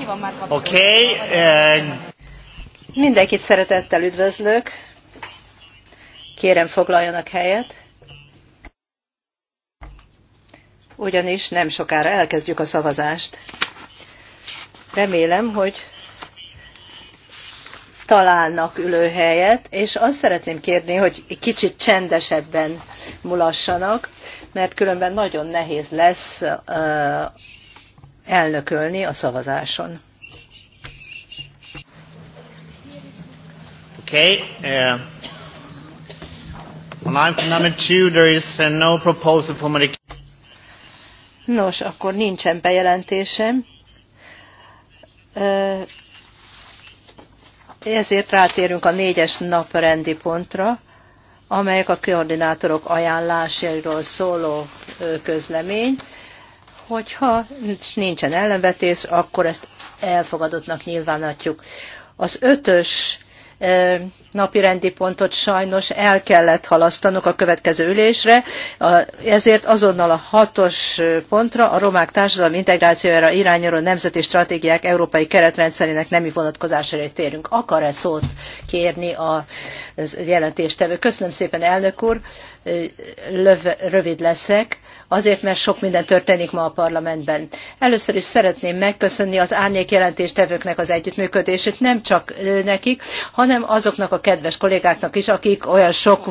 Ki van már kapcsolva? Oké. Okay, eh, Mindenkit szeretettel üdvözlök. Kérem foglaljanak helyet. Ugyanis nem sokára elkezdjük a szavazást. Remélem, hogy találnak ülőhelyet, és azt szeretném kérni, hogy kicsit csendesebben mulassanak, mert különben nagyon nehéz lesz eh, elnökölni a szavazáson. Okay. Uh, on item number two, there is uh, no proposal for medication. Nos, akkor nincsen bejelentésem. Uh, ezért rátérünk a négyes naprendi pontra, amelyek a koordinátorok ajánlásairól szóló uh, közlemény. Hogyha nincsen ellenvetés, akkor ezt elfogadottnak nyilvánítjuk. Az ötös e, napi rendi pontot sajnos el kellett halasztanok a következő ülésre, ezért azonnal a hatos pontra a romák társadalmi integrációjára irányuló nemzeti stratégiák európai keretrendszerének nemi vonatkozására térünk. Akar-e szót kérni a jelentéstevő? Köszönöm szépen, elnök úr, e, Löv, rövid leszek azért mert sok minden történik ma a parlamentben. Először is szeretném megköszönni az árnyék jelentéstevőknek az együttműködését, nem csak nekik, hanem azoknak a kedves kollégáknak is, akik olyan sok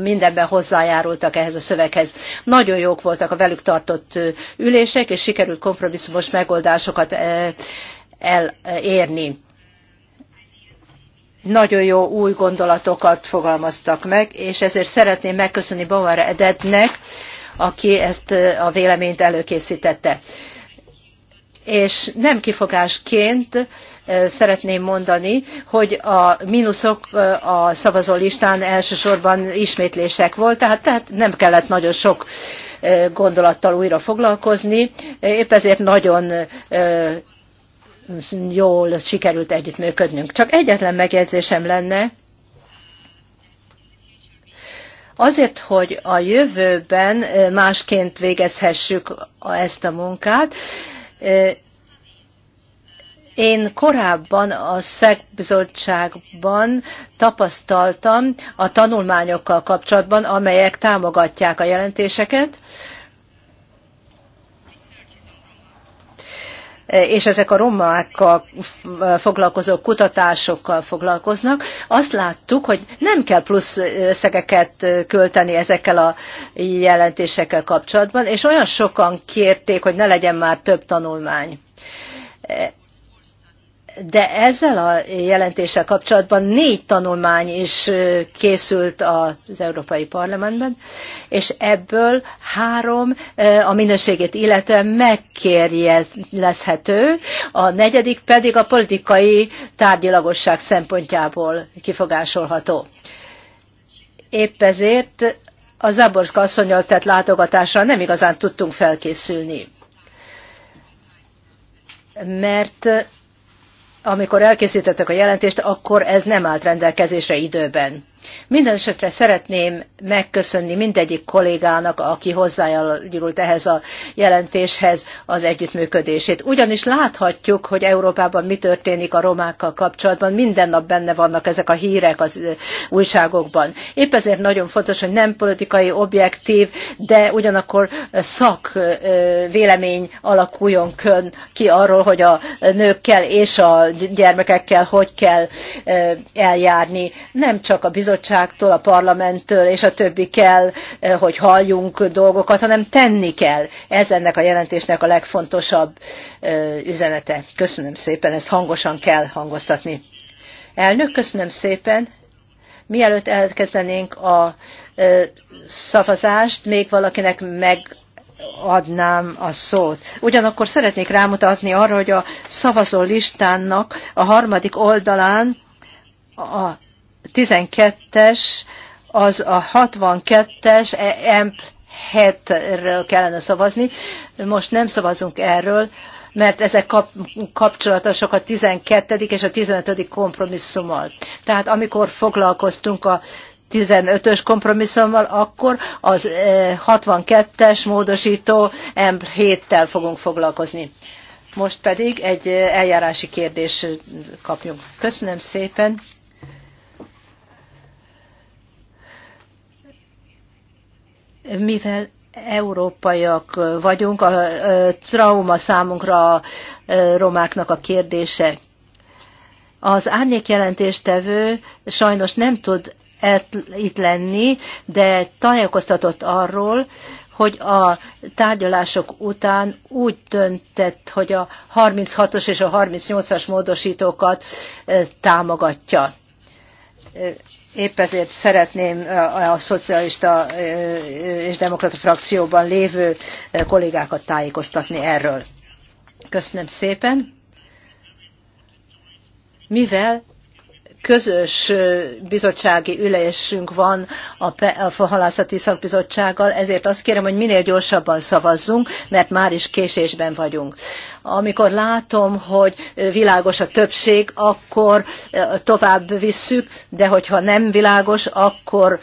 mindenben hozzájárultak ehhez a szöveghez. Nagyon jók voltak a velük tartott ülések, és sikerült kompromisszumos megoldásokat elérni nagyon jó új gondolatokat fogalmaztak meg, és ezért szeretném megköszönni Bauer Edetnek aki ezt a véleményt előkészítette. És nem kifogásként szeretném mondani, hogy a mínuszok a listán elsősorban ismétlések volt, tehát, tehát nem kellett nagyon sok gondolattal újra foglalkozni, épp ezért nagyon jól sikerült együttműködnünk. Csak egyetlen megjegyzésem lenne, Azért, hogy a jövőben másként végezhessük ezt a munkát, én korábban a szegbizottságban tapasztaltam a tanulmányokkal kapcsolatban, amelyek támogatják a jelentéseket, Eh, és ezek a romákkal eh, foglalkozó kutatásokkal foglalkoznak, azt láttuk, hogy nem kell plusz eh, összegeket költeni ezekkel a jelentésekkel kapcsolatban, és olyan sokan kérték, hogy ne legyen már több tanulmány. De ezzel a jelentéssel kapcsolatban négy tanulmány is készült az Európai Parlamentben, és ebből három a minőségét illetően megkérjezhető, a negyedik pedig a politikai tárgyilagosság szempontjából kifogásolható. Épp ezért a Zaborszka asszonyol tett látogatásra nem igazán tudtunk felkészülni. Mert amikor elkészítettek a jelentést, akkor ez nem állt rendelkezésre időben. Mindenesetre szeretném megköszönni mindegyik kollégának, aki hozzájárult ehhez a jelentéshez az együttműködését. Ugyanis láthatjuk, hogy Európában mi történik a romákkal kapcsolatban, minden nap benne vannak ezek a hírek az újságokban. Épp ezért nagyon fontos, hogy nem politikai, objektív, de ugyanakkor szak vélemény alakuljon ki arról, hogy a nőkkel és a gyermekekkel hogy kell eljárni. Nem csak a bizonyos bizottságtól, a parlamenttől és a többi kell, eh, hogy halljunk dolgokat, hanem tenni kell. Ez ennek a jelentésnek a legfontosabb eh, üzenete. Köszönöm szépen, ezt hangosan kell hangoztatni. Elnök, köszönöm szépen. Mielőtt elkezdenénk a eh, szavazást, még valakinek meg adnám a szót. Ugyanakkor szeretnék rámutatni arra, hogy a szavazó listának a harmadik oldalán a 12-es az a 62-es EMP 7-ről kellene szavazni. Most nem szavazunk erről, mert ezek kap, kapcsolatosak a 12. és a 15. kompromisszummal. Tehát amikor foglalkoztunk a 15-ös kompromisszummal, akkor az 62-es e, módosító M7-tel fogunk foglalkozni. Most pedig egy e, eljárási kérdés kapjunk. Köszönöm szépen. mivel európaiak vagyunk, a trauma számunkra a romáknak a kérdése. Az árnyékjelentéstevő sajnos nem tud itt lenni, de tájékoztatott arról, hogy a tárgyalások után úgy döntett, hogy a 36-os és a 38-as módosítókat támogatja. Épp ezért szeretném a szocialista és demokrata frakcióban lévő kollégákat tájékoztatni erről. Köszönöm szépen. Mivel közös bizottsági ülésünk van a halászati szakbizottsággal, ezért azt kérem, hogy minél gyorsabban szavazzunk, mert már is késésben vagyunk. Amikor látom, hogy világos a többség, akkor tovább visszük, de hogyha nem világos, akkor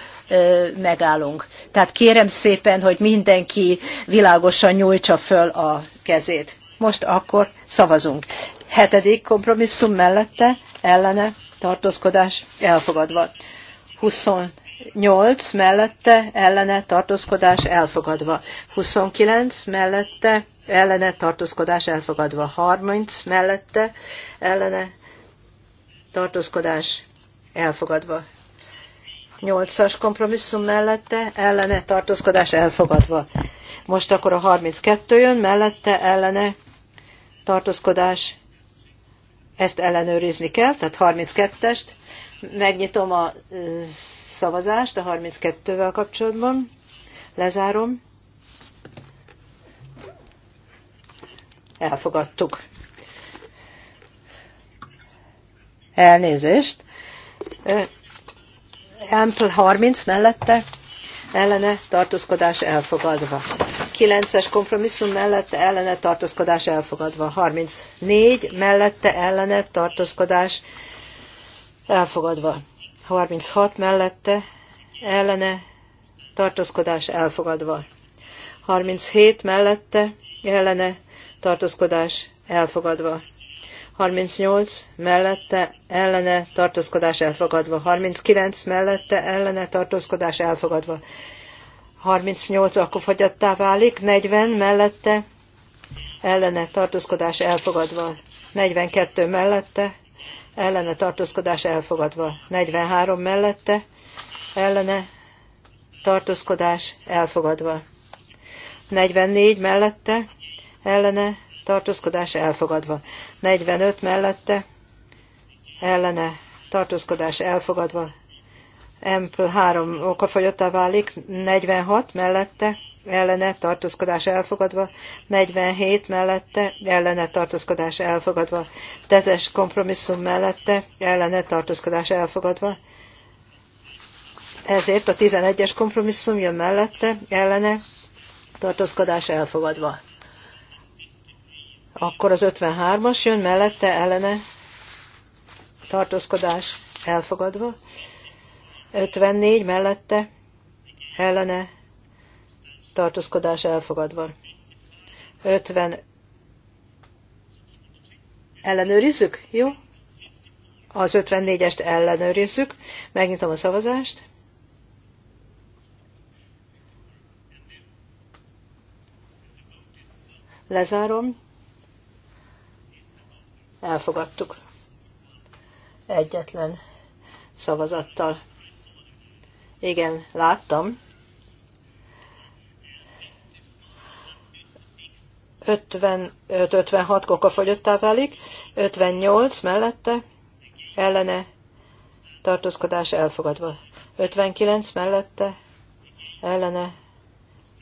megállunk. Tehát kérem szépen, hogy mindenki világosan nyújtsa föl a kezét. Most akkor szavazunk. Hetedik kompromisszum mellette, ellene, tartózkodás elfogadva. 28 mellette, ellene, tartózkodás elfogadva. 29 mellette, ellene tartózkodás elfogadva 30 mellette, ellene tartózkodás elfogadva 8-as kompromisszum mellette, ellene tartózkodás elfogadva. Most akkor a 32 jön, mellette ellene tartózkodás, ezt ellenőrizni kell, tehát 32-est. Megnyitom a szavazást a 32-vel kapcsolatban, lezárom. Elfogadtuk. Elnézést. Ample 30 mellette ellene tartózkodás elfogadva. 9-es kompromisszum mellette ellene tartózkodás elfogadva. 34 mellette ellene tartózkodás elfogadva. 36 mellette ellene tartózkodás elfogadva. 37 mellette ellene tartózkodás elfogadva. 38 mellette ellene tartózkodás elfogadva. 39 mellette ellene tartózkodás elfogadva. 38 akkor fogyattá válik, 40 mellette ellene tartózkodás elfogadva. 42 mellette ellene tartózkodás elfogadva. 43 mellette ellene tartózkodás elfogadva. 44 mellette ellene tartózkodás elfogadva. 45 mellette ellene tartózkodás elfogadva. m 3 okafogyottá válik, 46 mellette ellene tartózkodás elfogadva, 47 mellette ellene tartózkodás elfogadva, tezes kompromisszum mellette ellene tartózkodás elfogadva. Ezért a 11-es kompromisszum jön mellette ellene tartózkodás elfogadva. Akkor az 53-as jön mellette ellene tartózkodás elfogadva. 54 mellette ellene tartózkodás elfogadva. 50 ellenőrizzük, jó? Az 54-est ellenőrizzük. Megnyitom a szavazást. Lezárom. Elfogadtuk. Egyetlen szavazattal. Igen, láttam. 55-56 koka fogyottá válik, 58 mellette ellene tartózkodás elfogadva. 59 mellette ellene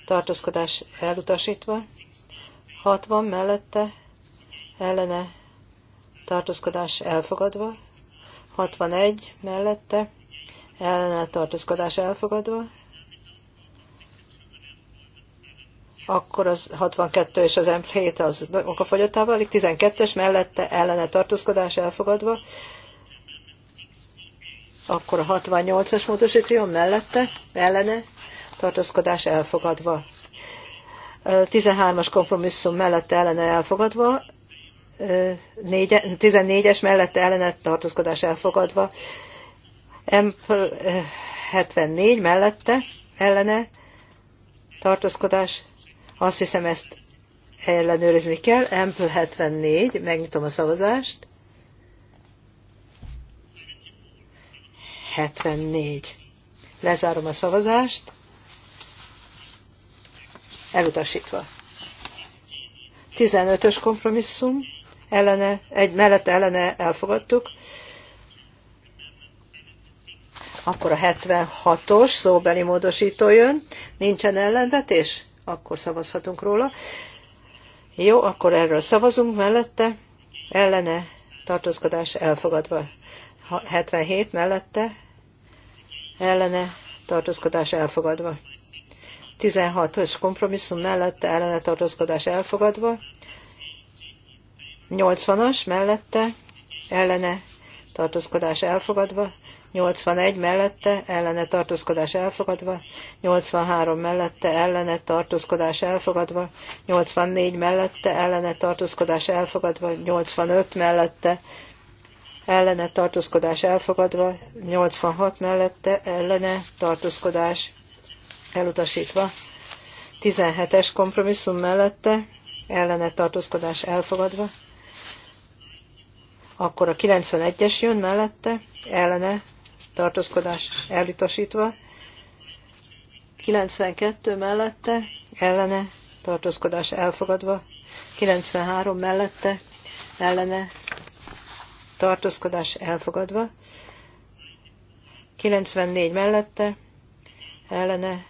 tartózkodás elutasítva, 60 mellette ellene tartózkodás elfogadva, 61 mellette, ellene tartózkodás elfogadva, akkor az 62 és az M7 az okafogyottá válik, 12-es mellette ellene tartózkodás elfogadva, akkor a 68-as módosító mellette ellene tartózkodás elfogadva. 13-as kompromisszum mellette ellene elfogadva, 14-es mellette ellenet tartózkodás elfogadva, m 74 mellette ellene tartózkodás, azt hiszem ezt ellenőrizni kell, m 74, megnyitom a szavazást, 74. Lezárom a szavazást, elutasítva. 15-ös kompromisszum, ellene, egy mellette ellene elfogadtuk. Akkor a 76-os szóbeli módosító jön. Nincsen ellenvetés? Akkor szavazhatunk róla. Jó, akkor erről szavazunk mellette. Ellene tartózkodás elfogadva. 77 mellette ellene tartózkodás elfogadva. 16-os kompromisszum mellette ellene tartózkodás elfogadva. 80-as mellette ellene tartózkodás elfogadva, 81 mellette ellene tartózkodás elfogadva, 83 mellette ellene tartózkodás elfogadva, 84 mellette ellene tartózkodás elfogadva, 85 mellette ellene tartózkodás elfogadva, 86 mellette ellene tartózkodás elutasítva, 17-es kompromisszum mellette ellene tartózkodás elfogadva, akkor a 91-es jön mellette, ellene tartózkodás elutasítva. 92 mellette, ellene tartózkodás elfogadva. 93 mellette, ellene tartózkodás elfogadva. 94 mellette, ellene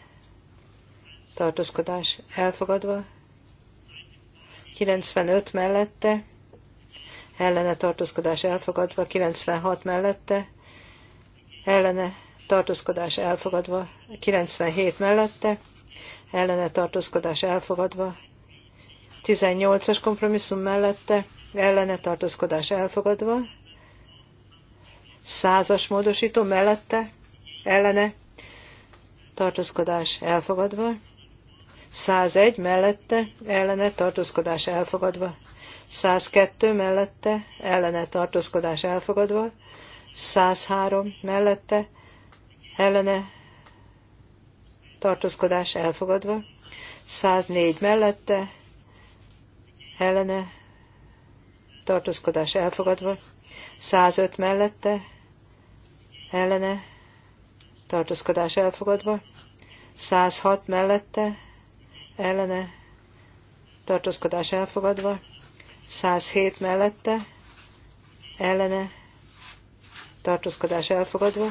tartózkodás elfogadva, 95 mellette, ellene tartózkodás elfogadva, 96 mellette, ellene tartózkodás elfogadva, 97 mellette, ellene tartózkodás elfogadva, 18-as kompromisszum mellette, ellene tartózkodás elfogadva, 100-as módosító mellette, ellene tartózkodás elfogadva, 101 mellette, ellene tartózkodás elfogadva, 102 mellette ellene tartózkodás elfogadva, 103 mellette ellene tartózkodás elfogadva, 104 mellette ellene tartózkodás elfogadva, 105 mellette ellene tartózkodás elfogadva, 106 mellette ellene tartózkodás elfogadva, 107 mellette ellene tartózkodás elfogadva,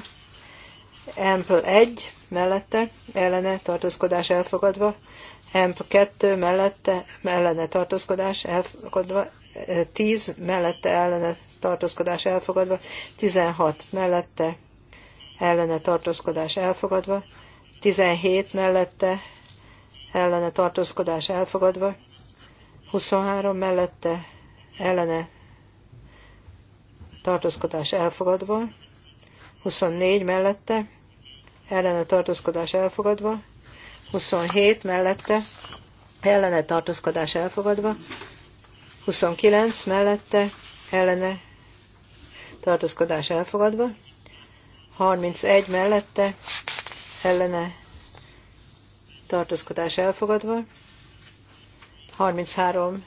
Ample 1 mellette ellene tartózkodás elfogadva, Ample 2 mellette ellene tartózkodás elfogadva, 10 eh, mellette ellene tartózkodás elfogadva, 16 mellette ellene tartózkodás elfogadva, 17 mellette ellene tartózkodás elfogadva, 23 mellette ellene tartózkodás elfogadva, 24 mellette ellene tartózkodás elfogadva, 27 mellette ellene tartózkodás elfogadva, 29 mellette ellene tartózkodás elfogadva, 31 mellette ellene tartózkodás elfogadva, 33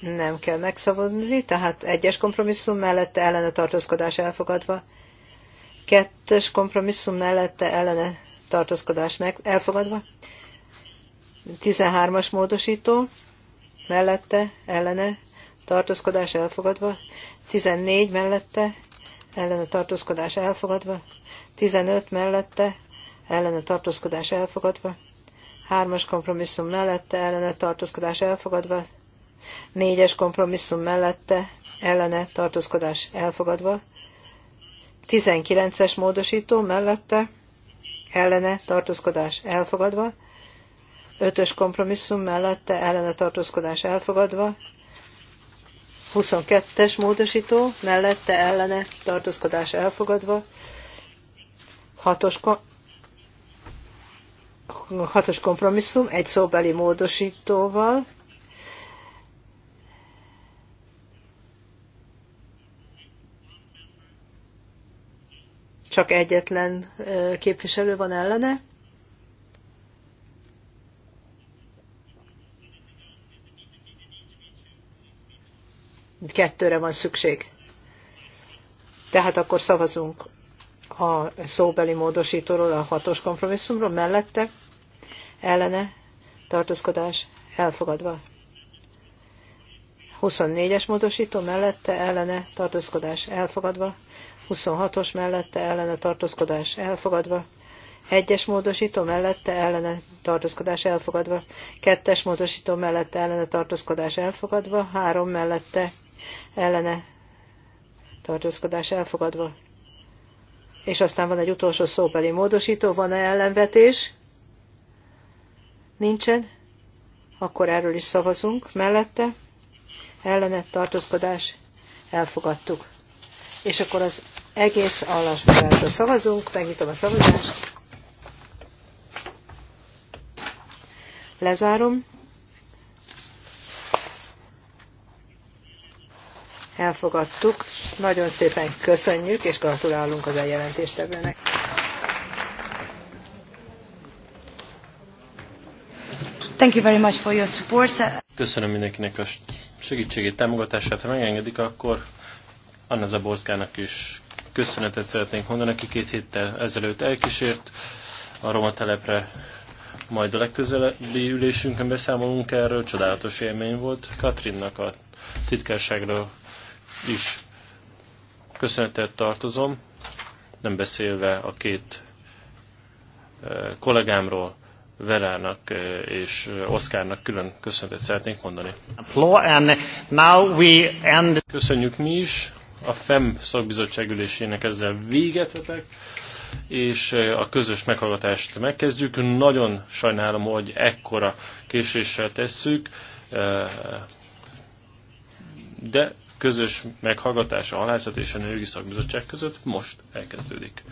nem kell megszavazni, tehát egyes kompromisszum mellette ellene tartózkodás elfogadva, kettes kompromisszum mellette ellene tartózkodás meg, elfogadva, 13-as módosító mellette ellene tartózkodás elfogadva, 14 mellette ellene tartózkodás elfogadva, 15 mellette ellene tartózkodás elfogadva, Hármas kompromisszum mellette ellene tartózkodás elfogadva. Négyes kompromisszum mellette ellene tartózkodás elfogadva. 19-es módosító mellette ellene tartózkodás elfogadva. Ötös kompromisszum mellette ellene tartózkodás elfogadva. 22-es módosító mellette ellene tartózkodás elfogadva. 6-os hatos kompromisszum egy szóbeli módosítóval, csak egyetlen képviselő van ellene. Kettőre van szükség. Tehát akkor szavazunk a szóbeli módosítóról, a hatos kompromisszumról, mellette ellene tartózkodás elfogadva. 24-es módosító mellette ellene tartózkodás elfogadva, 26-os mellette ellene tartózkodás elfogadva, 1-es módosító mellette ellene tartózkodás elfogadva, 2-es módosító mellette ellene tartózkodás elfogadva, 3 mellette ellene tartózkodás elfogadva, és aztán van egy utolsó szóbeli módosító, van-e ellenvetés? Nincsen? Akkor erről is szavazunk. Mellette? Ellenet, tartózkodás? Elfogadtuk. És akkor az egész állásfoglalásról szavazunk. Megnyitom a szavazást. Lezárom. elfogadtuk. Nagyon szépen köszönjük, és gratulálunk az eljelentéstevőnek. Thank you very much for your support. Köszönöm mindenkinek a segítségét, támogatását. Ha megengedik, akkor Anna Zaborszkának is köszönetet szeretnénk mondani, aki két héttel ezelőtt elkísért a Roma telepre majd a legközelebbi ülésünkön beszámolunk erről, csodálatos élmény volt. Katrinnak a titkárságról is köszönetet tartozom, nem beszélve a két eh, kollégámról, Verának eh, és Oszkárnak külön köszönetet szeretnénk mondani. Köszönjük mi is, a FEM szakbizottság ülésének ezzel véget vetek, és eh, a közös meghallgatást megkezdjük. Nagyon sajnálom, hogy ekkora késéssel tesszük, de közös meghallgatása a halászat és a női szakbizottság között most elkezdődik.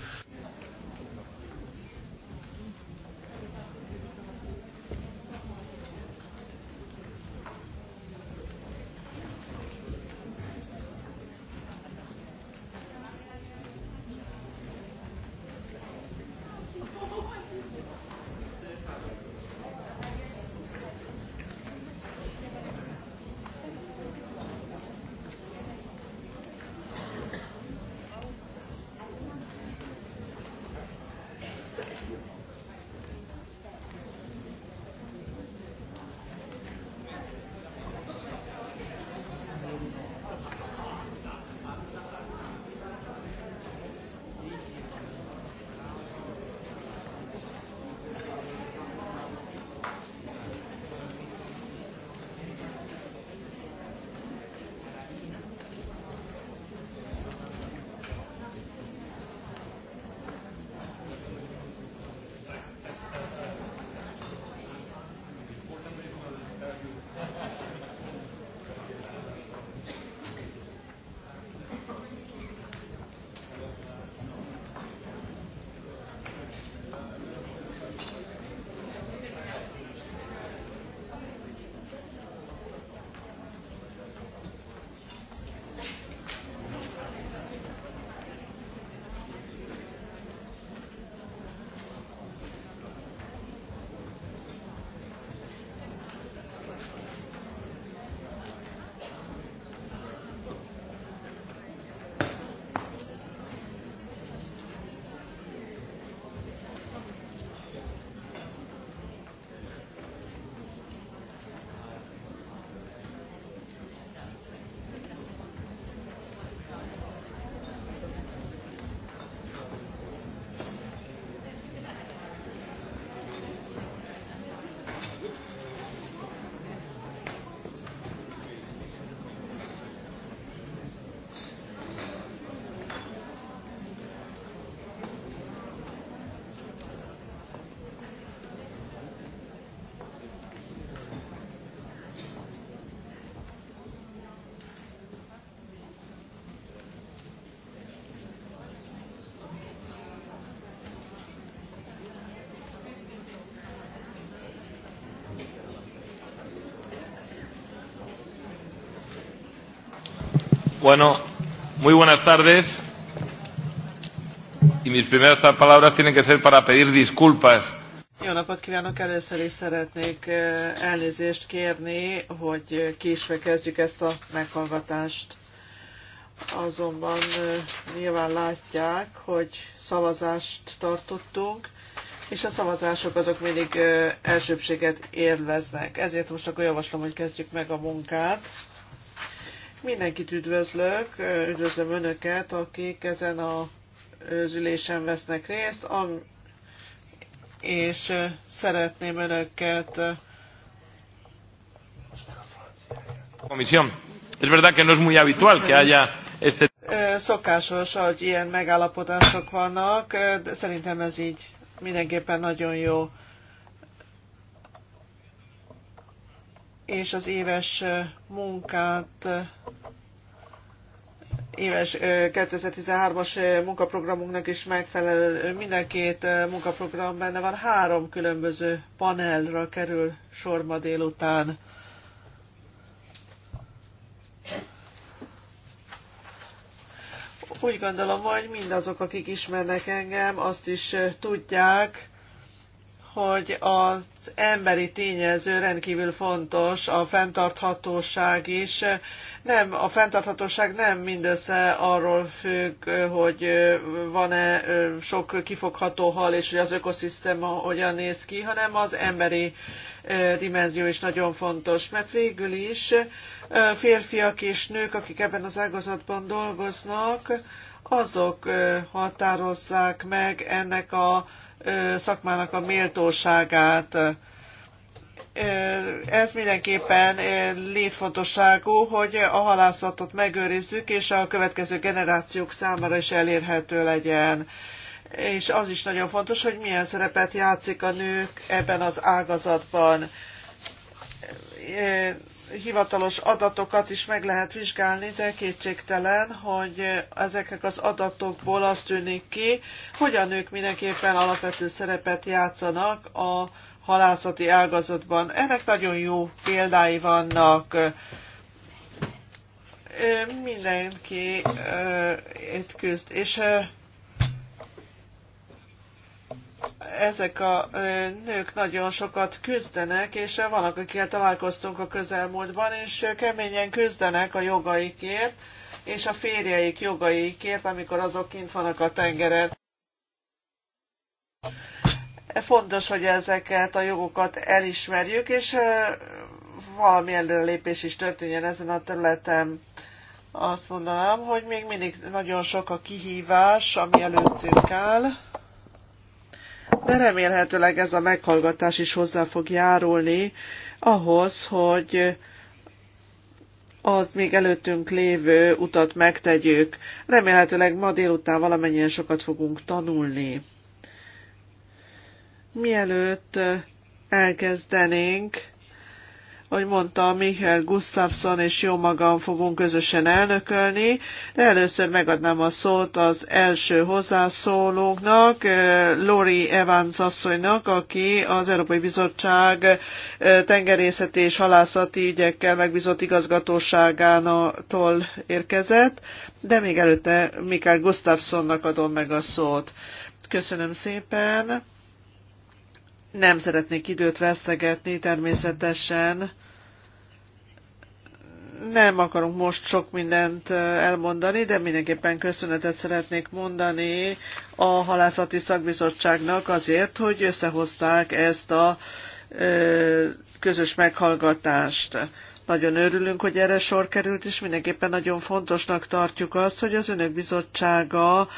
Bueno, muy buenas tardes. Y mis primeras palabras tienen que ser para pedir disculpas. Jó napot kívánok! Először is szeretnék eh, elnézést kérni, hogy késve kezdjük ezt a meghallgatást. Azonban eh, nyilván látják, hogy szavazást tartottunk, és a szavazások azok mindig eh, elsőbséget érveznek. Ezért most akkor javaslom, hogy kezdjük meg a munkát. Mindenkit üdvözlök, üdvözlöm Önöket, akik ezen a az ülésen vesznek részt, és szeretném Önöket... Szokásos, hogy ilyen megállapodások vannak, de szerintem ez így mindenképpen nagyon jó. és az éves munkát éves 2013-as munkaprogramunknak is megfelelő minden két munkaprogram benne van. Három különböző panelra kerül sor ma délután. Úgy gondolom, hogy mindazok, akik ismernek engem, azt is tudják, hogy az emberi tényező rendkívül fontos, a fenntarthatóság is. Nem, a fenntarthatóság nem mindössze arról függ, hogy van-e sok kifogható hal, és hogy az ökoszisztéma hogyan néz ki, hanem az emberi dimenzió is nagyon fontos, mert végül is férfiak és nők, akik ebben az ágazatban dolgoznak, azok határozzák meg ennek a szakmának a méltóságát. Ez mindenképpen létfontosságú, hogy a halászatot megőrizzük, és a következő generációk számára is elérhető legyen. És az is nagyon fontos, hogy milyen szerepet játszik a nők ebben az ágazatban hivatalos adatokat is meg lehet vizsgálni, de kétségtelen, hogy ezeknek az adatokból azt tűnik ki, hogy a nők mindenképpen alapvető szerepet játszanak a halászati ágazatban. Ennek nagyon jó példái vannak. Mindenki itt küzd. És ezek a nők nagyon sokat küzdenek, és vannak, akikkel találkoztunk a közelmúltban, és keményen küzdenek a jogaikért, és a férjeik jogaikért, amikor azok kint vannak a tengeren. Fontos, hogy ezeket a jogokat elismerjük, és valami előrelépés is történjen ezen a területen. Azt mondanám, hogy még mindig nagyon sok a kihívás, ami előttünk áll de remélhetőleg ez a meghallgatás is hozzá fog járulni ahhoz, hogy az még előttünk lévő utat megtegyük. Remélhetőleg ma délután valamennyien sokat fogunk tanulni. Mielőtt elkezdenénk, ahogy mondta, Michael Gustafsson és jó magam fogunk közösen elnökölni, de először megadnám a szót az első hozzászólónknak, eh, Lori Evans asszonynak, aki az Európai Bizottság eh, tengerészeti és halászati ügyekkel megbízott igazgatóságától érkezett, de még előtte Michael Gustafssonnak adom meg a szót. Köszönöm szépen! Nem szeretnék időt vesztegetni természetesen. Nem akarunk most sok mindent elmondani, de mindenképpen köszönetet szeretnék mondani a halászati szakbizottságnak azért, hogy összehozták ezt a közös meghallgatást. Nagyon örülünk, hogy erre sor került, és mindenképpen nagyon fontosnak tartjuk azt, hogy az Önök Bizottsága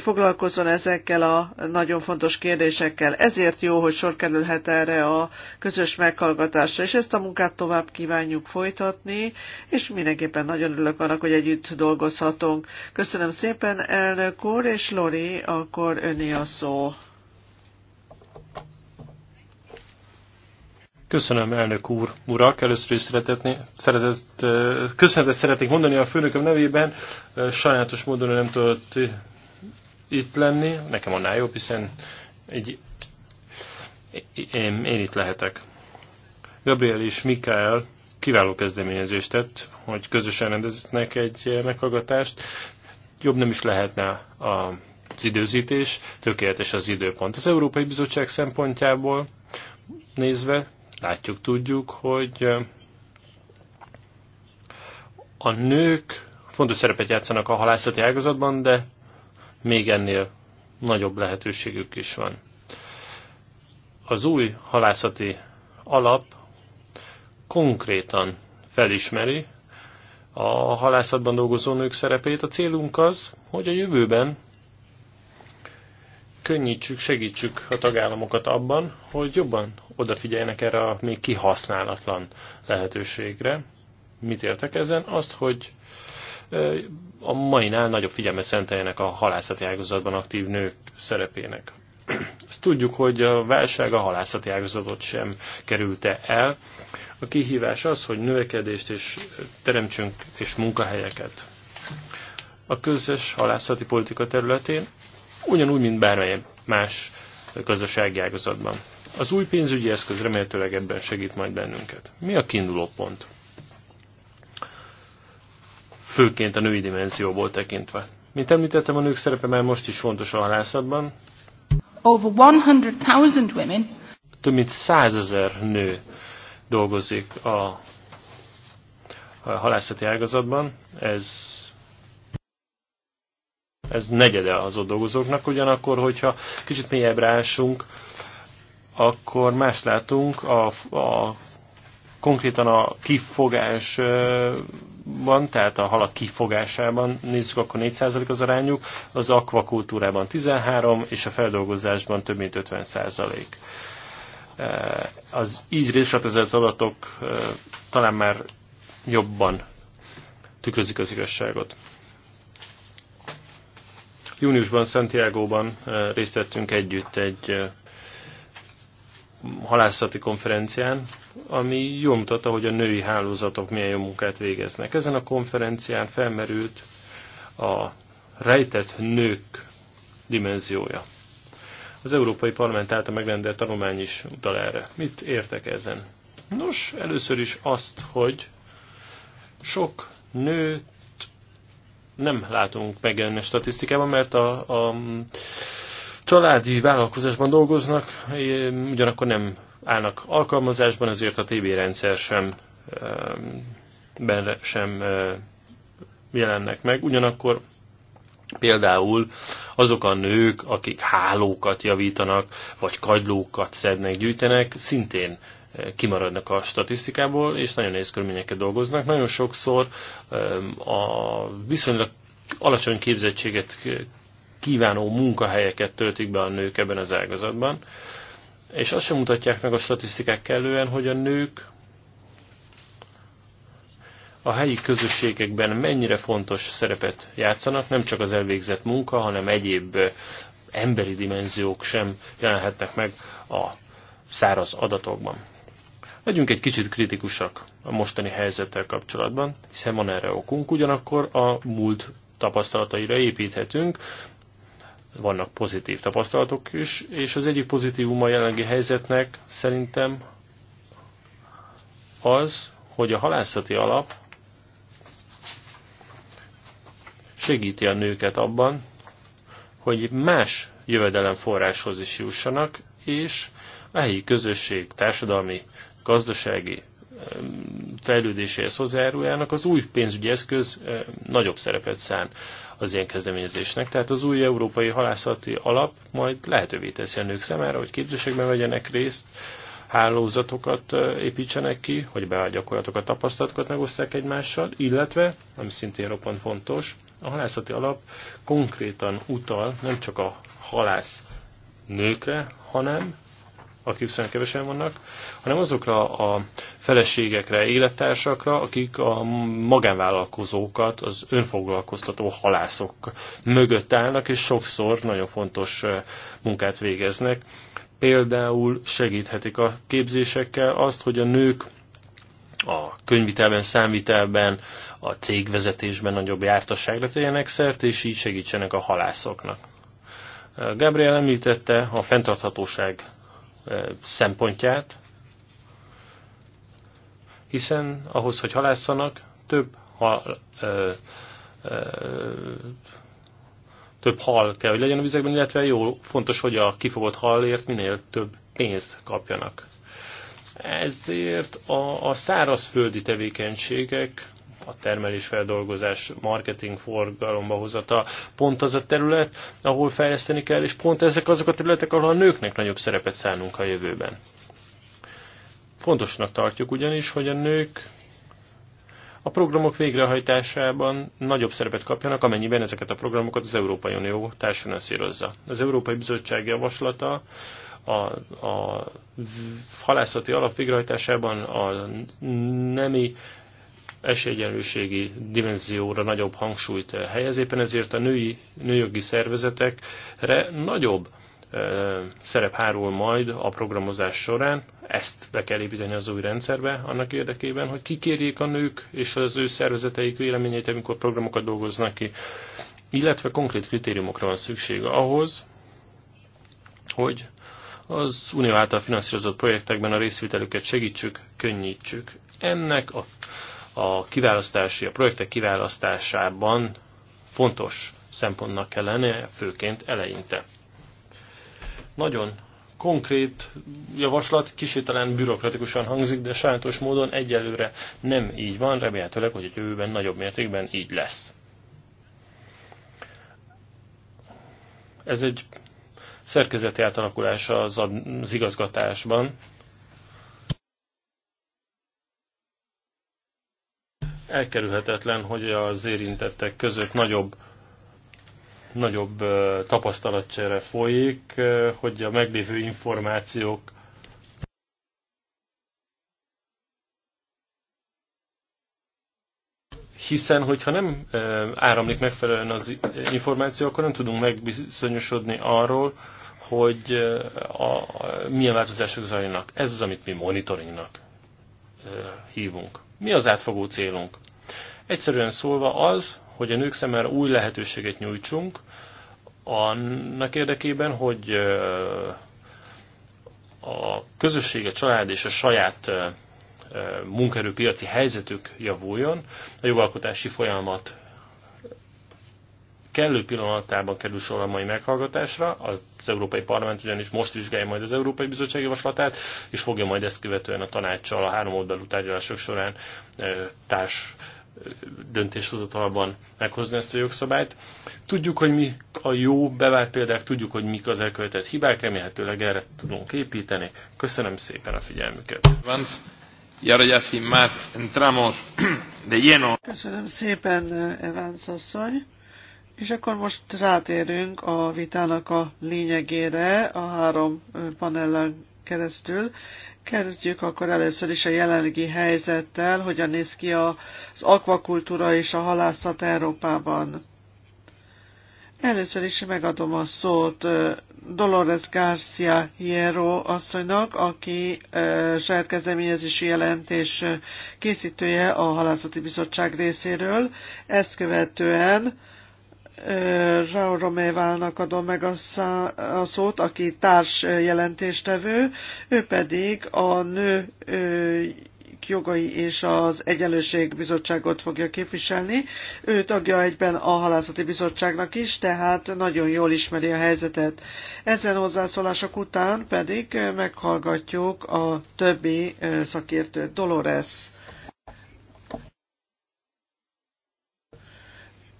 foglalkozzon ezekkel a nagyon fontos kérdésekkel. Ezért jó, hogy sor kerülhet erre a közös meghallgatásra, és ezt a munkát tovább kívánjuk folytatni, és mindenképpen nagyon örülök annak, hogy együtt dolgozhatunk. Köszönöm szépen, elnök úr, és Lori, akkor öné a szó. Köszönöm, elnök úr, urak. Először is szeretetni, szeretett, köszönetet szeretnék mondani a főnököm nevében. Sajnálatos módon nem tudott itt lenni, nekem annál jobb, hiszen egy, én, én itt lehetek. Gabriel és Mikael kiváló kezdeményezést tett, hogy közösen rendeznek egy meghallgatást. Jobb nem is lehetne az időzítés, tökéletes az időpont. Az Európai Bizottság szempontjából nézve látjuk, tudjuk, hogy a nők fontos szerepet játszanak a halászati ágazatban, de még ennél nagyobb lehetőségük is van. Az új halászati alap konkrétan felismeri a halászatban dolgozó nők szerepét. A célunk az, hogy a jövőben könnyítsük, segítsük a tagállamokat abban, hogy jobban odafigyeljenek erre a még kihasználatlan lehetőségre. Mit értek ezen? Azt, hogy a mainál nagyobb figyelmet szenteljenek a halászati ágazatban aktív nők szerepének. Azt tudjuk, hogy a válság a halászati ágazatot sem kerülte el. A kihívás az, hogy növekedést és teremtsünk és munkahelyeket. A közös halászati politika területén ugyanúgy, mint bármely más gazdasági ágazatban. Az új pénzügyi eszköz remélhetőleg ebben segít majd bennünket. Mi a kiinduló pont? főként a női dimenzióból tekintve. Mint említettem, a nők szerepe már most is fontos a halászatban. Over 100, women. Több mint százezer nő dolgozik a halászati ágazatban. Ez ez negyede az ott dolgozóknak, ugyanakkor, hogyha kicsit mélyebbre ásunk, akkor más látunk a, a konkrétan a kifogásban, tehát a halak kifogásában nézzük, akkor 4% az arányuk, az akvakultúrában 13, és a feldolgozásban több mint 50%. Eh, az így részletezett adatok eh, talán már jobban tükrözik az igazságot. Júniusban, Santiago-ban eh, részt vettünk együtt egy halászati konferencián, ami jól mutatta, hogy a női hálózatok milyen jó munkát végeznek. Ezen a konferencián felmerült a rejtett nők dimenziója. Az Európai Parlament által megrendelt tanulmány is utal erre. Mit értek ezen? Nos, először is azt, hogy sok nőt nem látunk megjelenni a statisztikában, mert a, a családi vállalkozásban dolgoznak, ugyanakkor nem állnak alkalmazásban, ezért a TB rendszer sem, eh, sem eh, jelennek meg. Ugyanakkor például azok a nők, akik hálókat javítanak, vagy kagylókat szednek, gyűjtenek, szintén eh, kimaradnak a statisztikából, és nagyon nehéz körülményeket dolgoznak. Nagyon sokszor a viszonylag alacsony képzettséget kívánó munkahelyeket töltik be a nők ebben az ágazatban. És azt sem mutatják meg a statisztikák kellően, hogy a nők a helyi közösségekben mennyire fontos szerepet játszanak, nem csak az elvégzett munka, hanem egyéb eh, emberi dimenziók sem jelenhetnek meg a száraz adatokban. Legyünk egy kicsit kritikusak a mostani helyzettel kapcsolatban, hiszen van erre okunk, ugyanakkor a múlt tapasztalataira építhetünk, vannak pozitív tapasztalatok is, és az egyik pozitívum a jelenlegi helyzetnek szerintem az, hogy a halászati alap segíti a nőket abban, hogy más jövedelemforráshoz is jussanak, és a helyi közösség társadalmi, gazdasági fejlődéséhez hozzájáruljanak, az új pénzügyi eszköz nagyobb szerepet szán az ilyen kezdeményezésnek. Tehát az új európai halászati alap majd lehetővé teszi a nők számára, hogy képzésekben vegyenek részt, hálózatokat építsenek ki, hogy be a gyakorlatokat, tapasztalatokat megosztják egymással, illetve, ami szintén roppant fontos, a halászati alap konkrétan utal nem csak a halász nőkre, hanem akik viszonylag kevesen vannak, hanem azokra a feleségekre, élettársakra, akik a magánvállalkozókat, az önfoglalkoztató halászok mögött állnak, és sokszor nagyon fontos munkát végeznek. Például segíthetik a képzésekkel azt, hogy a nők a könyvitelben, számvitelben, a cégvezetésben nagyobb jártasságra tegyenek szert, és így segítsenek a halászoknak. Gabriel említette a fenntarthatóság szempontját, hiszen ahhoz, hogy halászanak, több hal, ö, ö, több hal kell, hogy legyen a vizekben, illetve jó, fontos, hogy a kifogott halért minél több pénzt kapjanak. Ezért a, a szárazföldi tevékenységek a termelés, feldolgozás, marketing, forgalomba hozata, pont az a terület, ahol fejleszteni kell, és pont ezek azok a területek, ahol a nőknek nagyobb szerepet szánunk a jövőben. Fontosnak tartjuk ugyanis, hogy a nők a programok végrehajtásában nagyobb szerepet kapjanak, amennyiben ezeket a programokat az Európai Unió társadalmasszírozza. Az Európai Bizottság javaslata a, a halászati alap végrehajtásában a nemi esélyegyenlőségi dimenzióra nagyobb hangsúlyt eh, helyez, éppen ezért a női, nőjogi szervezetekre nagyobb eh, szerep hárul majd a programozás során, ezt be kell építeni az új rendszerbe annak érdekében, hogy kikérjék a nők és az ő szervezeteik véleményeit, amikor programokat dolgoznak ki, illetve konkrét kritériumokra van szükség ahhoz, hogy az unió által finanszírozott projektekben a részvételüket segítsük, könnyítsük. Ennek a a kiválasztási, a projektek kiválasztásában fontos szempontnak kell lennie, főként eleinte. Nagyon konkrét javaslat, kicsit talán bürokratikusan hangzik, de sajátos módon egyelőre nem így van, remélhetőleg, hogy a jövőben nagyobb mértékben így lesz. Ez egy szerkezeti átalakulás az, az igazgatásban, elkerülhetetlen, hogy az érintettek között nagyobb, nagyobb tapasztalatcsere folyik, hogy a meglévő információk hiszen hogyha nem áramlik megfelelően az információ, akkor nem tudunk megbizonyosodni arról, hogy a, milyen változások zajlanak. Ez az, amit mi monitoringnak hívunk. Mi az átfogó célunk? Egyszerűen szólva az, hogy a nők szemére új lehetőséget nyújtsunk, annak érdekében, hogy a közösség, a család és a saját munkerőpiaci helyzetük javuljon, a jogalkotási folyamat kellő pillanatában kerül sor a mai meghallgatásra, az Európai Parlament ugyanis most vizsgálja majd az Európai Bizottság javaslatát, és fogja majd ezt követően a tanácssal a három oldalú tárgyalások során társ döntéshozatalban meghozni ezt a jogszabályt. Tudjuk, hogy mi a jó bevált példák, tudjuk, hogy mik az elkövetett hibák, remélhetőleg erre tudunk építeni. Köszönöm szépen a figyelmüket. más entramos de Köszönöm szépen, Evans asszony. És akkor most rátérünk a vitának a lényegére a három panellen keresztül. Kezdjük akkor először is a jelenlegi helyzettel, hogyan néz ki az akvakultúra és a halászat Európában. Először is megadom a szót Dolores Garcia Hierro asszonynak, aki saját kezdeményezési jelentés készítője a Halászati Bizottság részéről. Ezt követően Raúl Romévának adom meg a, szá, a szót, aki társ jelentéstevő, ő pedig a nő jogai és az Egyenlőség Bizottságot fogja képviselni. Ő tagja egyben a Halászati Bizottságnak is, tehát nagyon jól ismeri a helyzetet. Ezen hozzászólások után pedig meghallgatjuk a többi szakértőt. Dolores.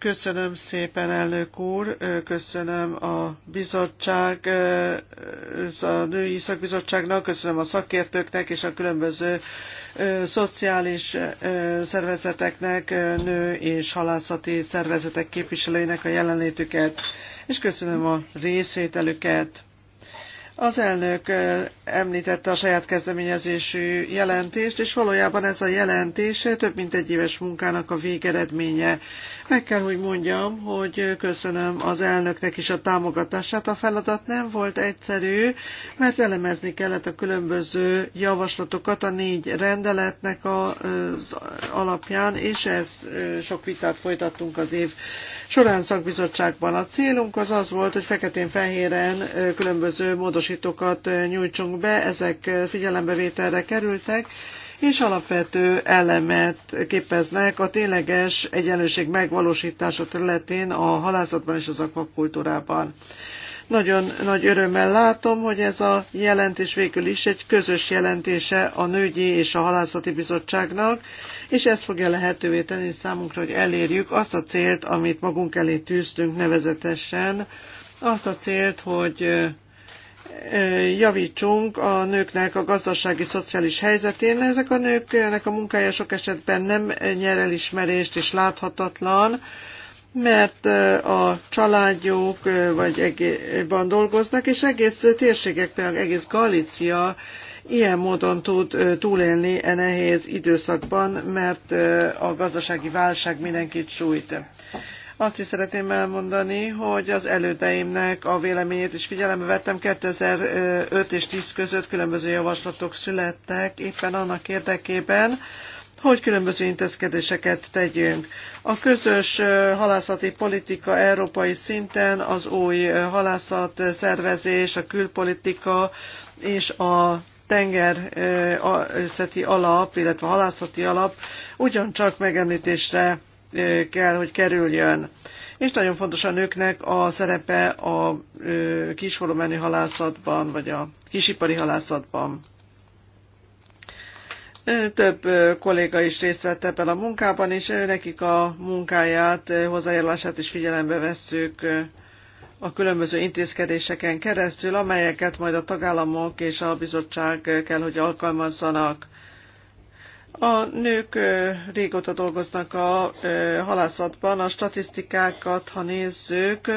Köszönöm szépen, elnök úr, köszönöm a bizottság, a női szakbizottságnak, köszönöm a szakértőknek és a különböző szociális szervezeteknek, nő és halászati szervezetek képviselőinek a jelenlétüket, és köszönöm a részvételüket. Az elnök említette a saját kezdeményezésű jelentést, és valójában ez a jelentés több mint egy éves munkának a végeredménye. Meg kell, hogy mondjam, hogy köszönöm az elnöknek is a támogatását. A feladat nem volt egyszerű, mert elemezni kellett a különböző javaslatokat a négy rendeletnek az alapján, és ez sok vitát folytattunk az év során szakbizottságban. A célunk az az volt, hogy feketén-fehéren különböző módos módosítókat eh, nyújtsunk be, ezek eh, figyelembevételre kerültek, és alapvető elemet képeznek a tényleges egyenlőség megvalósítása területén a halászatban és az akvakultúrában. Nagyon nagy örömmel látom, hogy ez a jelentés végül is egy közös jelentése a Nőgyi és a Halászati Bizottságnak, és ez fogja lehetővé tenni számunkra, hogy elérjük azt a célt, amit magunk elé tűztünk nevezetesen, azt a célt, hogy eh, javítsunk a nőknek a gazdasági, szociális helyzetén. Ezek a nőknek a munkája sok esetben nem nyer elismerést és láthatatlan, mert a családjuk vagy egészben dolgoznak, és egész térségek, például egész Galícia ilyen módon tud túlélni e nehéz időszakban, mert a gazdasági válság mindenkit sújt. Azt is szeretném elmondani, hogy az elődeimnek a véleményét is figyelembe vettem. 2005 és 10 között különböző javaslatok születtek éppen annak érdekében, hogy különböző intézkedéseket tegyünk. A közös halászati politika európai szinten az új halászat szervezés, a külpolitika és a tengerészeti alap, illetve a halászati alap ugyancsak megemlítésre kell, hogy kerüljön. És nagyon fontos a nőknek a szerepe a kisvolumenű halászatban, vagy a kisipari halászatban. Több kolléga is részt vett ebben a munkában, és nekik a munkáját, hozzájárulását is figyelembe vesszük a különböző intézkedéseken keresztül, amelyeket majd a tagállamok és a bizottság kell, hogy alkalmazzanak. A nők régóta dolgoznak a halászatban, a statisztikákat, ha nézzük,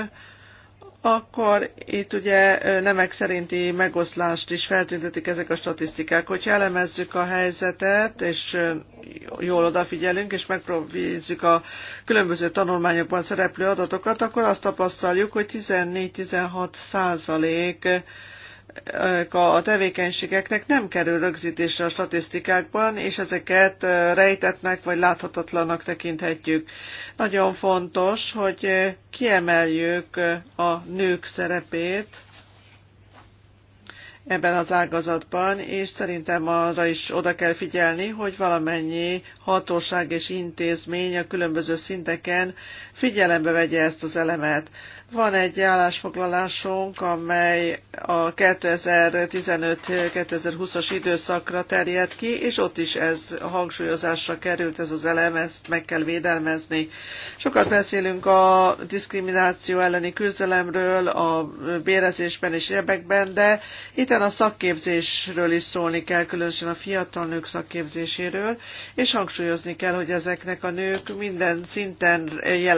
akkor itt ugye nemek szerinti megoszlást is feltüntetik ezek a statisztikák. Hogyha elemezzük a helyzetet, és jól odafigyelünk, és megpróbáljuk a különböző tanulmányokban szereplő adatokat, akkor azt tapasztaljuk, hogy 14-16 százalék a tevékenységeknek nem kerül rögzítésre a statisztikákban, és ezeket rejtetnek vagy láthatatlanak tekinthetjük. Nagyon fontos, hogy kiemeljük a nők szerepét ebben az ágazatban, és szerintem arra is oda kell figyelni, hogy valamennyi hatóság és intézmény a különböző szinteken figyelembe vegye ezt az elemet. Van egy állásfoglalásunk, amely a 2015-2020-as időszakra terjed ki, és ott is ez hangsúlyozásra került, ez az elem, ezt meg kell védelmezni. Sokat beszélünk a diszkrimináció elleni küzdelemről, a bérezésben és ebekben, de itt a szakképzésről is szólni kell, különösen a fiatal nők szakképzéséről, és hangsúlyozni kell, hogy ezeknek a nők minden szinten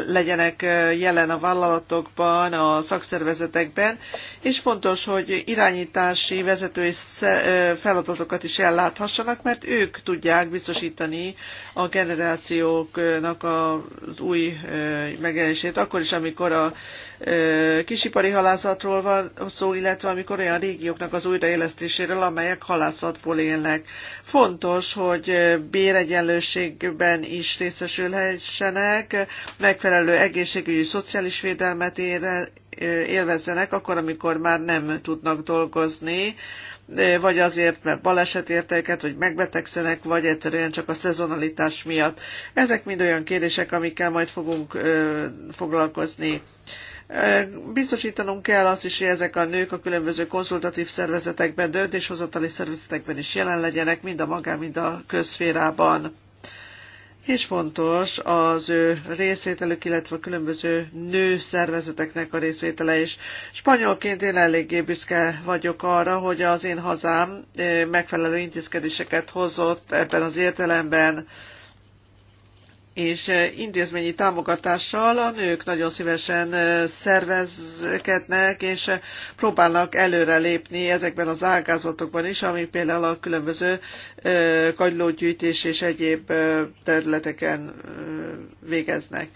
legyenek jelen a vállalatokban, tanácsban, a szakszervezetekben, és fontos, hogy irányítási, vezetői feladatokat is elláthassanak, mert ők tudják biztosítani a generációknak az új megjelenését, akkor is, amikor a kisipari halászatról van szó, illetve amikor olyan régióknak az újraélesztéséről, amelyek halászatból élnek. Fontos, hogy béregyenlőségben is részesülhessenek, megfelelő egészségügyi, szociális védelmet részére élvezzenek akkor, amikor már nem tudnak dolgozni, vagy azért, mert baleset értéket, hogy megbetegszenek, vagy egyszerűen csak a szezonalitás miatt. Ezek mind olyan kérdések, amikkel majd fogunk foglalkozni. Biztosítanunk kell azt is, hogy ezek a nők a különböző konzultatív szervezetekben, döntéshozatali szervezetekben is jelen legyenek, mind a magán, mind a közszférában és fontos az ő részvételük, illetve a különböző nő szervezeteknek a részvétele is. Spanyolként én eléggé büszke vagyok arra, hogy az én hazám eh, megfelelő intézkedéseket hozott ebben az értelemben és eh, intézményi támogatással a nők nagyon szívesen eh, szervezkednek, és eh, próbálnak előrelépni ezekben az ágazatokban is, ami például a különböző kagylógyűjtés és egyéb területeken végeznek.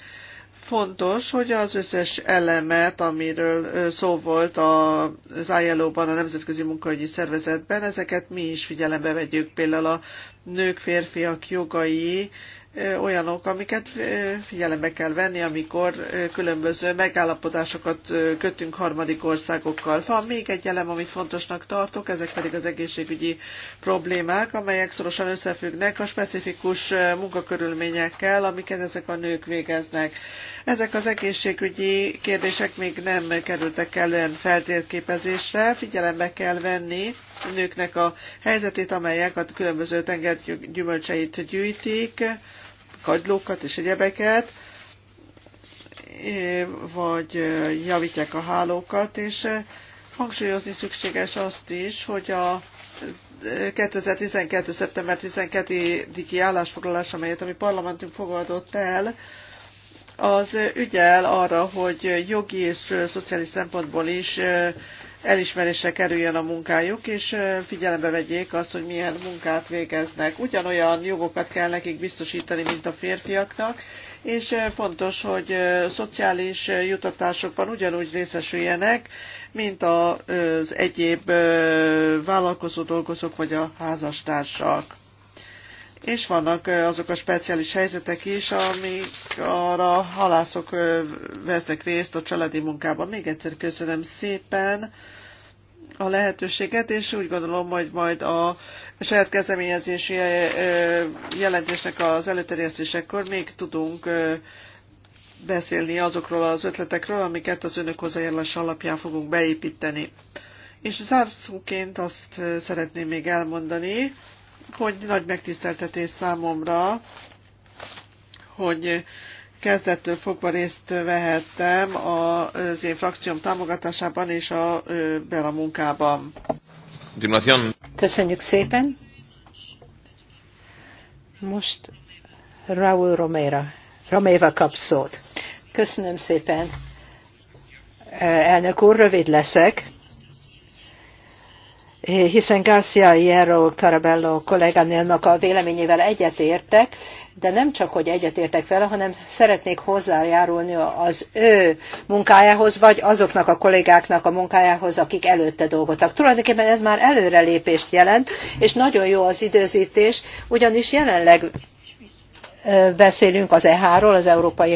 Fontos, hogy az összes elemet, amiről szó volt az ILO-ban, a Nemzetközi Munkahogyi Szervezetben, ezeket mi is figyelembe vegyük, például a nők-férfiak jogai, olyanok, amiket figyelembe kell venni, amikor különböző megállapodásokat kötünk harmadik országokkal. Van még egy elem, amit fontosnak tartok, ezek pedig az egészségügyi problémák, amelyek szorosan összefüggnek a specifikus munkakörülményekkel, amiket ezek a nők végeznek. Ezek az egészségügyi kérdések még nem kerültek elően feltérképezésre, figyelembe kell venni nőknek a helyzetét, amelyek a különböző tengergyümölcseit gyűjtik, kagylókat és egyebeket, eh, vagy eh, javítják a hálókat, és eh, hangsúlyozni szükséges azt is, hogy a 2012. szeptember 12-i állásfoglalás, amelyet a mi parlamentünk fogadott el, az ügyel arra, hogy jogi és szociális szempontból is elismerésre kerüljön a munkájuk, és figyelembe vegyék azt, hogy milyen munkát végeznek. Ugyanolyan jogokat kell nekik biztosítani, mint a férfiaknak, és fontos, hogy szociális jutatásokban ugyanúgy részesüljenek, mint az egyéb vállalkozó dolgozók vagy a házastársak és vannak azok a speciális helyzetek is, amik arra halászok vesznek részt a családi munkában. Még egyszer köszönöm szépen a lehetőséget, és úgy gondolom, hogy majd a saját kezdeményezési jelentésnek az előterjesztésekor még tudunk beszélni azokról az ötletekről, amiket az önök hozzájárulás alapján fogunk beépíteni. És zárszóként azt szeretném még elmondani, hogy nagy megtiszteltetés számomra, hogy kezdettől fogva részt vehettem az én frakcióm támogatásában és a Bela munkában. Köszönjük szépen. Most Raúl Romera, Romeva kap szót. Köszönöm szépen. Elnök úr, rövid leszek hiszen Garcia Hierro Carabello kolléganélnak a véleményével egyetértek, de nem csak, hogy egyetértek vele, hanem szeretnék hozzájárulni az ő munkájához, vagy azoknak a kollégáknak a munkájához, akik előtte dolgoztak. Tulajdonképpen ez már előrelépést jelent, és nagyon jó az időzítés, ugyanis jelenleg beszélünk az EH-ról, az Európai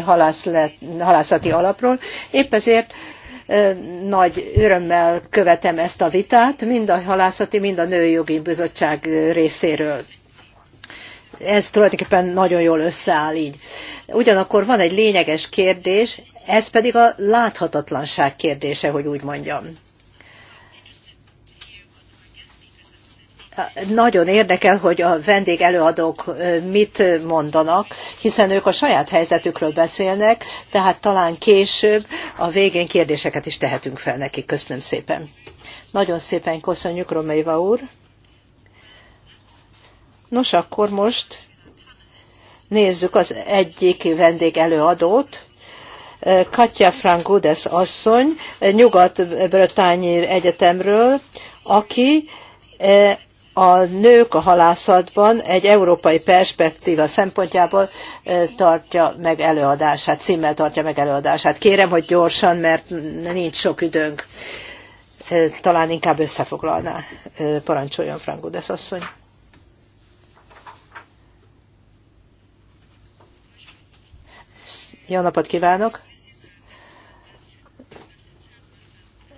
Halászati Alapról, épp ezért nagy örömmel követem ezt a vitát, mind a halászati, mind a nőjogi bizottság részéről. Ez tulajdonképpen nagyon jól összeáll így. Ugyanakkor van egy lényeges kérdés, ez pedig a láthatatlanság kérdése, hogy úgy mondjam nagyon érdekel, hogy a vendégelőadók mit mondanak, hiszen ők a saját helyzetükről beszélnek, tehát talán később a végén kérdéseket is tehetünk fel nekik. Köszönöm szépen. Nagyon szépen köszönjük, Romeiva úr. Nos, akkor most nézzük az egyik vendégelőadót. Katja Frangudes asszony, Nyugat-Bretányi Egyetemről, aki a nők a halászatban egy európai perspektíva szempontjából tartja meg előadását, címmel tartja meg előadását. Kérem, hogy gyorsan, mert nincs sok időnk. Talán inkább összefoglalná. Parancsoljon, Frangudes asszony. Jó napot kívánok!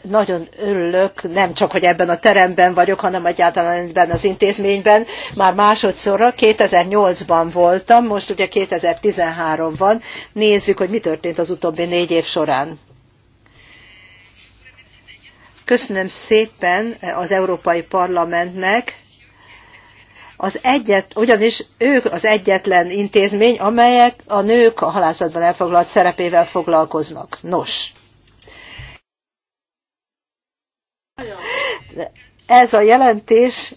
nagyon örülök, nem csak, hogy ebben a teremben vagyok, hanem egyáltalán ebben az intézményben. Már másodszorra, 2008-ban voltam, most ugye 2013 van. Nézzük, hogy mi történt az utóbbi négy év során. Köszönöm szépen az Európai Parlamentnek, az egyet, ugyanis ők az egyetlen intézmény, amelyek a nők a halászatban elfoglalt szerepével foglalkoznak. Nos, Ez a jelentés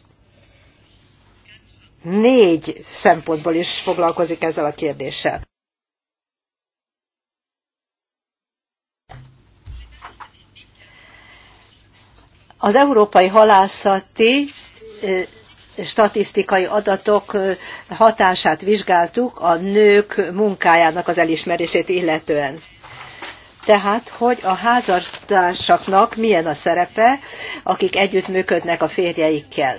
négy szempontból is foglalkozik ezzel a kérdéssel. Az európai halászati statisztikai adatok hatását vizsgáltuk a nők munkájának az elismerését illetően tehát, hogy a házastársaknak milyen a szerepe, akik együttműködnek a férjeikkel.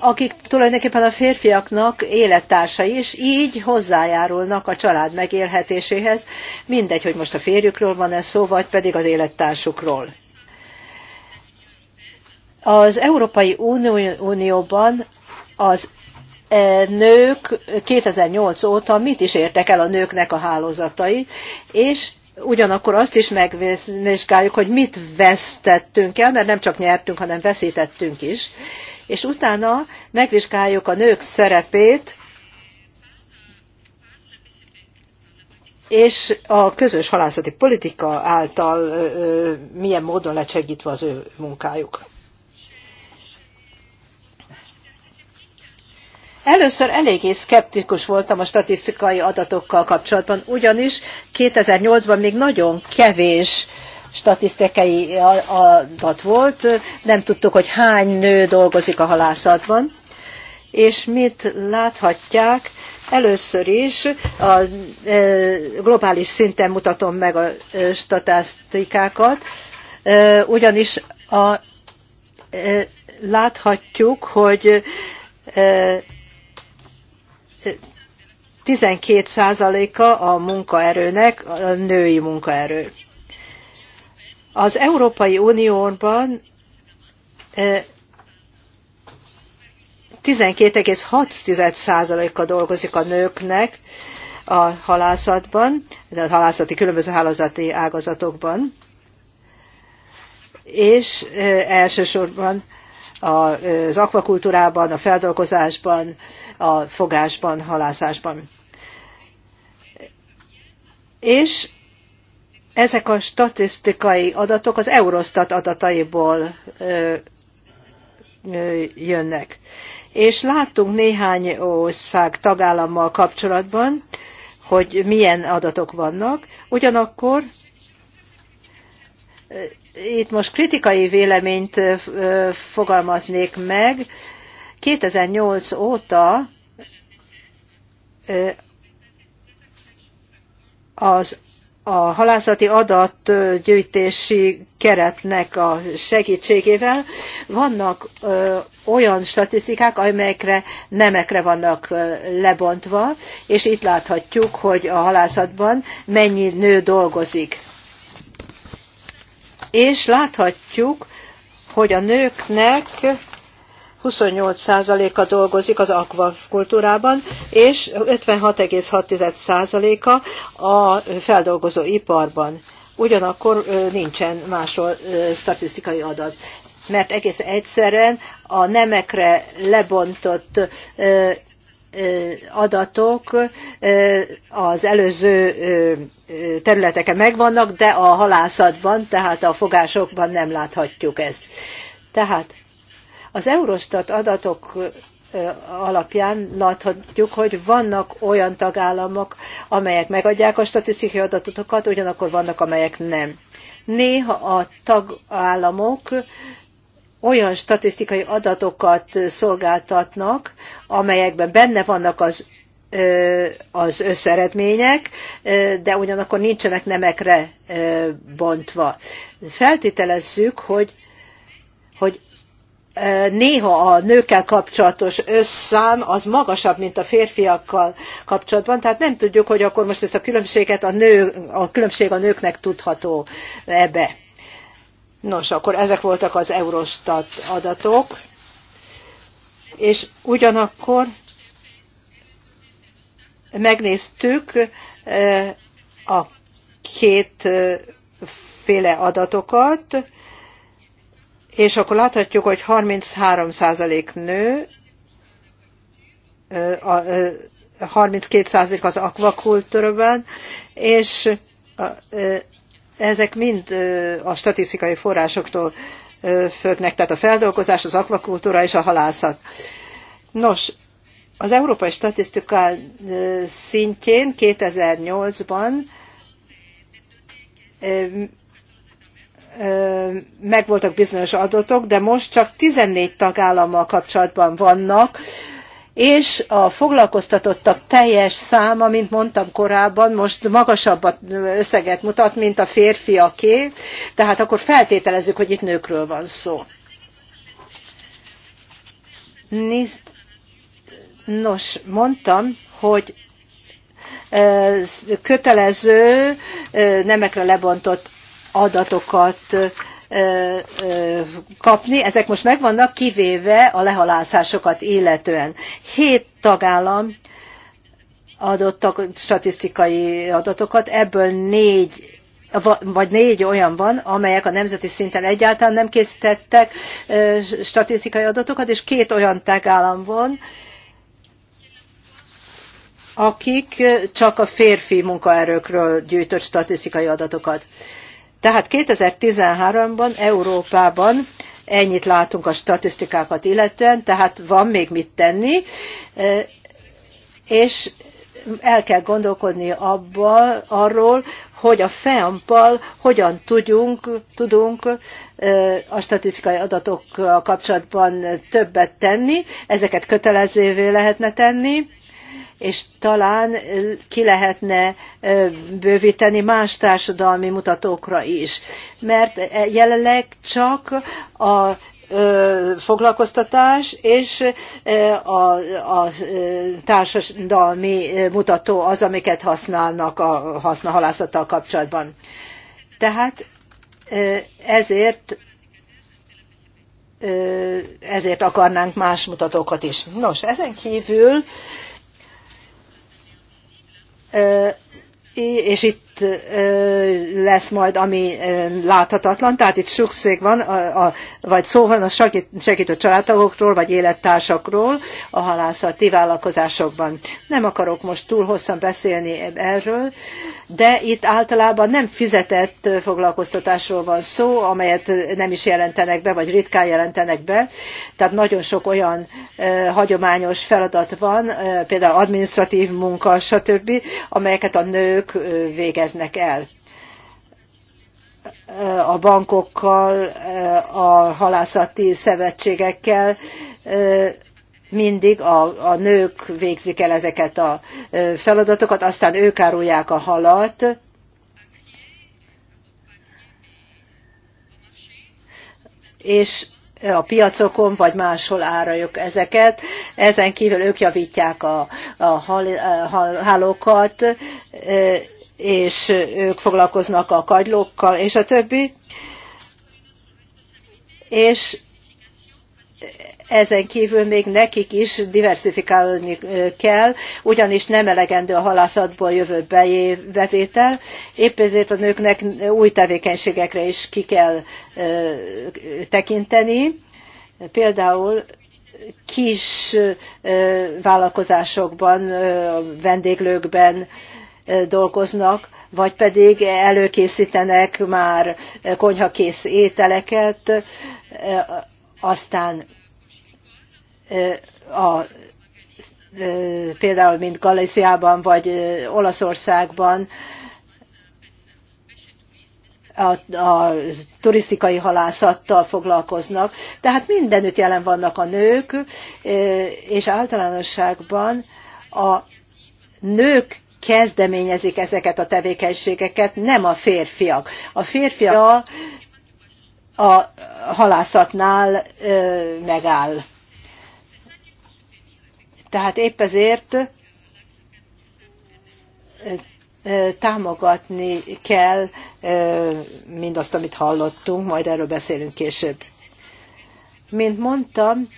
Akik tulajdonképpen a férfiaknak élettársai, és így hozzájárulnak a család megélhetéséhez, mindegy, hogy most a férjükről van ez szó, vagy pedig az élettársukról. Az Európai Unióban az e, nők 2008 óta mit is értek el a nőknek a hálózatai, és ugyanakkor azt is megvizsgáljuk, hogy mit vesztettünk el, mert nem csak nyertünk, hanem veszítettünk is. És utána megvizsgáljuk a nők szerepét, és a közös halászati politika által milyen módon lecsegítve az ő munkájuk. Először eléggé szkeptikus voltam a statisztikai adatokkal kapcsolatban, ugyanis eight ban még nagyon kevés statisztikai adat volt, nem tudtuk, hogy hány nő dolgozik a halászatban, és mit láthatják, először is a globális szinten mutatom meg a statisztikákat, ugyanis a, láthatjuk, hogy 12%-a a munkaerőnek a női munkaerő. Az Európai Unióban 12,6%-a e, dolgozik a nőknek a halászatban, de a halászati különböző hálózati ágazatokban, és e, elsősorban az akvakultúrában, a feldolgozásban, a fogásban, halászásban. És ezek a statisztikai adatok az Eurostat adataiból jönnek. És láttunk néhány ország tagállammal kapcsolatban, hogy milyen adatok vannak, ugyanakkor itt most kritikai véleményt fogalmaznék meg. 2008 óta az a halászati adatgyűjtési keretnek a segítségével vannak olyan statisztikák, amelyekre nemekre vannak lebontva, és itt láthatjuk, hogy a halászatban mennyi nő dolgozik és láthatjuk, hogy a nőknek 28%-a dolgozik az akvakultúrában, és 56,6%-a a feldolgozó iparban. Ugyanakkor nincsen másról statisztikai adat mert egész egyszerűen a nemekre lebontott adatok az előző területeken megvannak, de a halászatban, tehát a fogásokban nem láthatjuk ezt. Tehát az Eurostat adatok alapján láthatjuk, hogy vannak olyan tagállamok, amelyek megadják a statisztikai adatokat, ugyanakkor vannak, amelyek nem. Néha a tagállamok olyan statisztikai adatokat szolgáltatnak, amelyekben benne vannak az az összeredmények, de ugyanakkor nincsenek nemekre bontva. Feltételezzük, hogy, hogy néha a nőkkel kapcsolatos összszám az magasabb, mint a férfiakkal kapcsolatban, tehát nem tudjuk, hogy akkor most ezt a különbséget a, nő, a különbség a nőknek tudható ebbe. Nos, akkor ezek voltak az Eurostat adatok, és ugyanakkor megnéztük e, a két féle adatokat, és akkor láthatjuk, hogy 33% nő, 32% e, e, az akvakultúrban, és ezek mind a statisztikai forrásoktól földnek, tehát a feldolgozás, az akvakultúra és a halászat. Nos, az európai statisztikál szintjén 2008-ban megvoltak bizonyos adatok, de most csak 14 tagállammal kapcsolatban vannak és a foglalkoztatottak teljes száma, mint mondtam korábban, most magasabb összeget mutat, mint a férfiaké, tehát akkor feltételezzük, hogy itt nőkről van szó. Nos, mondtam, hogy kötelező nemekre lebontott adatokat kapni, ezek most megvannak, kivéve a lehalászásokat illetően. Hét tagállam adottak statisztikai adatokat, ebből négy vagy négy olyan van, amelyek a nemzeti szinten egyáltalán nem készítettek statisztikai adatokat, és két olyan tagállam van, akik csak a férfi munkaerőkről gyűjtött statisztikai adatokat. Tehát 2013-ban Európában ennyit látunk a statisztikákat illetően, tehát van még mit tenni, e, és el kell gondolkodni abban, arról, hogy a FEAMP-al hogyan tudjunk, tudunk e, a statisztikai adatokkal kapcsolatban többet tenni, ezeket kötelezővé lehetne tenni, és talán ki lehetne bővíteni más társadalmi mutatókra is. Mert e, jelenleg csak a foglalkoztatás és a, a társadalmi mutató az, amiket használnak a hasznahalászattal kapcsolatban. Tehát ezért ezért akarnánk más mutatókat is. Nos, ezen kívül és itt lesz majd, ami láthatatlan, tehát itt szükség van, a, a, vagy szó van a segítő családtagokról, vagy élettársakról a halászati vállalkozásokban. Nem akarok most túl hosszan beszélni erről, de itt általában nem fizetett foglalkoztatásról van szó, amelyet nem is jelentenek be, vagy ritkán jelentenek be, tehát nagyon sok olyan e, hagyományos feladat van, e, például administratív munka, stb., amelyeket a nők végeznek végeznek el a bankokkal, a halászati szövetségekkel, mindig a, a nők végzik el ezeket a feladatokat, aztán ők árulják a halat, és a piacokon, vagy máshol árajuk ezeket. Ezen kívül ők javítják a, a hal, hal, hálókat, és ők foglalkoznak a kagylókkal, és a többi. És ezen kívül még nekik is diversifikálni kell, ugyanis nem elegendő a halászatból jövő bevétel, épp ezért a nőknek új tevékenységekre is ki kell tekinteni. Például kis vállalkozásokban, vendéglőkben, dolgoznak, vagy pedig előkészítenek már konyhakész ételeket, aztán a, például mint Galiciában vagy Olaszországban a, a turisztikai halászattal foglalkoznak. Tehát mindenütt jelen vannak a nők, és általánosságban a nők kezdeményezik ezeket a tevékenységeket, nem a férfiak. A férfiak a halászatnál megáll. Tehát épp ezért támogatni kell mindazt, amit hallottunk, majd erről beszélünk később. Mint mondtam,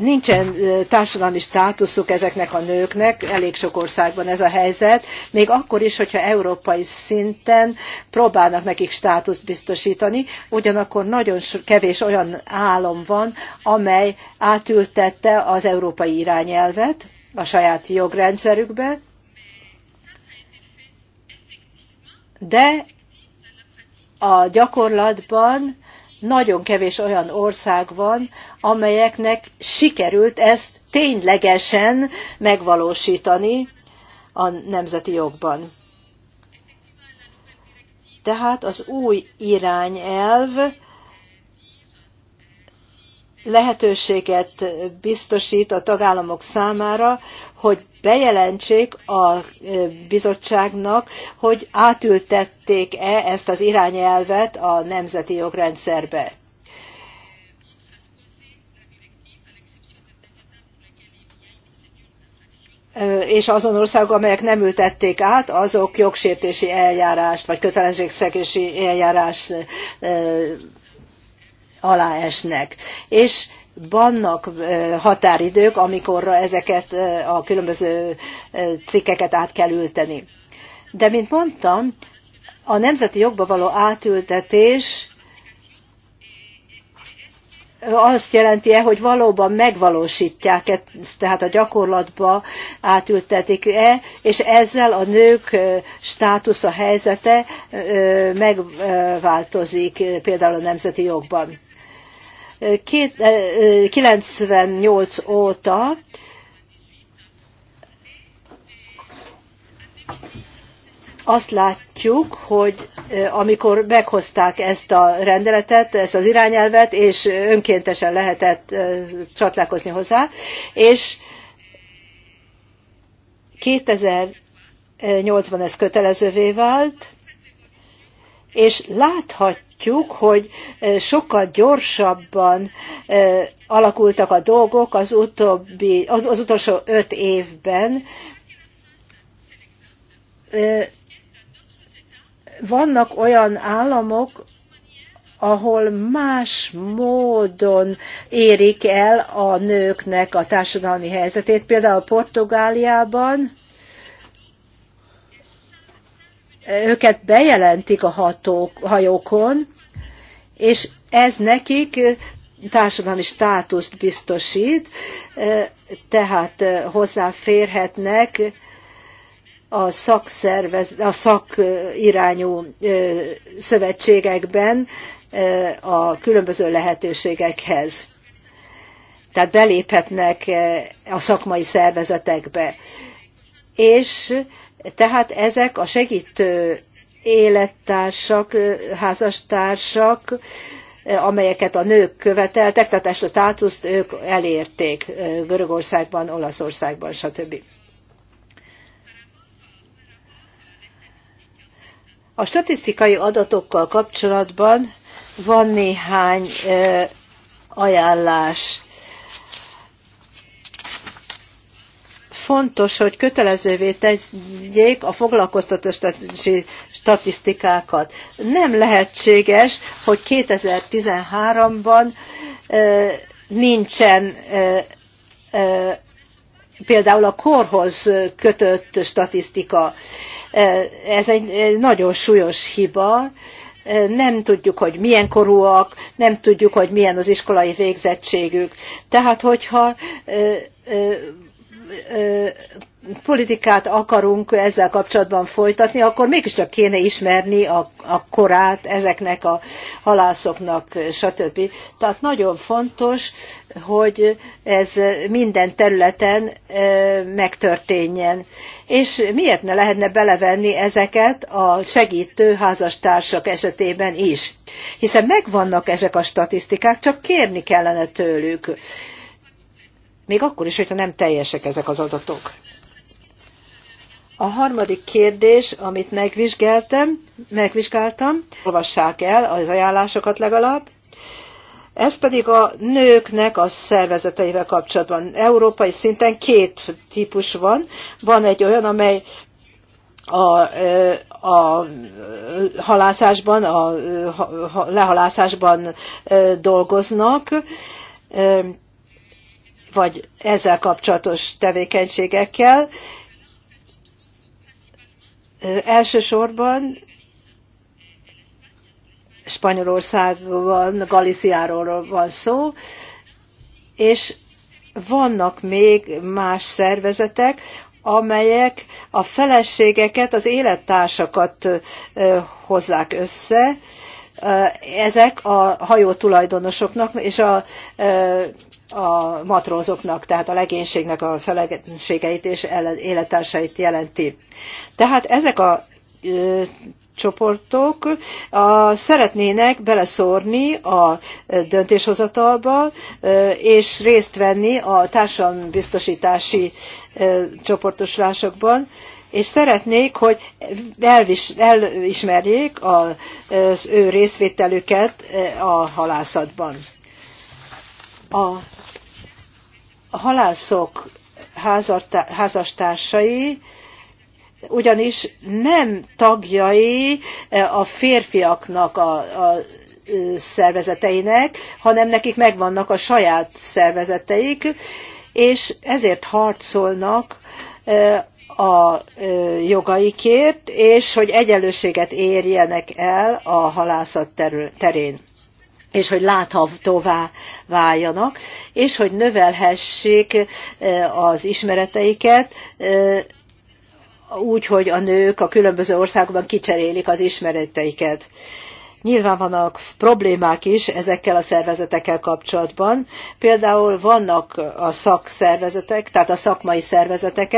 Nincsen társadalmi státuszuk ezeknek a nőknek, elég sok országban ez a helyzet, még akkor is, hogyha európai szinten próbálnak nekik státuszt biztosítani, ugyanakkor nagyon kevés olyan állam van, amely átültette az európai irányelvet a saját jogrendszerükbe, de a gyakorlatban nagyon kevés olyan ország van, amelyeknek sikerült ezt ténylegesen megvalósítani a nemzeti jogban. Tehát az új irányelv lehetőséget biztosít a tagállamok számára, hogy bejelentsék a bizottságnak, hogy átültették-e ezt az irányelvet a nemzeti jogrendszerbe. és azon országok, amelyek nem ültették át, azok jogsértési eljárást, vagy kötelezettségszegési eljárást alá esnek. És vannak határidők, amikor ezeket a különböző cikkeket át kell ülteni. De, mint mondtam, a nemzeti jogba való átültetés azt jelenti -e, hogy valóban megvalósítják -e, tehát a gyakorlatba átültetik-e, és ezzel a nők státusza, helyzete megváltozik például a nemzeti jogban. 98 eh, eh, óta azt látjuk, hogy eh, amikor meghozták ezt a rendeletet, ezt az irányelvet, és önkéntesen lehetett csatlakozni hozzá, és 2008-ban ez kötelezővé vált, és láthatjuk, látjuk, hogy eh, sokkal gyorsabban eh, alakultak a dolgok az, utóbbi, az, az utolsó öt évben. Eh, vannak olyan államok, ahol más módon érik el a nőknek a társadalmi helyzetét. Például Portugáliában őket bejelentik a hatók, hajókon, és ez nekik társadalmi státuszt biztosít, tehát hozzáférhetnek a, szakszervez, a szakirányú szövetségekben a különböző lehetőségekhez. Tehát beléphetnek a szakmai szervezetekbe. És tehát ezek a segítő élettársak, házastársak, amelyeket a nők követeltek, tehát ezt a státuszt ők elérték Görögországban, Olaszországban, stb. A statisztikai adatokkal kapcsolatban van néhány ajánlás. fontos, hogy kötelezővé tegyék a foglalkoztatási statisztikákat. Nem lehetséges, hogy 2013-ban nincsen például a korhoz kötött statisztika. Ez egy nagyon súlyos hiba. Nem tudjuk, hogy milyen korúak, nem tudjuk, hogy milyen az iskolai végzettségük. Tehát, hogyha politikát akarunk ezzel kapcsolatban folytatni, akkor mégiscsak kéne ismerni a, a korát ezeknek a halászoknak, stb. Tehát nagyon fontos, hogy ez minden területen megtörténjen. És miért ne lehetne belevenni ezeket a segítő házastársak esetében is? Hiszen megvannak ezek a statisztikák, csak kérni kellene tőlük még akkor is, hogyha nem teljesek ezek az adatok. A harmadik kérdés, amit megvizsgáltam, megvizsgáltam, olvassák el az ajánlásokat legalább, ez pedig a nőknek a szervezeteivel kapcsolatban. Európai szinten két típus van. Van egy olyan, amely a, a halászásban, a lehalászásban dolgoznak, vagy ezzel kapcsolatos tevékenységekkel. Elsősorban Spanyolországban, Galiciáról van szó, és vannak még más szervezetek, amelyek a feleségeket, az élettársakat hozzák össze. Ezek a hajó tulajdonosoknak és a a matrózoknak, tehát a legénységnek a feleségeit és élettársait jelenti. Tehát ezek a csoportok a, szeretnének beleszórni a döntéshozatalba, és részt venni a társadalombiztosítási csoportosulásokban, és szeretnék, hogy elvis, elismerjék az ő részvételüket a halászatban. A a halászok házastársai, ugyanis nem tagjai e, a férfiaknak a, a szervezeteinek, hanem nekik megvannak a saját szervezeteik, és ezért harcolnak e, a jogaikért, és hogy egyenlőséget érjenek el a halászat terén és hogy láthatóvá váljanak, és hogy növelhessék eh, az ismereteiket, eh, úgy, hogy a nők a különböző országokban kicserélik az ismereteiket. Nyilván vannak problémák is ezekkel a szervezetekkel kapcsolatban. Például vannak a szakszervezetek, tehát a szakmai szervezetek,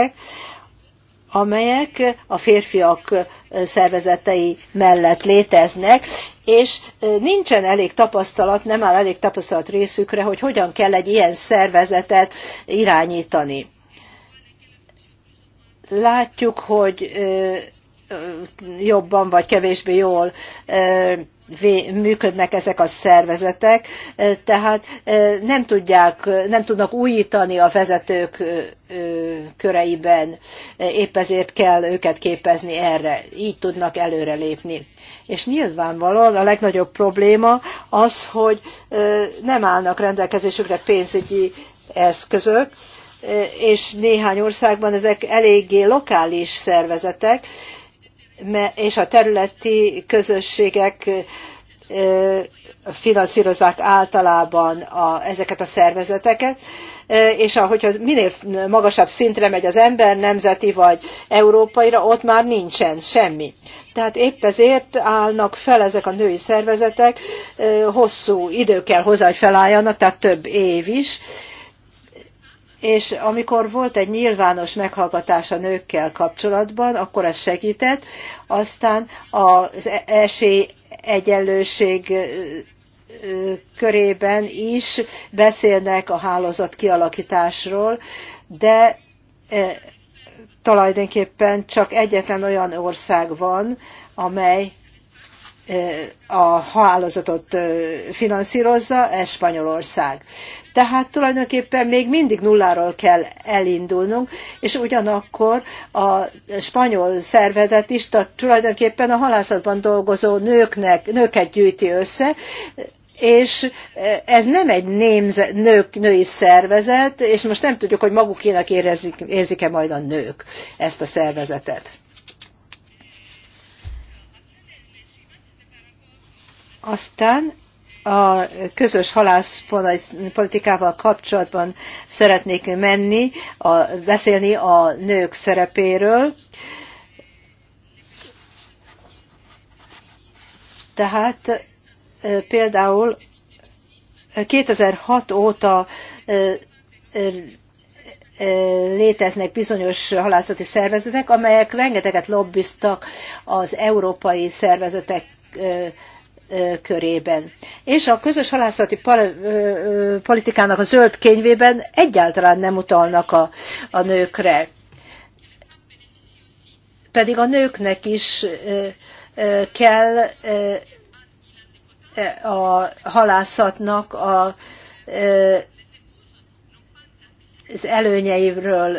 amelyek a férfiak eh, szervezetei mellett léteznek, és nincsen elég tapasztalat, nem áll elég tapasztalat részükre, hogy hogyan kell egy ilyen szervezetet irányítani. Látjuk, hogy jobban vagy kevésbé jól működnek ezek a szervezetek, tehát nem, tudják, nem tudnak újítani a vezetők köreiben, épp ezért kell őket képezni erre, így tudnak előrelépni. És nyilvánvalóan a legnagyobb probléma az, hogy nem állnak rendelkezésükre pénzügyi eszközök, és néhány országban ezek eléggé lokális szervezetek, és a területi közösségek finanszírozzák általában a, ezeket a szervezeteket, és ahogy minél magasabb szintre megy az ember, nemzeti vagy európaira, ott már nincsen semmi. Tehát épp ezért állnak fel ezek a női szervezetek, hosszú idő kell hozzá, hogy felálljanak, tehát több év is, és amikor volt egy nyilvános meghallgatás a nőkkel kapcsolatban, akkor ez segített, aztán az esély egyenlőség körében is beszélnek a hálózat kialakításról, de tulajdonképpen csak egyetlen olyan ország van, amely a hálózatot finanszírozza, ez Spanyolország. Tehát tulajdonképpen még mindig nulláról kell elindulnunk, és ugyanakkor a spanyol szervezet is tulajdonképpen a halászatban dolgozó nőknek, nőket gyűjti össze, és ez nem egy némze, nők, női szervezet, és most nem tudjuk, hogy magukének érzik-e majd a nők ezt a szervezetet. Aztán a közös halászpolitikával kapcsolatban szeretnék menni, a, beszélni a nők szerepéről. Tehát például 2006 óta léteznek bizonyos halászati szervezetek, amelyek rengeteget lobbiztak az európai szervezetek körében. És a közös halászati politikának a zöld kényvében egyáltalán nem utalnak a, a nőkre. Pedig a nőknek is kell a halászatnak a, az előnyeiről,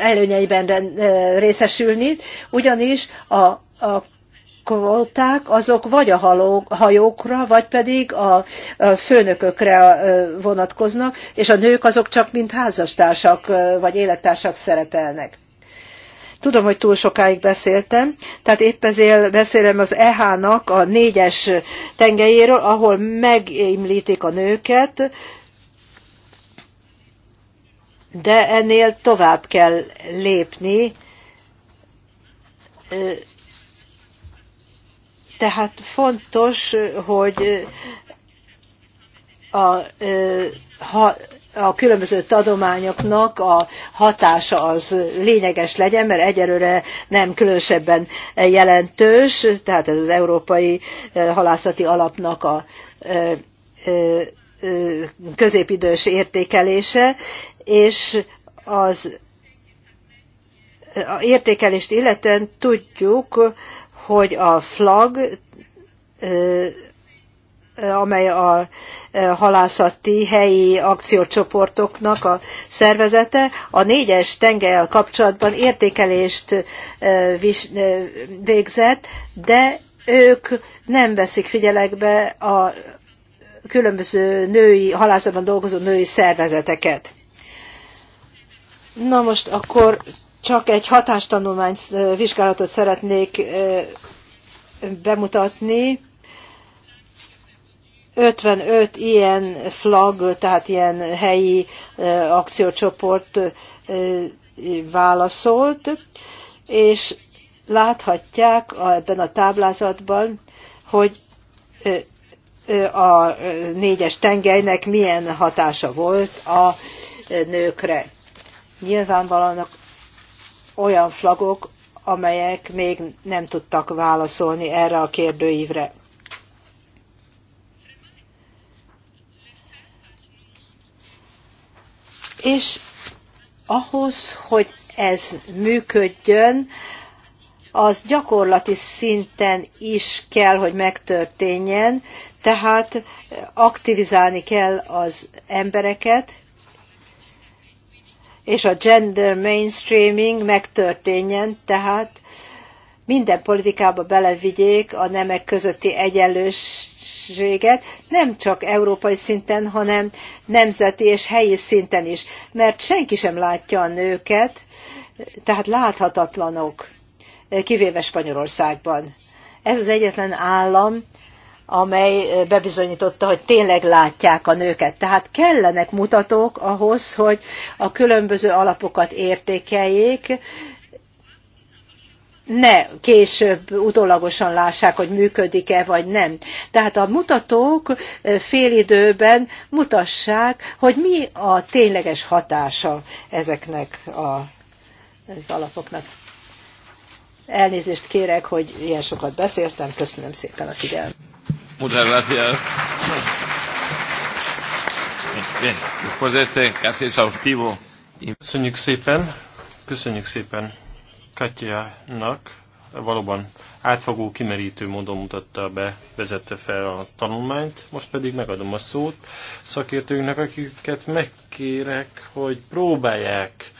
előnyeiben részesülni, ugyanis a, a kvóták azok vagy a hajókra, vagy pedig a főnökökre vonatkoznak, és a nők azok csak mint házastársak vagy élettársak szerepelnek. Tudom, hogy túl sokáig beszéltem, tehát épp ezért beszélem az EH-nak a négyes tengelyéről, ahol megémlítik a nőket, de ennél tovább kell lépni, tehát fontos, hogy a, ha, a különböző adományoknak a hatása az lényeges legyen, mert egyelőre nem különösebben jelentős, tehát ez az Európai Halászati Alapnak a középidős értékelése, és az értékelést illetően tudjuk, hogy a flag, amely a halászati helyi akciócsoportoknak a szervezete, a négyes tengelyel kapcsolatban értékelést végzett, de ők nem veszik figyelekbe a különböző női, halászatban dolgozó női szervezeteket. Na most akkor csak egy hatástanulmány vizsgálatot szeretnék bemutatni. 55 ilyen flag, tehát ilyen helyi akciócsoport válaszolt, és láthatják ebben a táblázatban, hogy a négyes tengelynek milyen hatása volt a nőkre. Nyilvánvalóan olyan flagok, amelyek még nem tudtak válaszolni erre a kérdőívre. És ahhoz, hogy ez működjön, az gyakorlati szinten is kell, hogy megtörténjen, tehát aktivizálni kell az embereket, és a gender mainstreaming megtörténjen, tehát minden politikába belevigyék a nemek közötti egyenlőséget, nem csak európai szinten, hanem nemzeti és helyi szinten is, mert senki sem látja a nőket, tehát láthatatlanok, kivéve Spanyolországban. Ez az egyetlen állam, amely bebizonyította, hogy tényleg látják a nőket. Tehát kellenek mutatók ahhoz, hogy a különböző alapokat értékeljék, ne később utólagosan lássák, hogy működik-e vagy nem. Tehát a mutatók félidőben mutassák, hogy mi a tényleges hatása ezeknek a, az alapoknak. Elnézést kérek, hogy ilyen sokat beszéltem. Köszönöm szépen a figyelmet. Muchas gracias. Bien, después de este casi exhaustivo. Köszönjük szépen, köszönjük szépen Katyának. Valóban átfogó, kimerítő módon mutatta be, vezette fel a tanulmányt. Most pedig megadom a szót szakértőknek, akiket megkérek, hogy próbálják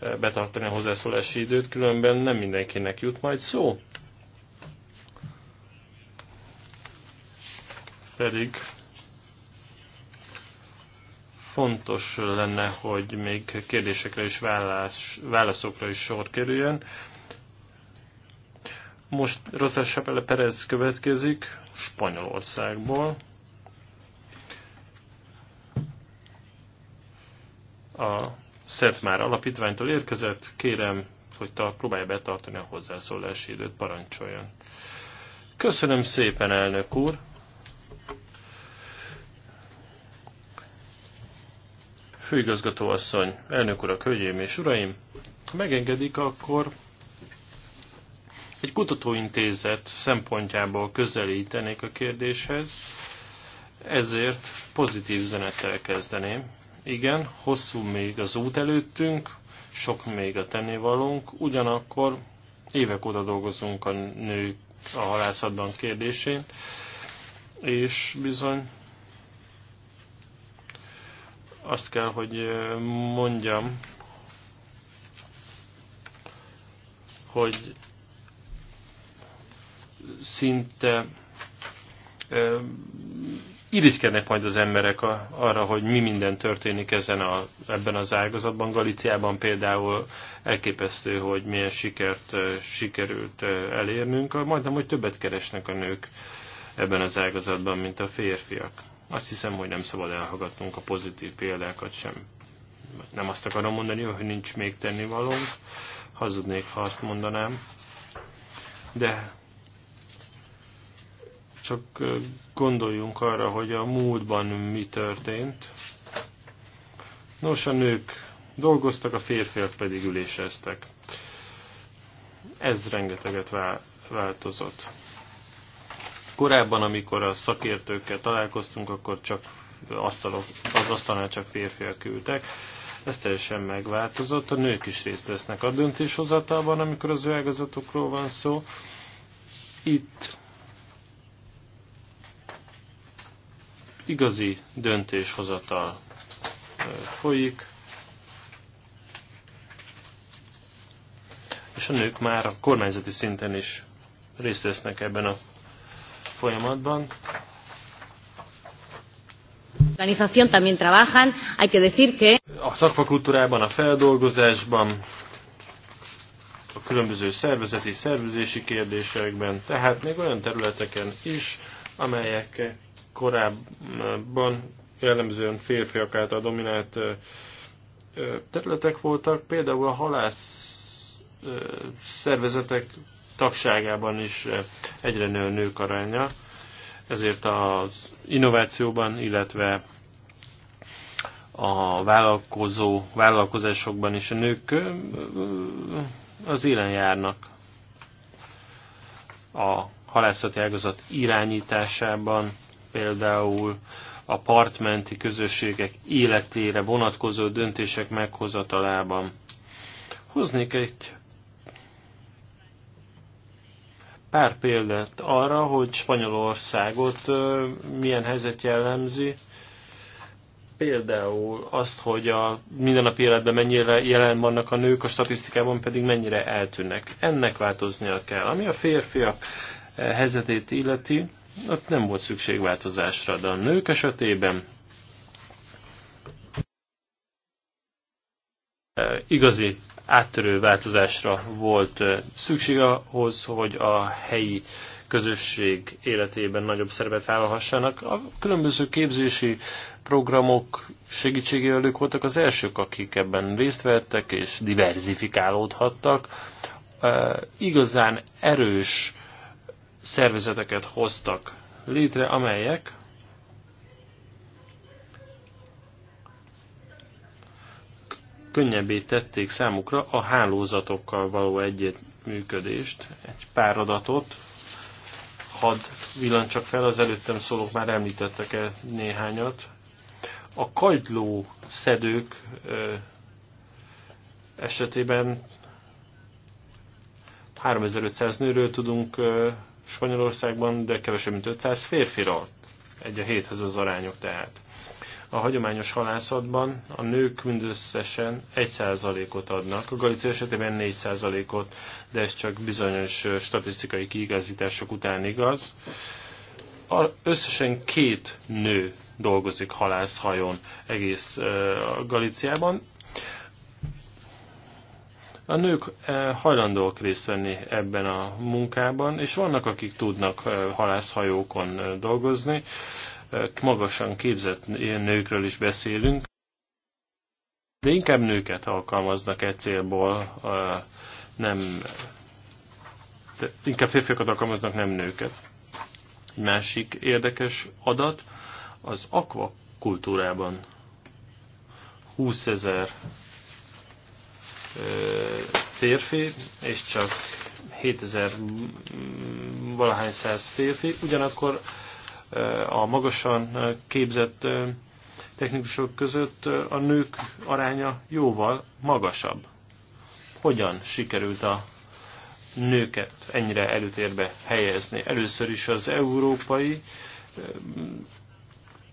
eh, betartani a hozzászólási időt, különben nem mindenkinek jut majd szó. pedig fontos lenne, hogy még kérdésekre és válasz, válaszokra is sor kerüljön. Most Rosa Chapelle Perez következik Spanyolországból. A Szent Már Alapítványtól érkezett, kérem, hogy ta, próbálja betartani a hozzászólási időt, parancsoljon. Köszönöm szépen, elnök úr! Főigazgatóasszony, elnök urak, hölgyeim és uraim, ha megengedik, akkor egy kutatóintézet szempontjából közelítenék a kérdéshez, ezért pozitív üzenettel kezdeném. Igen, hosszú még az út előttünk, sok még a tennivalónk, ugyanakkor évek óta dolgozunk a nők a halászatban kérdésén, és bizony azt kell, hogy mondjam, hogy szinte irigykednek majd az emberek arra, hogy mi minden történik ezen a, ebben az ágazatban. Galiciában például elképesztő, hogy milyen sikert sikerült elérnünk. Majdnem, hogy többet keresnek a nők ebben az ágazatban, mint a férfiak. Azt hiszem, hogy nem szabad elhagadnunk a pozitív példákat sem. Nem azt akarom mondani, hogy nincs még tennivalónk, hazudnék, ha azt mondanám, de csak gondoljunk arra, hogy a múltban mi történt. Nos, a nők dolgoztak, a férfiak pedig üléseztek. Ez rengeteget változott. Korábban, amikor a szakértőkkel találkoztunk, akkor csak asztalok, az asztalnál csak férfiak ültek. Ez teljesen megváltozott. A nők is részt vesznek a döntéshozatalban, amikor az ágazatokról van szó. Itt igazi döntéshozatal folyik, és a nők már a kormányzati szinten is részt vesznek ebben a folyamatban. A szakfakultúrában, a feldolgozásban, a különböző szervezeti, szervezési kérdésekben, tehát még olyan területeken is, amelyek korábban jellemzően férfiak által dominált területek voltak, például a halász szervezetek tagságában is egyre nő a nők aránya, ezért az innovációban, illetve a vállalkozó vállalkozásokban is a nők az élen járnak. A halászati ágazat irányításában például a partmenti közösségek életére vonatkozó döntések meghozatalában. Hoznék egy pár példát arra, hogy Spanyolországot milyen helyzet jellemzi. Például azt, hogy a mindennapi életben mennyire jelen vannak a nők, a statisztikában pedig mennyire eltűnnek. Ennek változnia kell. Ami a férfiak helyzetét illeti, ott nem volt szükség változásra, de a nők esetében igazi áttörő változásra volt szükség ahhoz, hogy a helyi közösség életében nagyobb szerepet vállalhassanak. A különböző képzési programok segítségével ők voltak az elsők, akik ebben részt vettek és diverzifikálódhattak. Igazán erős szervezeteket hoztak létre, amelyek könnyebbé tették számukra a hálózatokkal való együttműködést. Egy pár adatot hadd villancsak fel, az előttem szólók már említettek el néhányat. A kajdló szedők esetében 3500 nőről tudunk Spanyolországban, de kevesebb mint 500 férfira. Egy a héthez az arányok tehát. A hagyományos halászatban a nők mindösszesen 1%-ot adnak, a galicia esetében 4%-ot, de ez csak bizonyos statisztikai kiigazítások után igaz. A, összesen két nő dolgozik halászhajón egész uh, Galiciában. A nők hajlandóak részt venni ebben a munkában, és vannak, akik tudnak halászhajókon dolgozni magasan képzett nőkről is beszélünk, de inkább nőket alkalmaznak egy célból, nem, inkább férfiakat alkalmaznak, nem nőket. Egy másik érdekes adat az akvakultúrában 20 ezer férfi, és csak 7000 valahány száz férfi, ugyanakkor a magasan képzett technikusok között a nők aránya jóval magasabb. Hogyan sikerült a nőket ennyire előtérbe helyezni? Először is az európai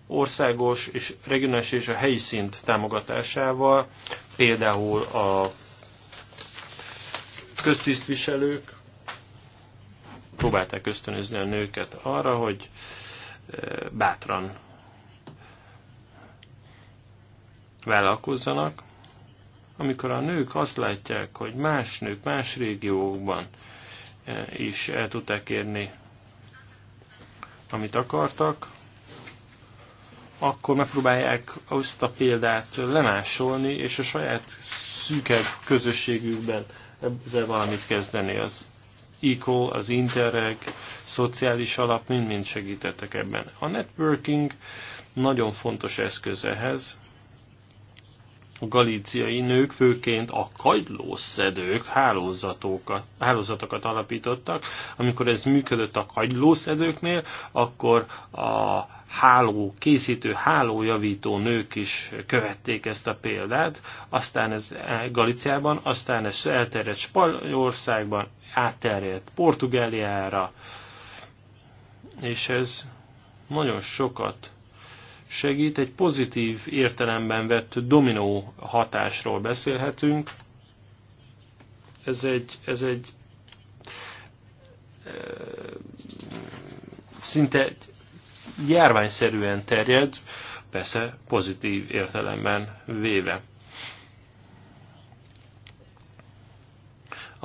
országos és regionális és a helyi szint támogatásával, például a köztisztviselők próbálták ösztönözni a nőket arra, hogy bátran vállalkozzanak. Amikor a nők azt látják, hogy más nők más régiókban is el tudták érni, amit akartak, akkor megpróbálják azt a példát lemásolni, és a saját szűkebb közösségükben ezzel valamit kezdeni. Az ICO, az Interreg, szociális alap mind-mind segítettek ebben. A networking nagyon fontos eszköz ehhez. A galíciai nők főként a kagylószedők hálózatokat, alapítottak. Amikor ez működött a kagylószedőknél, akkor a háló készítő, hálójavító nők is követték ezt a példát, aztán ez eh, Galiciában, aztán ez elterjedt Spanyolországban, átterjedt Portugáliára, és ez nagyon sokat segít, egy pozitív értelemben vett dominó hatásról beszélhetünk. Ez egy, ez egy eh, szinte járványszerűen terjed, persze pozitív értelemben véve.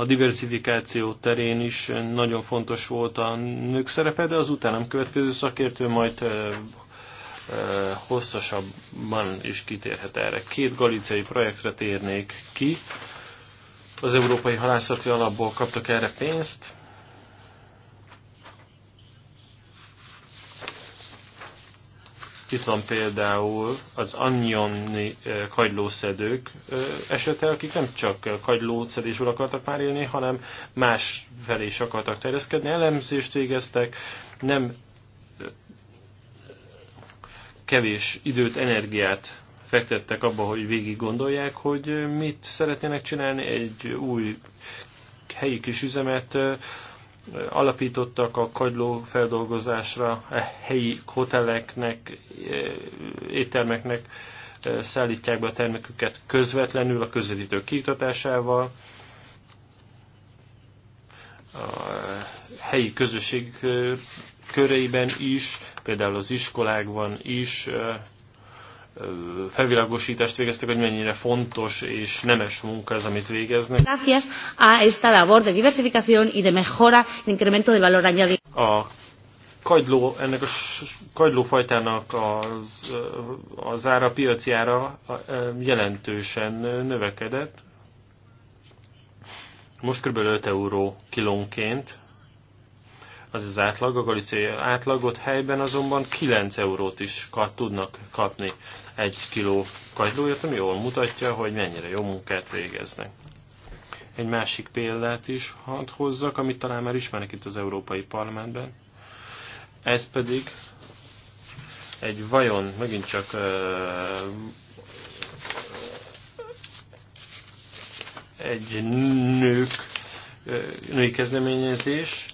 a diversifikáció terén is nagyon fontos volt a nők szerepe, de az utánam következő szakértő majd hosszasabban is kitérhet erre. Két galicei projektre térnék ki. Az Európai Halászati Alapból kaptak erre pénzt, Itt van például az anyoni eh, kagylószedők eh, esete, akik nem csak kagylószedésről akartak már élni, hanem más felé is akartak terjeszkedni, elemzést végeztek, nem eh, kevés időt, energiát fektettek abba, hogy végig gondolják, hogy mit szeretnének csinálni, egy új helyi kis üzemet alapítottak a kagyló feldolgozásra, a helyi hoteleknek, e, éttermeknek e, szállítják be a terméküket közvetlenül a közvetítő kiiktatásával. A helyi közösség e, köreiben is, például az iskolákban is felvilágosítást végeztek, hogy mennyire fontos és nemes munka ez, amit végeznek. Gracias a esta labor de diversificación y de mejora, de incremento del valor añadido. A kagyló, ennek a kagylófajtának az, az ára, piaci ára e, jelentősen növekedett. Most kb. 5 euró kilónként az az átlag, a galicai átlagot helyben azonban 9 eurót is kap, tudnak kapni egy kiló kagylóért, ami jól mutatja, hogy mennyire jó munkát végeznek. Egy másik példát is hadd hozzak, amit talán már ismernek itt az Európai Parlamentben. Ez pedig egy vajon, megint csak egy nők, női kezdeményezés,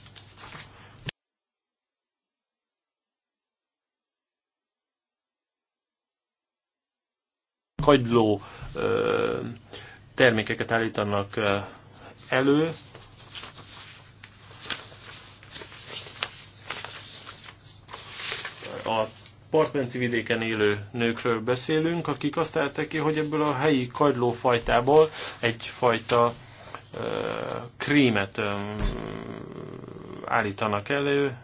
kagyló termékeket állítanak elő, a partmenti vidéken élő nőkről beszélünk, akik azt állták ki, hogy ebből a helyi kagylófajtából egyfajta krémet állítanak elő,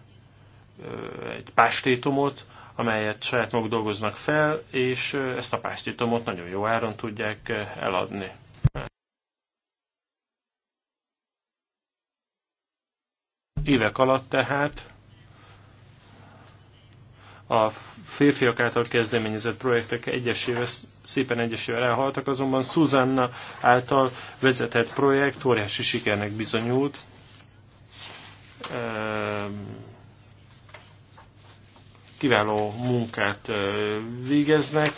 egy pástétumot amelyet saját maguk dolgoznak fel, és ezt a pástitomot nagyon jó áron tudják eladni. Évek alatt tehát a férfiak által kezdeményezett projektek egyesével, szépen egyesével elhaltak, azonban Susanna által vezetett projekt óriási sikernek bizonyult kiváló munkát végeznek,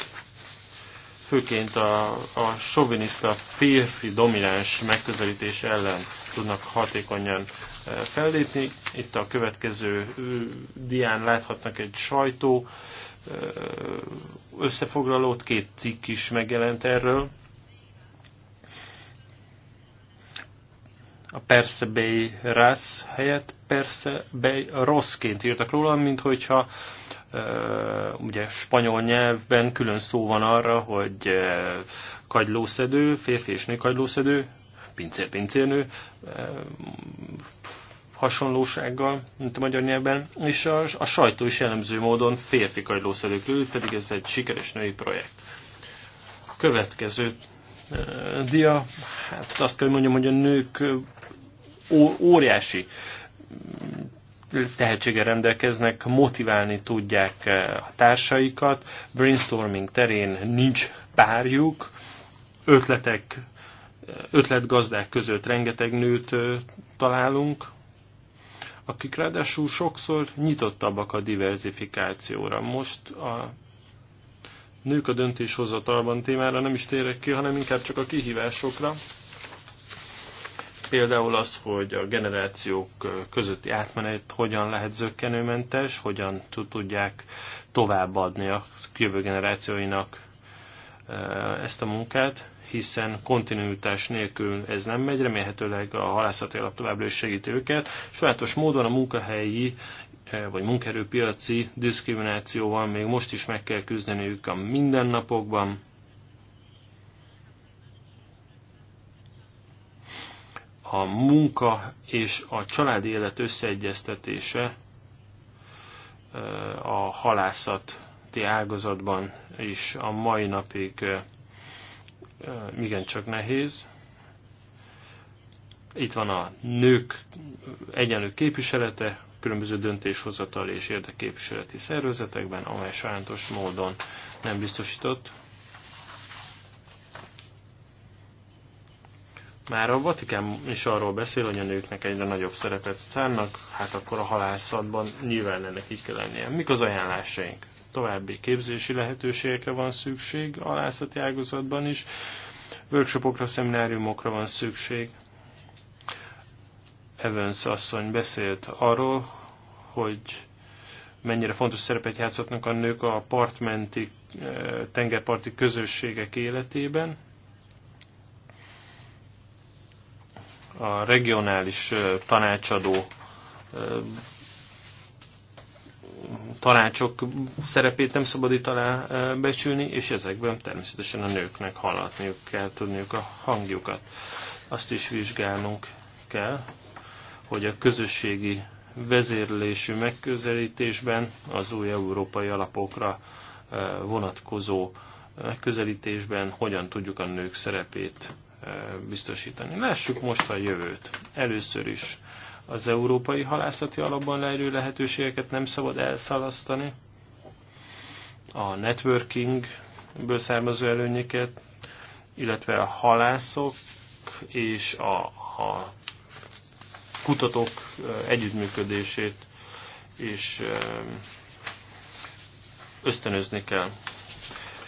főként a, a soviniszta férfi domináns megközelítés ellen tudnak hatékonyan fellépni. Itt a következő dián láthatnak egy sajtó összefoglalót, két cikk is megjelent erről. a persze bej rász helyett persze bej rosszként írtak róla, mint hogyha ugye spanyol nyelvben külön szó van arra, hogy kagylószedő, férfi és nő kagylószedő, pincér-pincérnő hasonlósággal, mint a magyar nyelvben, és a, a sajtó is jellemző módon férfi kagylószedők pedig ez egy sikeres női projekt. Következő Eh, dia, hát azt kell, hogy mondjam, hogy a nők eh, óriási mm, tehetséggel rendelkeznek, motiválni tudják eh, a társaikat, brainstorming terén nincs párjuk, ötletek, ötletgazdák között rengeteg nőt találunk, akik ráadásul sokszor nyitottabbak a diversifikációra. Most a nők a döntéshozatalban témára nem is térek ki, hanem inkább csak a kihívásokra. Például az, hogy a generációk közötti átmenet hogyan lehet zöggenőmentes, hogyan tudják továbbadni a jövő generációinak e, ezt a munkát, hiszen kontinuitás nélkül ez nem megy, remélhetőleg a halászati alap továbbra is segíti őket. Sajátos módon a munkahelyi E, vagy munkerőpiaci diszkriminációval még most is meg kell küzdeniük a mindennapokban. A munka és a családi élet összeegyeztetése e, a halászati ágazatban is a mai napig e, igencsak nehéz. Itt van a nők egyenlő képviselete, különböző döntéshozatal és érdekképviseleti szervezetekben, amely sajátos módon nem biztosított. Már a Vatikán is arról beszél, hogy a nőknek egyre nagyobb szerepet szánnak, hát akkor a halászatban nyilván ennek így kell lennie. Mik az ajánlásaink? További képzési lehetőségekre van szükség a halászati ágazatban is, workshopokra, szemináriumokra van szükség, Evans asszony beszélt arról, hogy mennyire fontos szerepet játszhatnak a nők a partmenti, eh, tengerparti közösségek életében. A regionális eh, tanácsadó eh, tanácsok szerepét nem szabad itt alá becsülni, és ezekben természetesen a nőknek hallatniuk kell tudniuk a hangjukat. Azt is vizsgálnunk kell, hogy a közösségi vezérlésű megközelítésben az új európai alapokra eh, vonatkozó eh, megközelítésben hogyan tudjuk a nők szerepét eh, biztosítani. Lássuk most a jövőt. Először is az európai halászati alapban lejrő lehetőségeket nem szabad elszalasztani. A networkingből származó előnyeket, illetve a halászok és a, a kutatók együttműködését és ösztönözni kell.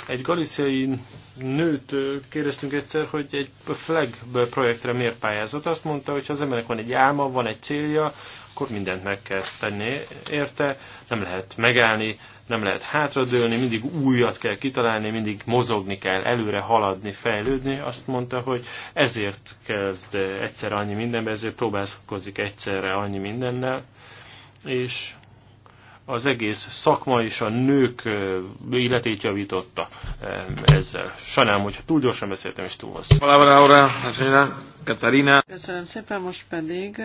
Egy galiciai nőt kérdeztünk egyszer, hogy egy flag projektre miért pályázott. Azt mondta, hogy ha az embernek van egy álma, van egy célja, akkor mindent meg kell tenni érte, nem lehet megállni, nem lehet hátradőlni, mindig újat kell kitalálni, mindig mozogni kell, előre haladni, fejlődni. Azt mondta, hogy ezért kezd egyszer annyi mindenbe, ezért próbálkozik egyszerre annyi mindennel, és az egész szakma és a nők életét javította ezzel. Sajnálom, hogyha túl gyorsan beszéltem, és túl hosszú. Katarina. Köszönöm szépen, most pedig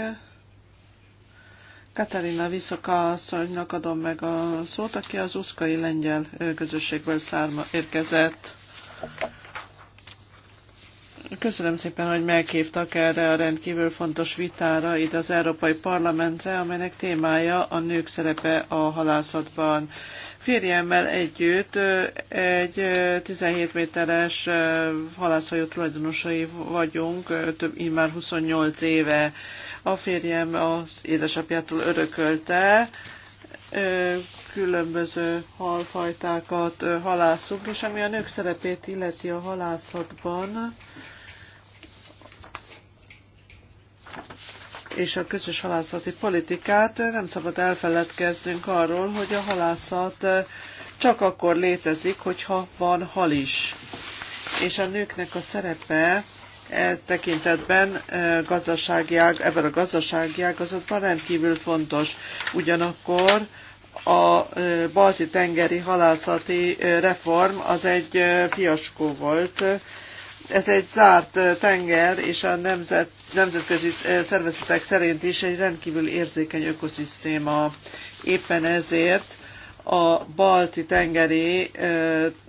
Katarina Viszoka asszonynak adom meg a szót, aki az uszkai lengyel közösségből szárma érkezett. Köszönöm szépen, hogy meghívtak erre a rendkívül fontos vitára itt az Európai Parlamentre, amelynek témája a nők szerepe a halászatban. Férjemmel együtt egy 17 méteres halászhajó tulajdonosai vagyunk, több, már 28 éve a férjem az édesapjától örökölte, különböző halfajtákat halászunk, és ami a nők szerepét illeti a halászatban, és a közös halászati politikát, nem szabad elfeledkeznünk arról, hogy a halászat csak akkor létezik, hogyha van hal is. És a nőknek a szerepe E tekintetben e, gazdasági ág, ebben a gazdasági ágazatban rendkívül fontos. Ugyanakkor a e, balti tengeri halászati reform az egy fiaskó volt. Ez egy zárt tenger, és a nemzet, nemzetközi szervezetek szerint is egy rendkívül érzékeny ökoszisztéma. Éppen ezért a balti tengeri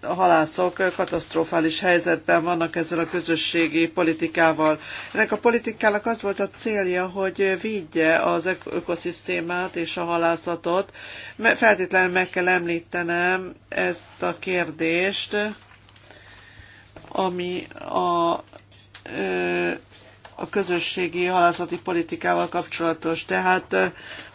a halászok katasztrofális helyzetben vannak ezzel a közösségi politikával. Ennek a politikának az volt a célja, hogy védje az ökoszisztémát és a halászatot. Feltétlenül meg kell említenem ezt a kérdést, ami a a közösségi halászati politikával kapcsolatos. Tehát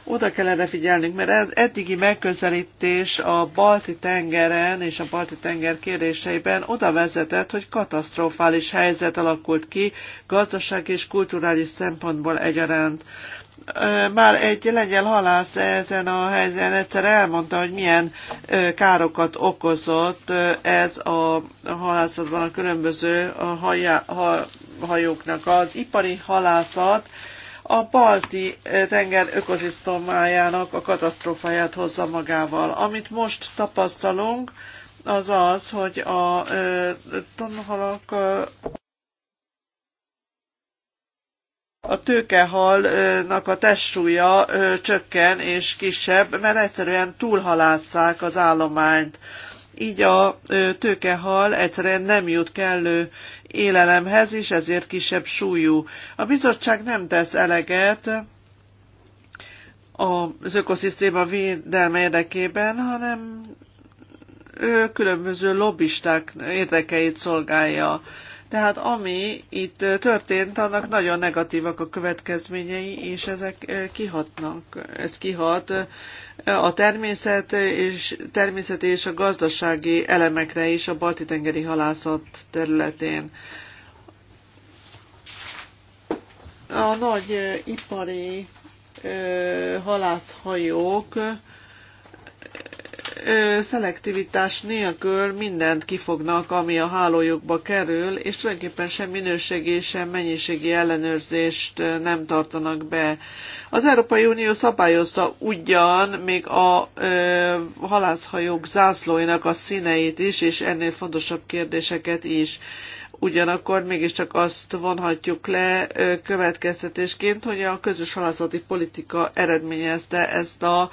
oda kellene figyelnünk, mert eddigi megközelítés a balti tengeren és a balti tenger kérdéseiben oda vezetett, hogy katasztrofális helyzet alakult ki gazdasági és kulturális szempontból egyaránt már egy lengyel halász ezen a helyzen egyszer elmondta, hogy milyen károkat okozott ez a halászatban a különböző hajá, ha, hajóknak. Az ipari halászat a balti tenger ökoszisztémájának a katasztrófáját hozza magával. Amit most tapasztalunk, az az, hogy a tonhalak a tőkehalnak a testsúlya csökken és kisebb, mert egyszerűen túlhalásszák az állományt. Így a tőkehal egyszerűen nem jut kellő élelemhez, és ezért kisebb súlyú. A bizottság nem tesz eleget az ökoszisztéma védelme érdekében, hanem különböző lobbisták érdekeit szolgálja. Tehát ami itt történt, annak nagyon negatívak a következményei, és ezek kihatnak. Ez kihat a természet és, természeti és a gazdasági elemekre is a balti-tengeri halászat területén. A nagy ipari halászhajók ö, szelektivitás nélkül mindent kifognak, ami a hálójukba kerül, és tulajdonképpen sem minőségi, sem mennyiségi ellenőrzést nem tartanak be. Az Európai Unió szabályozta ugyan még a ö, halászhajók zászlóinak a színeit is, és ennél fontosabb kérdéseket is ugyanakkor mégiscsak azt vonhatjuk le következtetésként, hogy a közös halászati politika eredményezte ezt a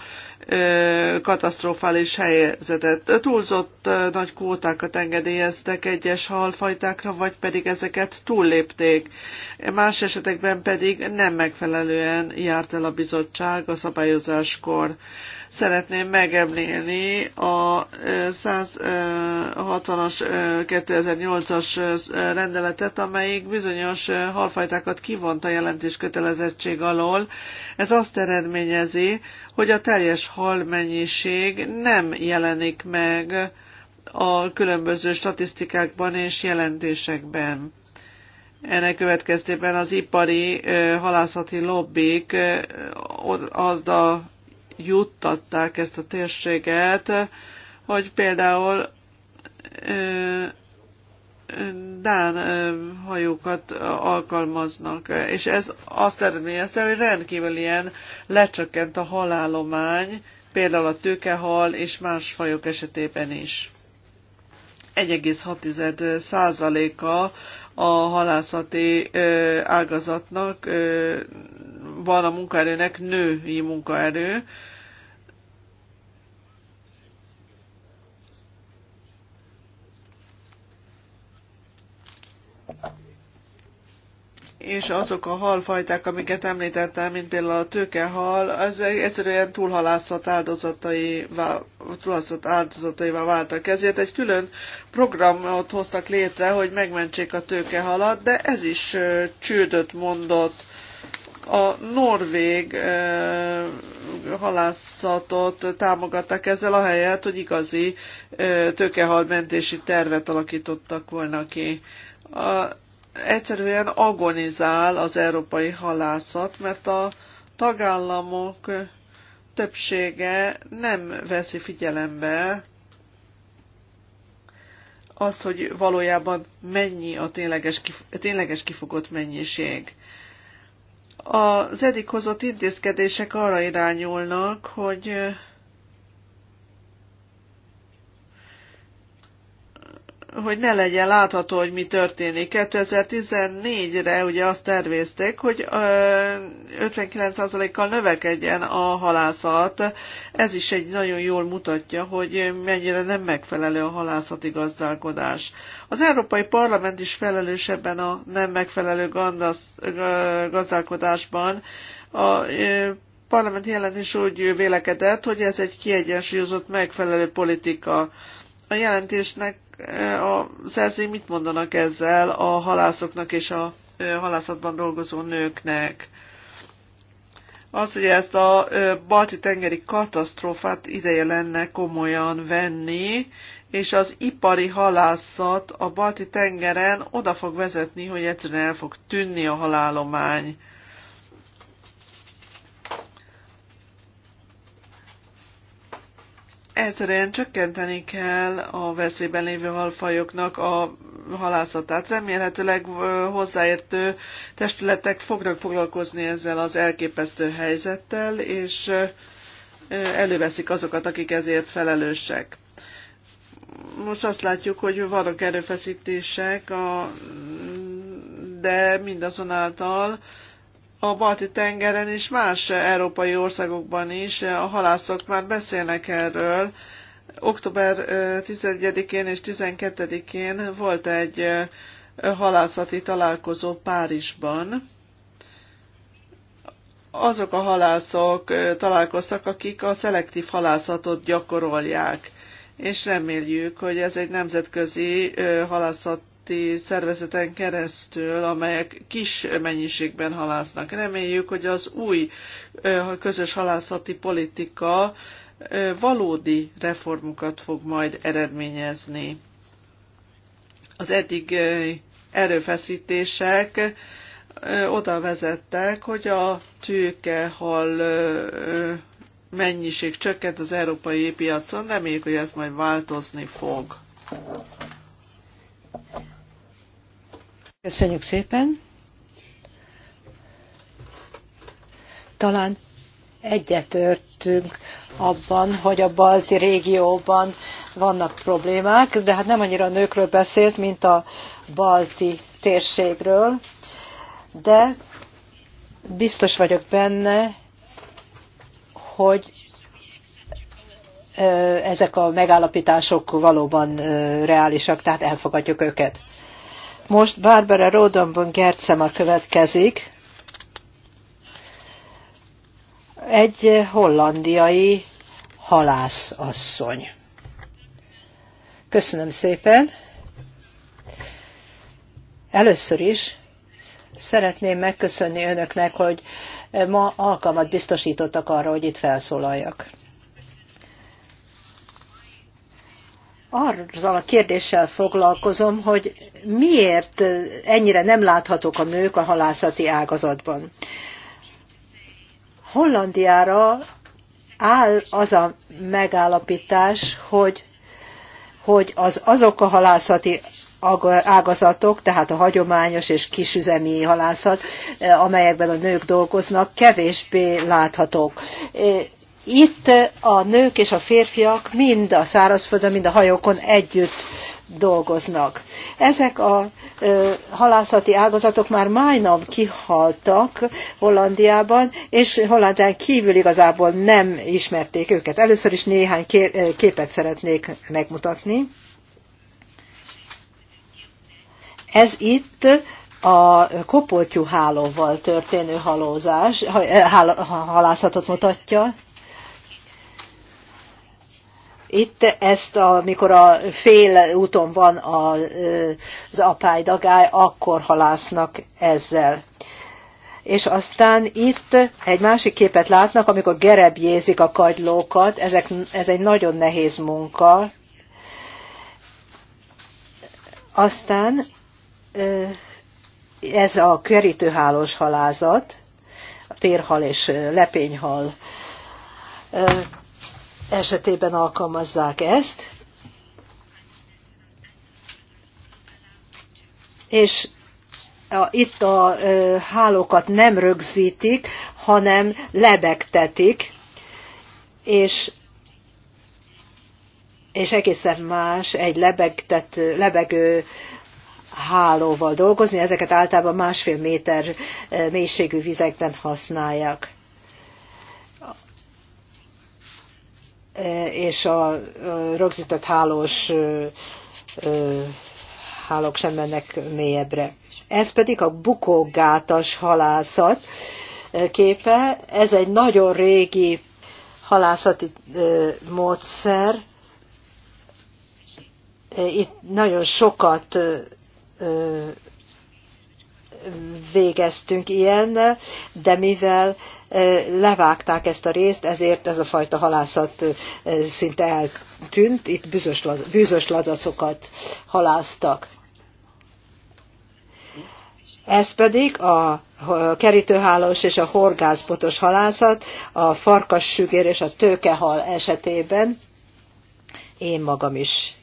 katasztrofális helyzetet. Túlzott nagy kvótákat engedélyeztek egyes halfajtákra, vagy pedig ezeket túllépték. Más esetekben pedig nem megfelelően járt el a bizottság a szabályozáskor. Szeretném megemlélni a 160-as 2008-as rendeletet, amelyik bizonyos halfajtákat kivonta jelentés kötelezettség alól. Ez azt eredményezi, hogy a teljes halmennyiség nem jelenik meg a különböző statisztikákban és jelentésekben. Ennek következtében az ipari halászati lobbik azda juttatták ezt a térséget, hogy például Dán hajókat alkalmaznak, és ez azt eredményezte, hogy rendkívül ilyen lecsökkent a halálomány, például a tőkehal és más fajok esetében is. 1,6 százaléka a halászati ágazatnak van a munkaerőnek női munkaerő, és azok a halfajták, amiket említettem, mint például a tőkehal, az egyszerűen túlhalászat áldozatai, túlhalászat áldozataivá váltak. Ezért egy külön programot hoztak létre, hogy megmentsék a tőkehalat, de ez is csődöt mondott a norvég ö, halászatot támogatták ezzel, a helyet, hogy igazi tőkehalmentési tervet alakítottak volna ki. A, egyszerűen agonizál az európai halászat, mert a tagállamok többsége nem veszi figyelembe azt, hogy valójában mennyi a tényleges, kif- tényleges kifogott mennyiség. Az eddig hozott intézkedések arra irányulnak, hogy hogy ne legyen látható, hogy mi történik. 2014-re ugye azt tervezték, hogy 59%-kal növekedjen a halászat. Ez is egy nagyon jól mutatja, hogy mennyire nem megfelelő a halászati gazdálkodás. Az Európai Parlament is felelős ebben a nem megfelelő gazdálkodásban. A parlament jelentés úgy vélekedett, hogy ez egy kiegyensúlyozott megfelelő politika a jelentésnek eh, a szerzői mit mondanak ezzel a halászoknak és a eh, halászatban dolgozó nőknek? Az, hogy ezt a eh, balti tengeri katasztrófát ideje lenne komolyan venni, és az ipari halászat a balti tengeren oda fog vezetni, hogy egyszerűen el fog tűnni a halálomány egyszerűen csökkenteni kell a veszélyben lévő halfajoknak a halászatát. Remélhetőleg hozzáértő testületek fognak foglalkozni ezzel az elképesztő helyzettel, és előveszik azokat, akik ezért felelősek. Most azt látjuk, hogy vannak erőfeszítések, a, de mindazonáltal a balti tengeren és más európai országokban is a halászok már beszélnek erről. Október 11-én és 12-én volt egy halászati találkozó Párizsban. Azok a halászok találkoztak, akik a szelektív halászatot gyakorolják, és reméljük, hogy ez egy nemzetközi halászat halászati szervezeten keresztül, amelyek kis mennyiségben halásznak. Reméljük, hogy az új közös halászati politika valódi reformokat fog majd eredményezni. Az eddig erőfeszítések oda vezettek, hogy a tőkehal mennyiség csökkent az európai piacon, reméljük, hogy ez majd változni fog. Köszönjük szépen. Talán egyetörtünk abban, hogy a balti régióban vannak problémák, de hát nem annyira a nőkről beszélt, mint a balti térségről, de biztos vagyok benne, hogy ezek a megállapítások valóban reálisak, tehát elfogadjuk őket. Most Barbara Rodenbön Gercema következik. Egy hollandiai halászasszony. Köszönöm szépen. Először is szeretném megköszönni önöknek, hogy ma alkalmat biztosítottak arra, hogy itt felszólaljak. azzal a kérdéssel foglalkozom, hogy miért ennyire nem láthatók a nők a halászati ágazatban. Hollandiára áll az a megállapítás, hogy, hogy az, azok a halászati ágazatok, tehát a hagyományos és kisüzemi halászat, eh, amelyekben a nők dolgoznak, kevésbé láthatók. Eh, itt a nők és a férfiak mind a szárazföldön, mind a hajókon együtt dolgoznak. Ezek a ö, halászati ágazatok már majdnem kihaltak Hollandiában, és Hollandán kívül igazából nem ismerték őket. Először is néhány képet szeretnék megmutatni. Ez itt a kopoltyú hálóval történő halózás, halászatot mutatja itt ezt, amikor a fél úton van az apálydagály, akkor halásznak ezzel. És aztán itt egy másik képet látnak, amikor gerebjézik a kagylókat, Ezek, ez egy nagyon nehéz munka. Aztán ez a kerítőhálós halázat, a térhal és lepényhal esetében alkalmazzák ezt, és a, itt a ö, hálókat nem rögzítik, hanem lebegtetik, és, és egészen más egy lebegtető, lebegő hálóval dolgozni, ezeket általában másfél méter mélységű vizekben használják. és a rögzített hálós hálók sem mennek mélyebbre. Ez pedig a bukógátas halászat képe. Ez egy nagyon régi halászati módszer. Itt nagyon sokat végeztünk ilyen, de mivel levágták ezt a részt, ezért ez a fajta halászat szinte eltűnt, itt bűzös, bűzös lazacokat haláztak. Ez pedig a kerítőhálós és a horgászbotos halászat, a sügér és a tőkehal esetében, én magam is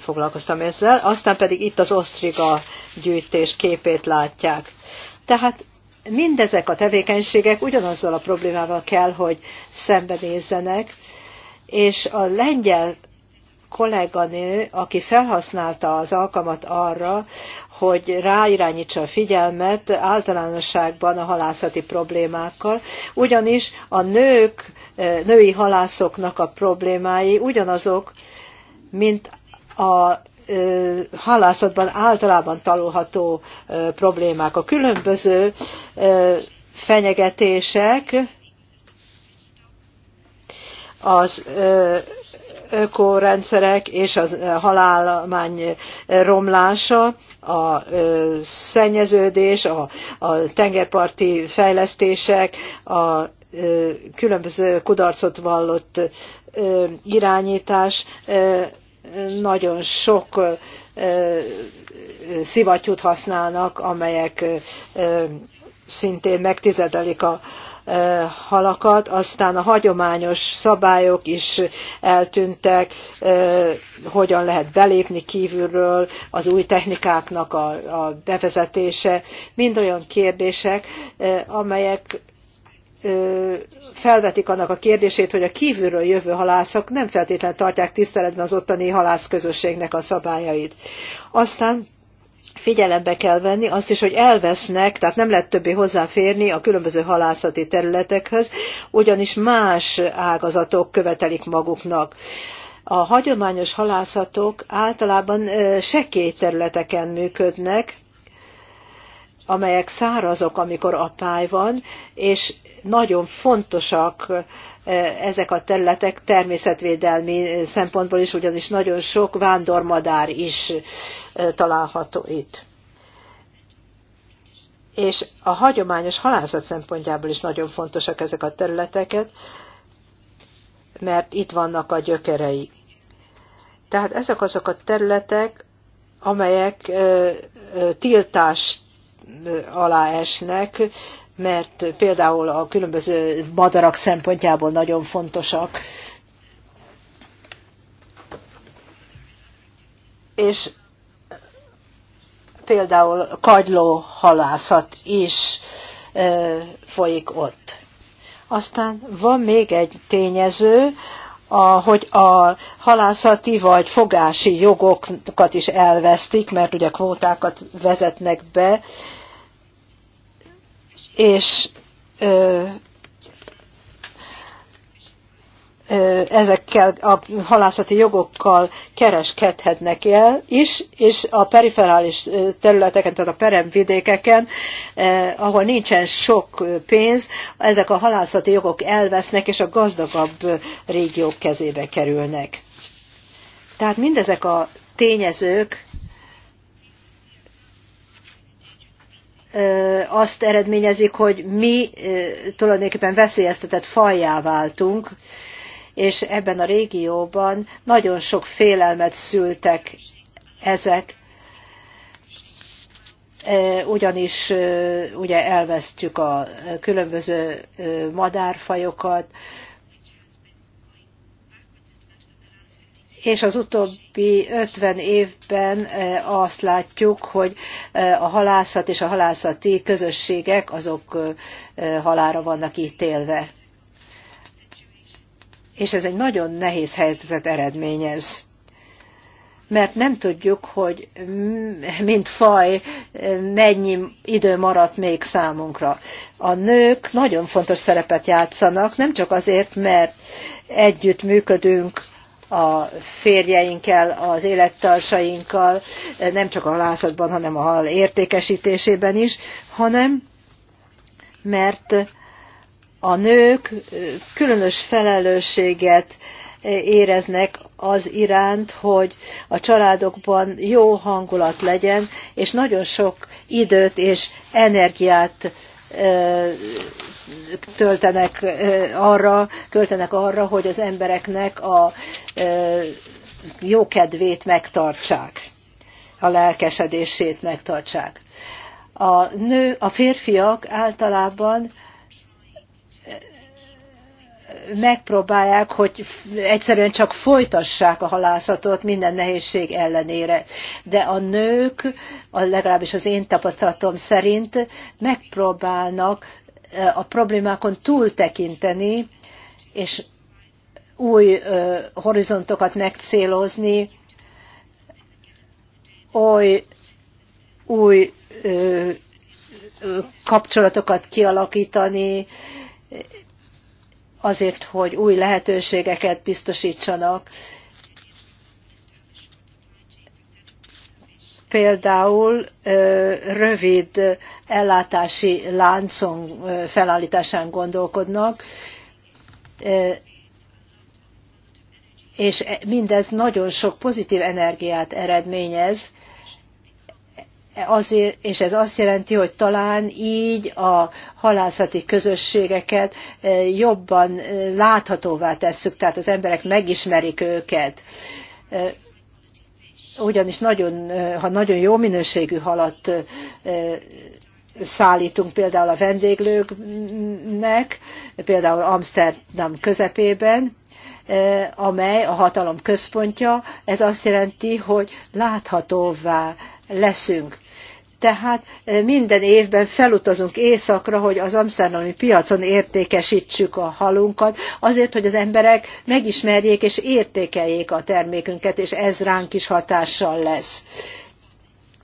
foglalkoztam ezzel, aztán pedig itt az osztriga gyűjtés képét látják. Tehát mindezek a tevékenységek ugyanazzal a problémával kell, hogy szembenézzenek, és a lengyel kolléganő, aki felhasználta az alkalmat arra, hogy ráirányítsa a figyelmet általánosságban a halászati problémákkal, ugyanis a nők, női halászoknak a problémái ugyanazok, mint a halászatban általában található problémák. A különböző fenyegetések az ökorendszerek és a halálmány romlása, a szennyeződés, a, a tengerparti fejlesztések, a különböző kudarcot vallott irányítás nagyon sok szivattyút használnak, amelyek szintén megtizedelik a halakat, aztán a hagyományos szabályok is eltűntek, hogyan lehet belépni kívülről, az új technikáknak a, bevezetése, mind olyan kérdések, amelyek felvetik annak a kérdését, hogy a kívülről jövő halászok nem feltétlenül tartják tiszteletben az ottani halászközösségnek a szabályait. Aztán figyelembe kell venni azt is, hogy elvesznek, tehát nem lehet többé hozzáférni a különböző halászati területekhez, ugyanis más ágazatok követelik maguknak. A hagyományos halászatok általában sekély területeken működnek, amelyek szárazok, amikor a pály van, és nagyon fontosak eh, ezek a területek természetvédelmi szempontból is, ugyanis nagyon sok vándormadár is eh, található itt. És a hagyományos halászat szempontjából is nagyon fontosak ezek a területeket, mert itt vannak a gyökerei. Tehát ezek azok a területek, amelyek eh, tiltást alá esnek mert például a különböző madarak szempontjából nagyon fontosak. És például kagyló halászat is folyik ott. Aztán van még egy tényező, a, hogy a halászati vagy fogási jogokat is elvesztik, mert ugye kvótákat vezetnek be, és ezekkel a halászati jogokkal kereskedhetnek el is, és a periferális területeken, tehát a peremvidékeken, eh, ahol nincsen sok pénz, ezek a halászati jogok elvesznek, és a gazdagabb régiók kezébe kerülnek. Tehát mindezek a tényezők azt eredményezik, hogy mi tulajdonképpen veszélyeztetett fajjá váltunk, és ebben a régióban nagyon sok félelmet szültek ezek, ugyanis ugye elvesztjük a különböző madárfajokat, és az utóbbi 50 évben azt látjuk, hogy a halászat és a halászati közösségek azok halára vannak ítélve. És ez egy nagyon nehéz helyzetet eredményez mert nem tudjuk, hogy mint faj mennyi idő maradt még számunkra. A nők nagyon fontos szerepet játszanak, nem csak azért, mert együtt működünk a férjeinkkel, az élettársainkkal, nem csak a halászatban, hanem a hal értékesítésében is, hanem mert a nők különös felelősséget éreznek az iránt, hogy a családokban jó hangulat legyen, és nagyon sok időt és energiát töltenek arra, költenek arra, hogy az embereknek a jókedvét megtartsák, a lelkesedését megtartsák. A nő, a férfiak általában megpróbálják, hogy egyszerűen csak folytassák a halászatot minden nehézség ellenére. De a nők, legalábbis az én tapasztalatom szerint, megpróbálnak a problémákon túltekinteni, és új horizontokat megcélozni, oly új kapcsolatokat kialakítani, azért, hogy új lehetőségeket biztosítsanak. Például rövid ellátási láncon felállításán gondolkodnak, és mindez nagyon sok pozitív energiát eredményez, azért, és ez azt jelenti, hogy talán így a halászati közösségeket eh, jobban eh, láthatóvá tesszük, tehát az emberek megismerik őket. Eh, ugyanis nagyon, ha nagyon jó minőségű halat szállítunk például a vendéglőknek, például Amsterdam közepében, amely a hatalom központja, ez azt jelenti, hogy láthatóvá leszünk. Tehát e, minden évben felutazunk északra, hogy az amsterdami piacon értékesítsük a halunkat, azért, hogy az emberek megismerjék és értékeljék a termékünket, és ez ránk is hatással lesz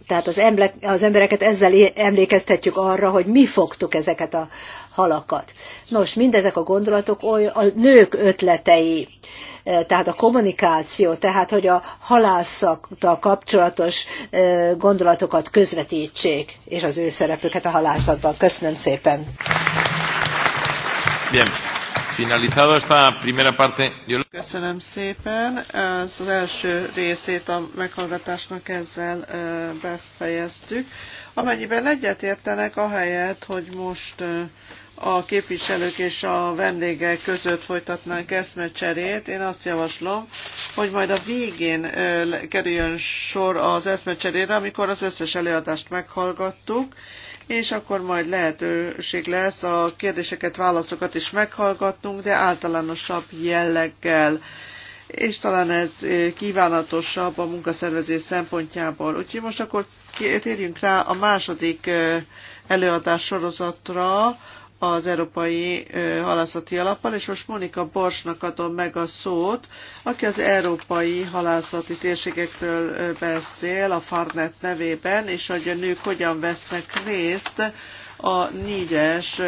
tehát az, emlek, az embereket ezzel emlékeztetjük arra, hogy mi fogtuk ezeket a halakat. Nos, mindezek a gondolatok a nők ötletei, e, tehát a kommunikáció, tehát hogy a halászattal kapcsolatos e, gondolatokat közvetítsék, és az ő szereplőket a halászatban. Köszönöm szépen! Bien. Finalizado esta primera parte. Köszönöm szépen. Az első részét a meghallgatásnak ezzel befejeztük. Amennyiben egyetértenek, ahelyett, hogy most a képviselők és a vendégek között folytatnánk eszmecserét, én azt javaslom, hogy majd a végén kerüljön sor az eszmecserére, amikor az összes előadást meghallgattuk, és akkor majd lehetőség lesz a kérdéseket, válaszokat is meghallgatnunk, de általánosabb jelleggel és talán ez eh, kívánatosabb a munkaszervezés szempontjából. Úgyhogy most akkor térjünk rá a második eh, előadás sorozatra, az Európai Halászati Alappal, és most Monika Borsnak adom meg a szót, aki az Európai Halászati Térségekről beszél a Farnet nevében, és hogy a nők hogyan vesznek részt a négyes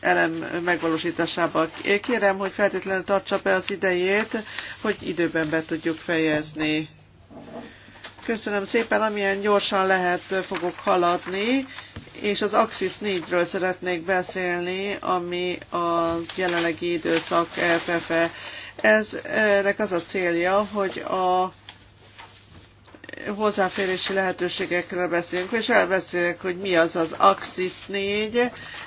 elem megvalósításába. Kérem, hogy feltétlenül tartsa be az idejét, hogy időben be tudjuk fejezni. Köszönöm szépen, amilyen gyorsan lehet fogok haladni, és az Axis 4-ről szeretnék beszélni, ami a jelenlegi időszak FFE. Ez, ennek az a célja, hogy a hozzáférési lehetőségekről beszélünk, és elbeszélek, hogy mi az az Axis 4,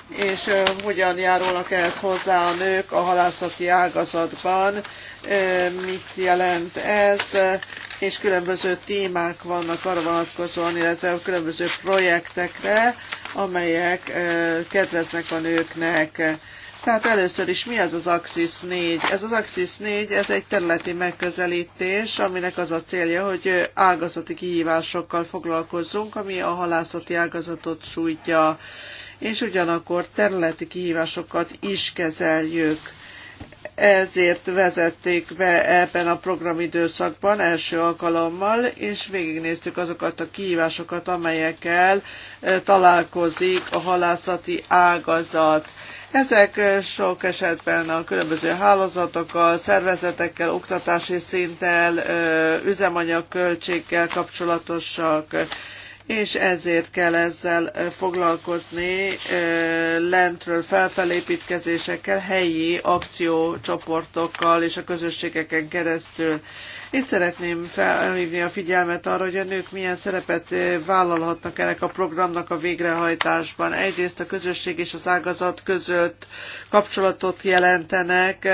és hogyan járulnak ehhez hozzá a nők a halászati ágazatban, mit jelent ez, és különböző témák vannak arra vonatkozóan, illetve különböző projektekre, amelyek kedveznek a nőknek. Tehát először is mi az az Axis 4? Ez az Axis 4, ez egy területi megközelítés, aminek az a célja, hogy ágazati kihívásokkal foglalkozzunk, ami a halászati ágazatot sújtja, és ugyanakkor területi kihívásokat is kezeljük ezért vezették be ebben a programidőszakban első alkalommal, és végignéztük azokat a kihívásokat, amelyekkel találkozik a halászati ágazat. Ezek sok esetben a különböző hálózatokkal, szervezetekkel, oktatási szinttel, üzemanyagköltséggel kapcsolatosak, és ezért kell ezzel foglalkozni lentről felfelépítkezésekkel, helyi akciócsoportokkal és a közösségeken keresztül. Itt szeretném felhívni a figyelmet arra, hogy a nők milyen szerepet vállalhatnak ennek a programnak a végrehajtásban. Egyrészt a közösség és az ágazat között kapcsolatot jelentenek,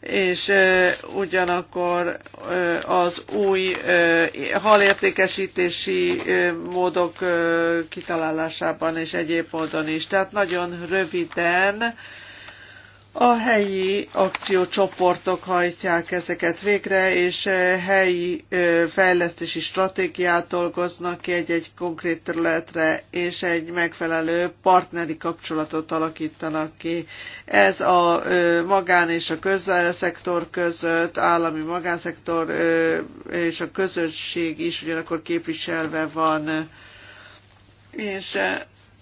és ugyanakkor az új halértékesítési módok kitalálásában és egyéb módon is. Tehát nagyon röviden, a helyi akciócsoportok hajtják ezeket végre, és eh, helyi eh, fejlesztési stratégiát dolgoznak ki egy-egy konkrét területre, és egy megfelelő partneri kapcsolatot alakítanak ki. Ez a eh, magán és a közszektor között, állami magánszektor és a közösség is ugyanakkor képviselve van. És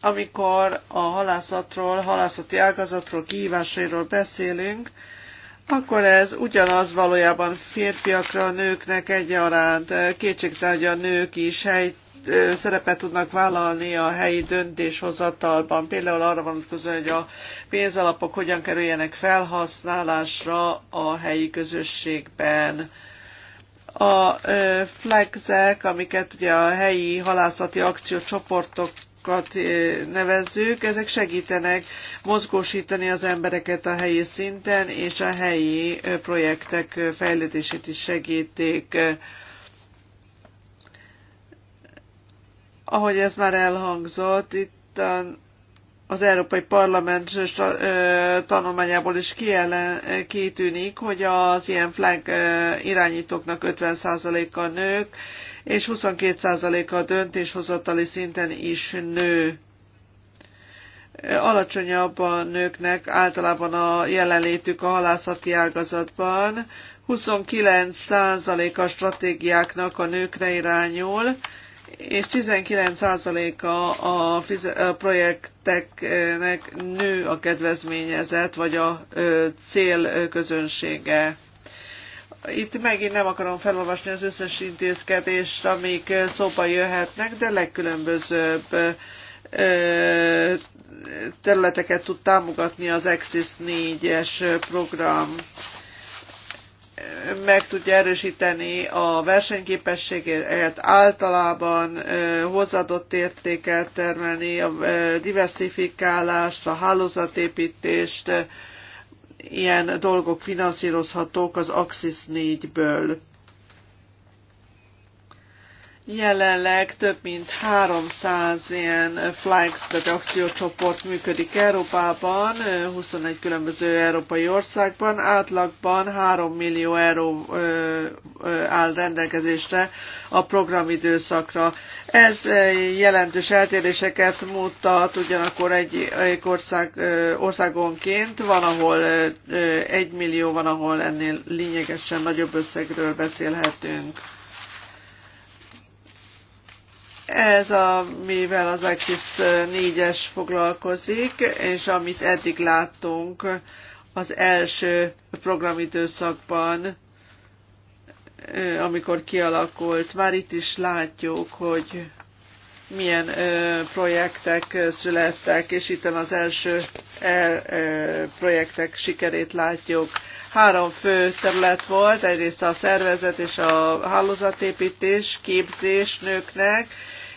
amikor a halászatról, halászati ágazatról, kihívásairól beszélünk, akkor ez ugyanaz valójában férfiakra, a nőknek egyaránt. Kétségtelen, hogy a nők is hely, szerepet tudnak vállalni a helyi döntéshozatalban. Például arra vonatkozóan, hogy a pénzalapok hogyan kerüljenek felhasználásra a helyi közösségben a flexek, amiket ugye a helyi halászati akciócsoportok mozgásokat eh, nevezzük, ezek segítenek mozgósítani az embereket a helyi szinten, és a helyi eh, projektek eh, fejlődését is segítik. Ahogy ez már elhangzott, itt a az Európai Parlament tanulmányából is kijelen, kitűnik, hogy az ilyen flag irányítóknak 50%-a nők, és 22% a döntéshozatali szinten is nő alacsonyabb a nőknek általában a jelenlétük a halászati ágazatban. 29% a stratégiáknak a nőkre irányul, és 19%-a a, a projekteknek nő a kedvezményezett, vagy a cél közönsége. Itt megint nem akarom felolvasni az összes intézkedést, amik szóba jöhetnek, de legkülönbözőbb területeket tud támogatni az Axis 4-es program. Meg tudja erősíteni a versenyképességet általában, hozzáadott értéket termelni, a diversifikálást, a hálózatépítést, ilyen dolgok finanszírozhatók az Axis 4-ből. Jelenleg több mint 300 ilyen flags, tehát akciócsoport működik Európában, 21 különböző európai országban. Átlagban 3 millió euró áll rendelkezésre a programidőszakra. Ez jelentős eltéréseket mutat ugyanakkor egy, egy ország, országonként. Van, ahol 1 millió, van, ahol ennél lényegesen nagyobb összegről beszélhetünk. Ez, amivel az Axis 4-es foglalkozik, és amit eddig láttunk az első programidőszakban, amikor kialakult. Már itt is látjuk, hogy milyen ö, projektek születtek, és itt az első el, ö, projektek sikerét látjuk. Három fő terület volt, egyrészt a szervezet és a hálózatépítés, képzés nőknek,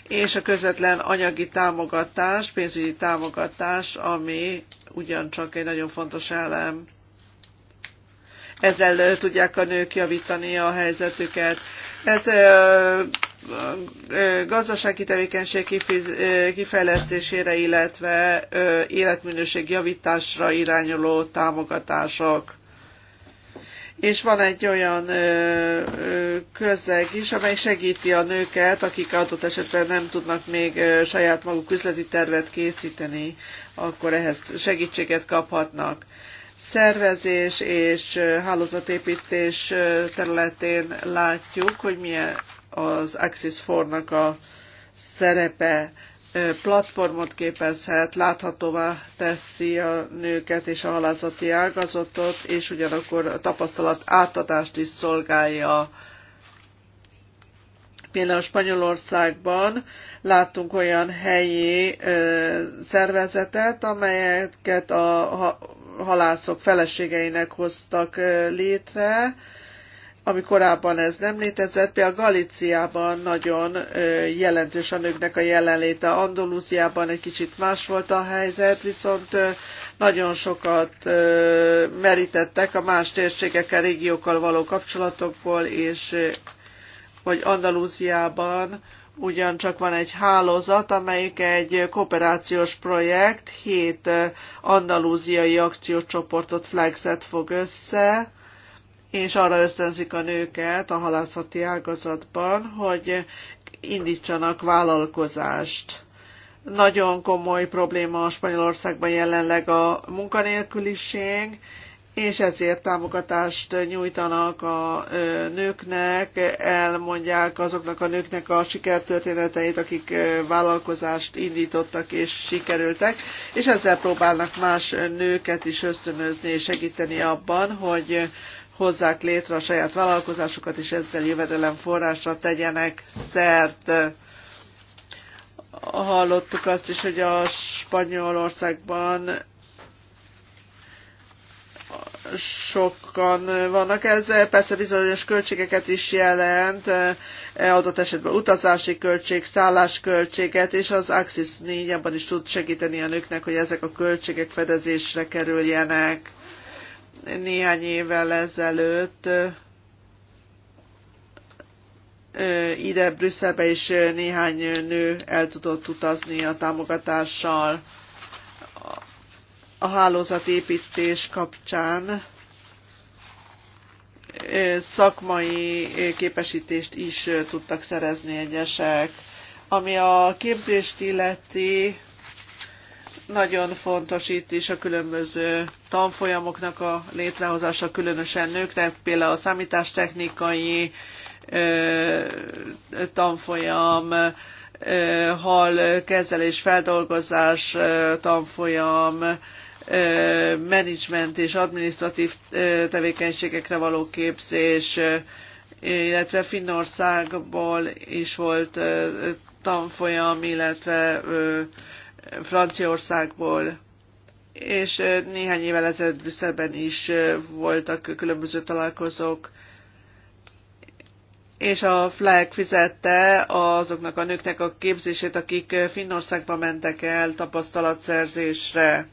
és a közvetlen anyagi támogatás, pénzügyi támogatás, ami ugyancsak egy nagyon fontos elem. Ezzel tudják a nők javítani a helyzetüket. Ez gazdasági tevékenység kifejlesztésére, illetve életminőség javításra irányuló támogatások és van egy olyan ö, ö, közeg is, amely segíti a nőket, akik adott esetben nem tudnak még ö, saját maguk üzleti tervet készíteni, akkor ehhez segítséget kaphatnak. Szervezés és hálózatépítés területén látjuk, hogy milyen az Axis 4 a szerepe platformot képezhet, láthatóvá teszi a nőket és a halászati ágazatot, és ugyanakkor a tapasztalat átadást is szolgálja. Például Spanyolországban láttunk olyan helyi ö, szervezetet, amelyeket a halászok feleségeinek hoztak létre, ami korábban ez nem létezett. Például Galíciában nagyon jelentős a nőknek a jelenléte, Andalúziában egy kicsit más volt a helyzet, viszont nagyon sokat merítettek a más térségekkel, régiókkal való kapcsolatokból, és vagy Andalúziában ugyancsak van egy hálózat, amelyik egy kooperációs projekt, hét andalúziai akciócsoportot flexet fog össze, és arra ösztönzik a nőket a halászati ágazatban, hogy indítsanak vállalkozást. Nagyon komoly probléma a Spanyolországban jelenleg a munkanélküliség, és ezért támogatást nyújtanak a nőknek, elmondják azoknak a nőknek a sikertörténeteit, akik vállalkozást indítottak és sikerültek, és ezzel próbálnak más nőket is ösztönözni és segíteni abban, hogy hozzák létre a saját vállalkozásukat, és ezzel jövedelemforrásra tegyenek szert. Hallottuk azt is, hogy a Spanyolországban sokan vannak. Ez persze bizonyos költségeket is jelent, e adott esetben utazási költség, szállásköltséget, és az Axis 4 abban is tud segíteni a nőknek, hogy ezek a költségek fedezésre kerüljenek néhány évvel ezelőtt ide Brüsszelbe is néhány nő el tudott utazni a támogatással a hálózatépítés kapcsán szakmai képesítést is tudtak szerezni egyesek. Ami a képzést illeti, nagyon fontos itt is a különböző tanfolyamoknak a létrehozása, különösen nőknek, például a számítástechnikai tanfolyam, hal kezelés, feldolgozás tanfolyam, menedzsment és adminisztratív tevékenységekre való képzés, illetve Finnországból is volt tanfolyam, illetve Franciaországból, és néhány évvel ezelőtt Brüsszelben is voltak különböző találkozók, és a FLEG fizette azoknak a nőknek a képzését, akik Finnországba mentek el tapasztalatszerzésre.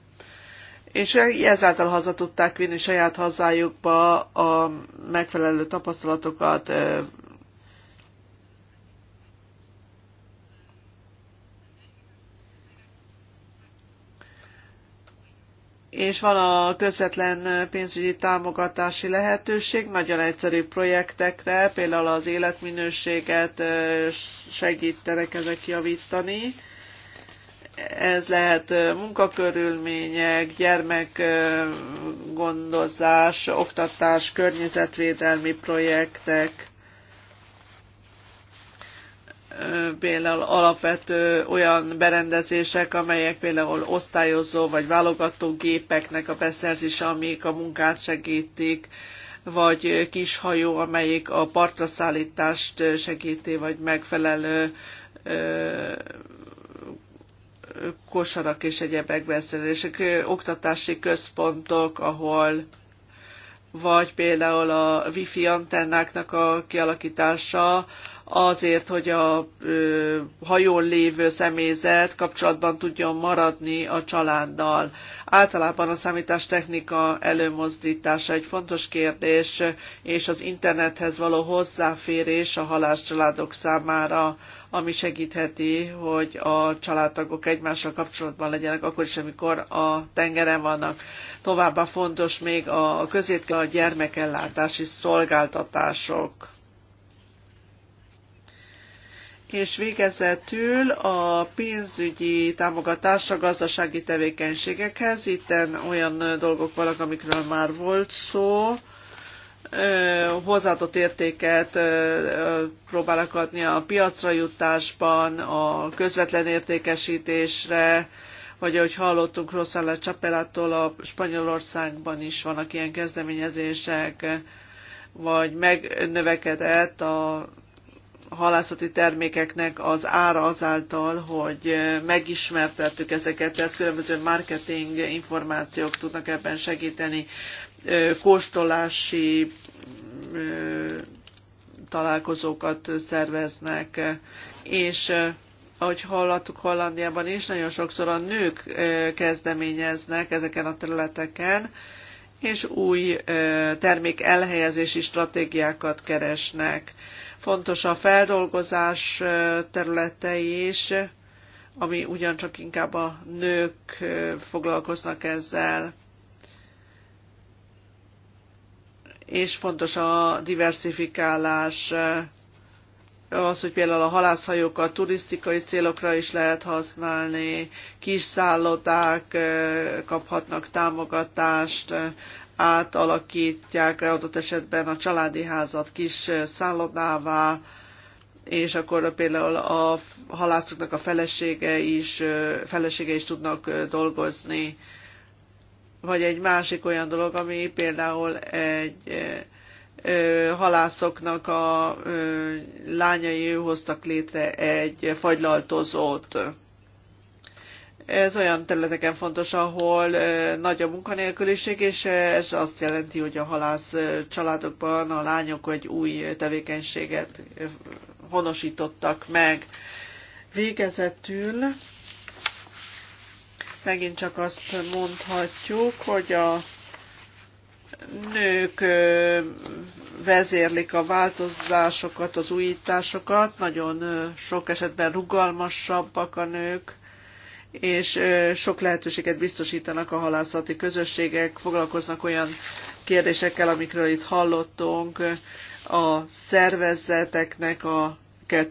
És ezáltal haza tudták vinni saját hazájukba a megfelelő tapasztalatokat, és van a közvetlen pénzügyi támogatási lehetőség nagyon egyszerű projektekre, például az életminőséget segítenek ezek javítani. Ez lehet munkakörülmények, gyermekgondozás, oktatás, környezetvédelmi projektek például alapvető olyan berendezések, amelyek például osztályozó vagy válogató gépeknek a beszerzése, amik a munkát segítik, vagy kis hajó, amelyik a partra szállítást segíti, vagy megfelelő kosarak és egyebek beszerzések, oktatási központok, ahol vagy például a wifi antennáknak a kialakítása, azért, hogy a hajón lévő személyzet kapcsolatban tudjon maradni a családdal. Általában a számítástechnika előmozdítása egy fontos kérdés, és az internethez való hozzáférés a halás családok számára, ami segítheti, hogy a családtagok egymással kapcsolatban legyenek, akkor is, amikor a tengeren vannak. Továbbá fontos még a közétkel a gyermekellátási szolgáltatások és végezetül a pénzügyi támogatás a gazdasági tevékenységekhez. Itten olyan dolgok vannak, amikről már volt szó. Hozzáadott értéket próbálnak adni a piacra jutásban, a közvetlen értékesítésre, vagy ahogy hallottunk Rosella Csapelától, a Spanyolországban is vannak ilyen kezdeményezések, vagy megnövekedett a halászati termékeknek az ára azáltal, hogy megismertettük ezeket, tehát különböző marketing információk tudnak ebben segíteni, kóstolási találkozókat szerveznek, és ahogy hallottuk Hollandiában is, nagyon sokszor a nők kezdeményeznek ezeken a területeken, és új termék elhelyezési stratégiákat keresnek. Fontos a feldolgozás területe is, ami ugyancsak inkább a nők foglalkoznak ezzel. És fontos a diversifikálás az, hogy például a halászhajókat turisztikai célokra is lehet használni, kis szállodák kaphatnak támogatást, átalakítják adott esetben a családi házat kis szállodává, és akkor például a halászoknak a felesége is, felesége is tudnak dolgozni. Vagy egy másik olyan dolog, ami például egy halászoknak a lányai hoztak létre egy fagylaltozót. Ez olyan területeken fontos, ahol nagy a munkanélküliség, és ez azt jelenti, hogy a halász családokban a lányok egy új tevékenységet honosítottak meg. Végezetül megint csak azt mondhatjuk, hogy a nők vezérlik a változásokat, az újításokat, nagyon sok esetben rugalmasabbak a nők, és sok lehetőséget biztosítanak a halászati közösségek, foglalkoznak olyan kérdésekkel, amikről itt hallottunk, a szervezeteknek a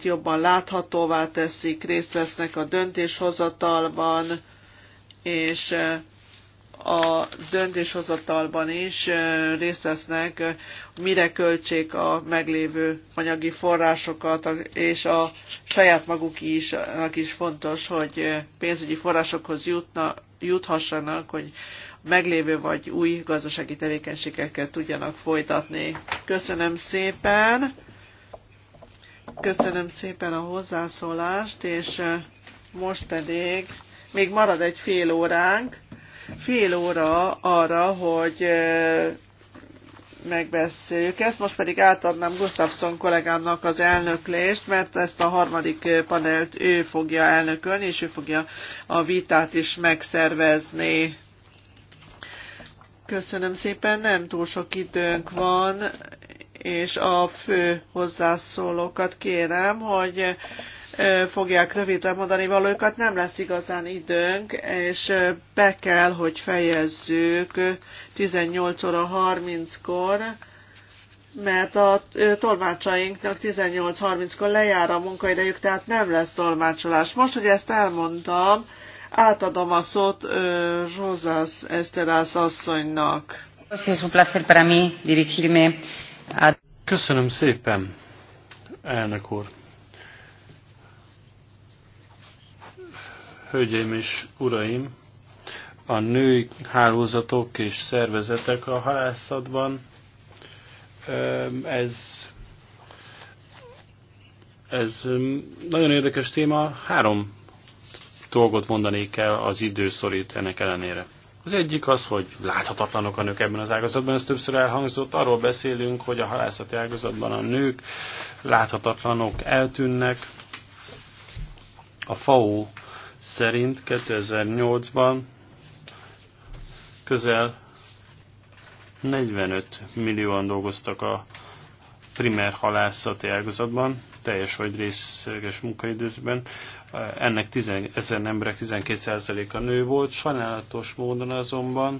jobban láthatóvá teszik, részt vesznek a döntéshozatalban, és a döntéshozatalban is részt vesznek, mire költsék a meglévő anyagi forrásokat, és a saját maguk is, is fontos, hogy pénzügyi forrásokhoz jutna, juthassanak, hogy meglévő vagy új gazdasági tevékenységeket tudjanak folytatni. Köszönöm szépen! Köszönöm szépen a hozzászólást, és most pedig még marad egy fél óránk, fél óra arra, hogy megbeszéljük ezt. Most pedig átadnám Gustafsson kollégámnak az elnöklést, mert ezt a harmadik panelt ő fogja elnökölni, és ő fogja a vitát is megszervezni. Köszönöm szépen, nem túl sok időnk van, és a fő hozzászólókat kérem, hogy fogják rövidre mondani valókat, nem lesz igazán időnk, és be kell, hogy fejezzük 18 óra 30-kor, mert a tolmácsainknak 18.30-kor lejár a munkaidejük, tehát nem lesz tolmácsolás. Most, hogy ezt elmondtam, átadom a szót Rosas Eszterász asszonynak. Köszönöm szépen, elnök úr. Hölgyeim és uraim, a női hálózatok és szervezetek a halászatban, ez, ez nagyon érdekes téma. Három dolgot mondanék el, az időszorít ennek ellenére. Az egyik az, hogy láthatatlanok a nők ebben az ágazatban, ez többször elhangzott, arról beszélünk, hogy a halászati ágazatban a nők láthatatlanok eltűnnek. A FAO szerint 2008-ban közel 45 millióan dolgoztak a primer halászati ágazatban, teljes vagy részleges munkaidőzben. Ennek 10, ezen emberek 12%-a nő volt, sajnálatos módon azonban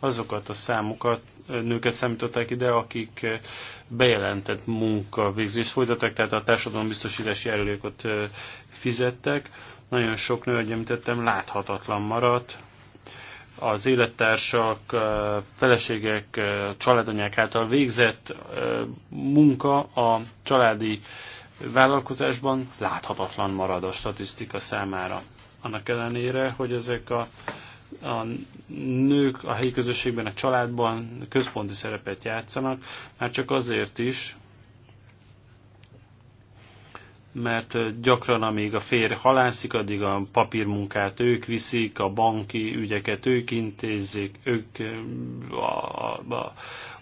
azokat a számokat, nőket számították ide, akik bejelentett munkavégzést folytattak, tehát a társadalombiztosítási erőlékot fizettek. Nagyon sok nő, ahogy említettem, láthatatlan maradt. Az élettársak, feleségek, családanyák által végzett munka a családi vállalkozásban láthatatlan marad a statisztika számára. Annak ellenére, hogy ezek a, a nők a helyi közösségben, a családban központi szerepet játszanak, már csak azért is, mert gyakran amíg a férj halászik, addig a papírmunkát ők viszik, a banki ügyeket ők intézik, ők a, a,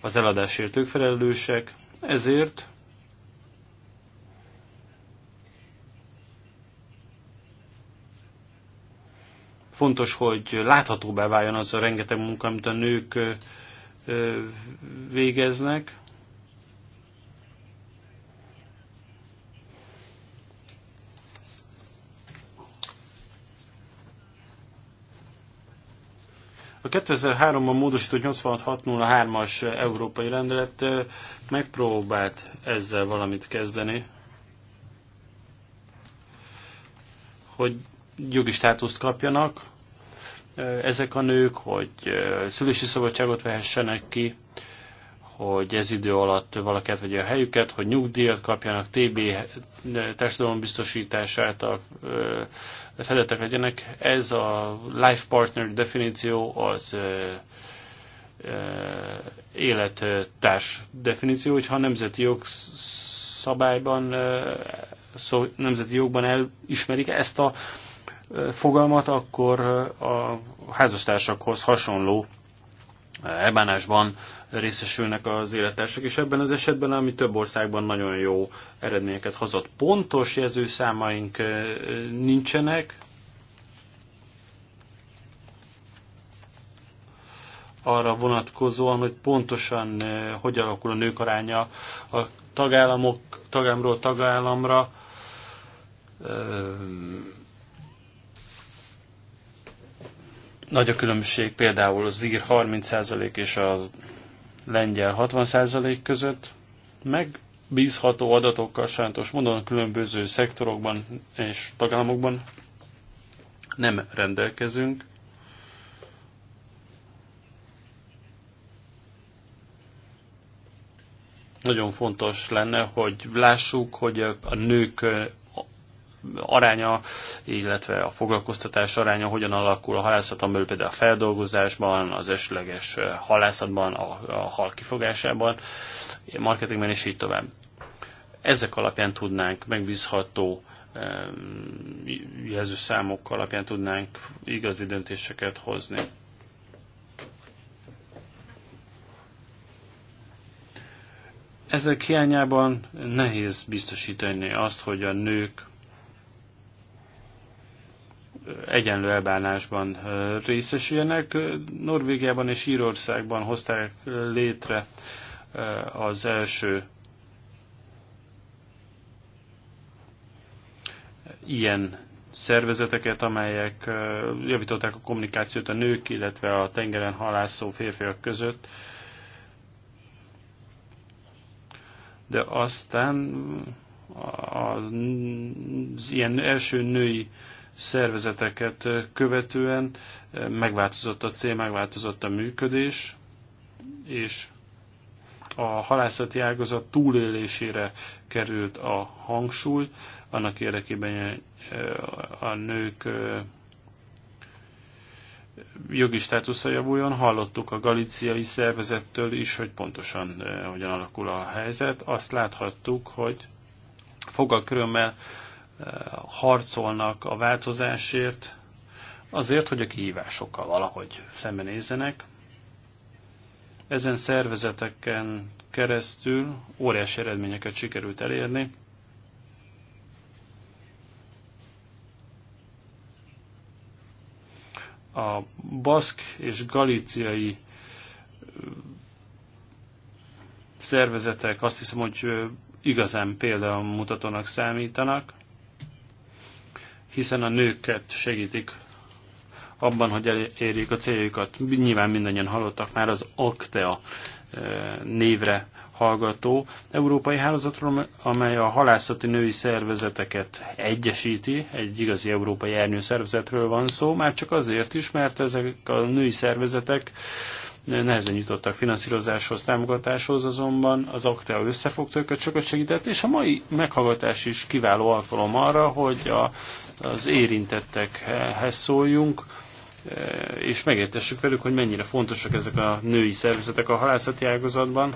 az eladásért ők felelősek. Ezért fontos, hogy láthatóbbá váljon az a rengeteg munka, amit a nők végeznek, A 2003-ban módosított 86603-as európai rendelet megpróbált ezzel valamit kezdeni, hogy jogi státuszt kapjanak ezek a nők, hogy szülési szabadságot vehessenek ki, hogy ez idő alatt valaki átvegye a helyüket, hogy nyugdíjat kapjanak, TB biztosítását a fedettek legyenek. Ez a life partner definíció az élettárs definíció, hogyha a nemzeti szabályban, szó, nemzeti jogban elismerik ezt a fogalmat, akkor a házastársakhoz hasonló elbánásban részesülnek az élettársak, és ebben az esetben, ami több országban nagyon jó eredményeket hozott. Pontos jelzőszámaink nincsenek, arra vonatkozóan, hogy pontosan hogy alakul a nők aránya a tagállamok, tagállamról tagállamra Nagy a különbség például az ír 30% és a lengyel 60% között, meg bízható adatokkal sajnos mondom, különböző szektorokban és tagállamokban nem rendelkezünk. Nagyon fontos lenne, hogy lássuk, hogy a nők aránya, illetve a foglalkoztatás aránya hogyan alakul a halászaton belül, például a feldolgozásban, az esetleges eh, halászatban, a, a hal kifogásában, marketingben és így tovább. Ezek alapján tudnánk megbízható eh, számok alapján tudnánk igazi döntéseket hozni. Ezek hiányában nehéz biztosítani azt, hogy a nők egyenlő elbánásban részesüljenek. Norvégiában és Írországban hozták létre az első ilyen szervezeteket, amelyek javították a kommunikációt a nők, illetve a tengeren halászó férfiak között. De aztán az ilyen első női szervezeteket követően megváltozott a cél, megváltozott a működés, és a halászati ágazat túlélésére került a hangsúly, annak érdekében eh, a nők eh, jogi státusza javuljon. Hallottuk a galiciai szervezettől is, hogy pontosan eh, hogyan alakul a helyzet. Azt láthattuk, hogy fogakrömmel harcolnak a változásért, azért, hogy a kihívásokkal valahogy szembenézzenek. Ezen szervezeteken keresztül óriási eredményeket sikerült elérni. A baszk és galíciai szervezetek azt hiszem, hogy igazán példamutatónak számítanak hiszen a nőket segítik abban, hogy elérjék a céljaikat. Nyilván mindannyian hallottak már az Aktea eh, névre hallgató európai hálózatról, amely a halászati női szervezeteket egyesíti, egy igazi európai ernyőszervezetről van szó, már csak azért is, mert ezek a női szervezetek nehezen jutottak finanszírozáshoz, támogatáshoz, azonban az Aktea összefogta őket, sokat segített, és a mai meghallgatás is kiváló alkalom arra, hogy a, az érintettekhez szóljunk, eh, és megértessük velük, hogy mennyire fontosak ezek a női szervezetek a halászati ágazatban.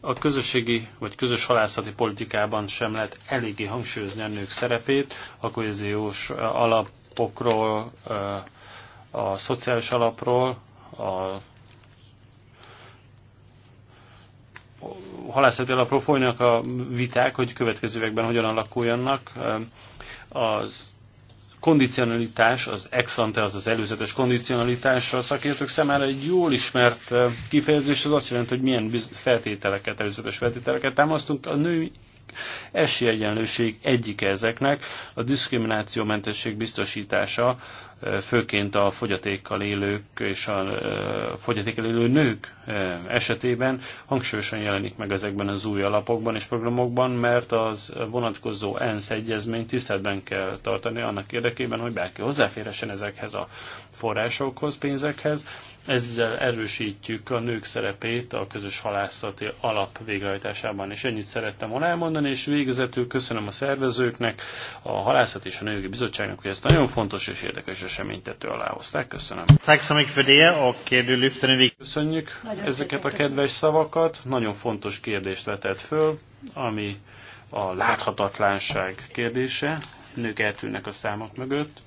A közösségi vagy közös halászati politikában sem lehet eléggé hangsúlyozni a nők szerepét, a kohéziós alapokról eh, a szociális alapról, a halászati alapról folynak a viták, hogy következő években hogyan alakuljanak. Az kondicionalitás, az ex ante, az az előzetes kondicionalitás a szakértők számára egy jól ismert kifejezés, az azt jelenti, hogy milyen feltételeket, előzetes feltételeket támasztunk. A női Esélyegyenlőség egyike ezeknek a diszkriminációmentesség biztosítása, főként a fogyatékkal élők és a fogyatékkal élő nők esetében hangsúlyosan jelenik meg ezekben az új alapokban és programokban, mert az vonatkozó ENSZ egyezményt tiszteletben kell tartani annak érdekében, hogy bárki hozzáférhessen ezekhez a forrásokhoz, pénzekhez, ezzel erősítjük a nők szerepét a közös halászati alap végrehajtásában, és ennyit szerettem volna elmondani, és végezetül köszönöm a szervezőknek, a Halászat és a Nőjogi Bizottságnak, hogy ezt nagyon fontos és érdekes eseményt alá hozták. Köszönöm. Eh, Köszönjük ezeket a kedves szavakat. Nagyon fontos kérdést vetett föl, ami a láthatatlanság kérdése. Nők eltűnnek a számok mögött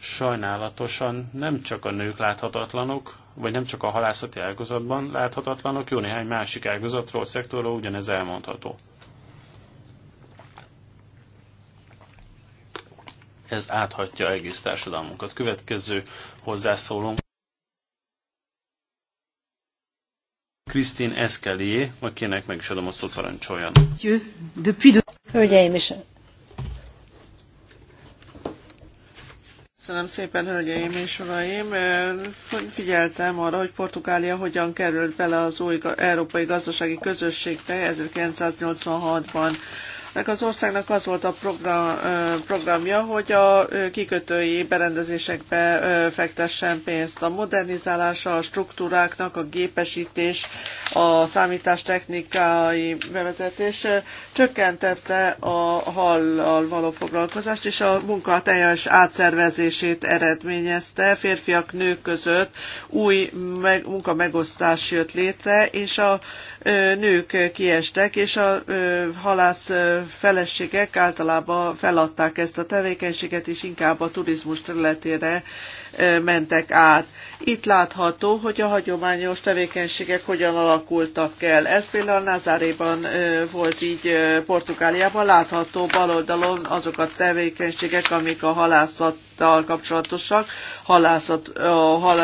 sajnálatosan nem csak a nők láthatatlanok, vagy nem csak a halászati ágazatban láthatatlanok, jó néhány másik ágazatról, szektorról ugyanez elmondható. Ez áthatja egész társadalmunkat. Következő hozzászólunk. Krisztin Eszkelié, akinek meg is adom a szót, parancsoljon. Hölgyeim és Köszönöm szépen, hölgyeim és uraim. Figyeltem arra, hogy Portugália hogyan került bele az új európai gazdasági közösségbe 1986-ban meg az országnak az volt a program, programja, hogy a kikötői berendezésekbe fektessen pénzt. A modernizálása a struktúráknak, a gépesítés, a számítástechnikai bevezetés csökkentette a hallal való foglalkozást, és a munka teljes átszervezését eredményezte. Férfiak, nők között új meg, megosztás jött létre, és a nők kiestek, és a halász feleségek általában feladták ezt a tevékenységet, és inkább a turizmus területére mentek át. Itt látható, hogy a hagyományos tevékenységek hogyan alakultak el. Ez például Nazaréban volt így Portugáliában, látható baloldalon azok a tevékenységek, amik a halászattal kapcsolatosak, halászat, a hal,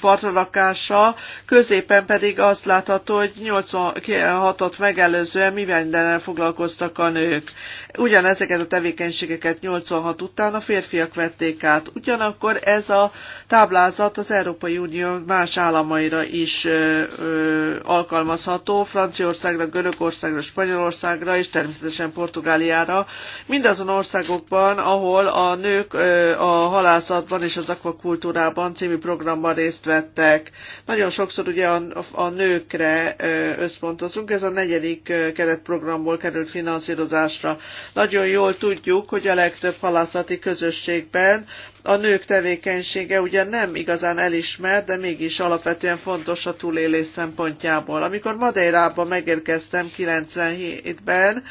partralakása, középen pedig azt látható, hogy 86-ot megelőzően mi mindennel foglalkoztak a nők. Ugyanezeket a tevékenységeket 86 után a férfiak vették át. Ugyanakkor ez a táblázat az Európai Unió más államaira is ö, ö, alkalmazható, Franciaországra, Görögországra, Spanyolországra és természetesen Portugáliára, mindazon országokban, ahol a nők ö, a halászatban és az akvakultúrában című programban részt vettek. Nagyon sokszor ugye a, a nőkre ö, összpontozunk, ez a negyedik keretprogramból került finanszírozásra. Nagyon jól tudjuk, hogy a legtöbb halászati közösségben a nők tevékenysége ugyan nem igazán elismert, de mégis alapvetően fontos a túlélés szempontjából. Amikor Madeirába megérkeztem 97-ben,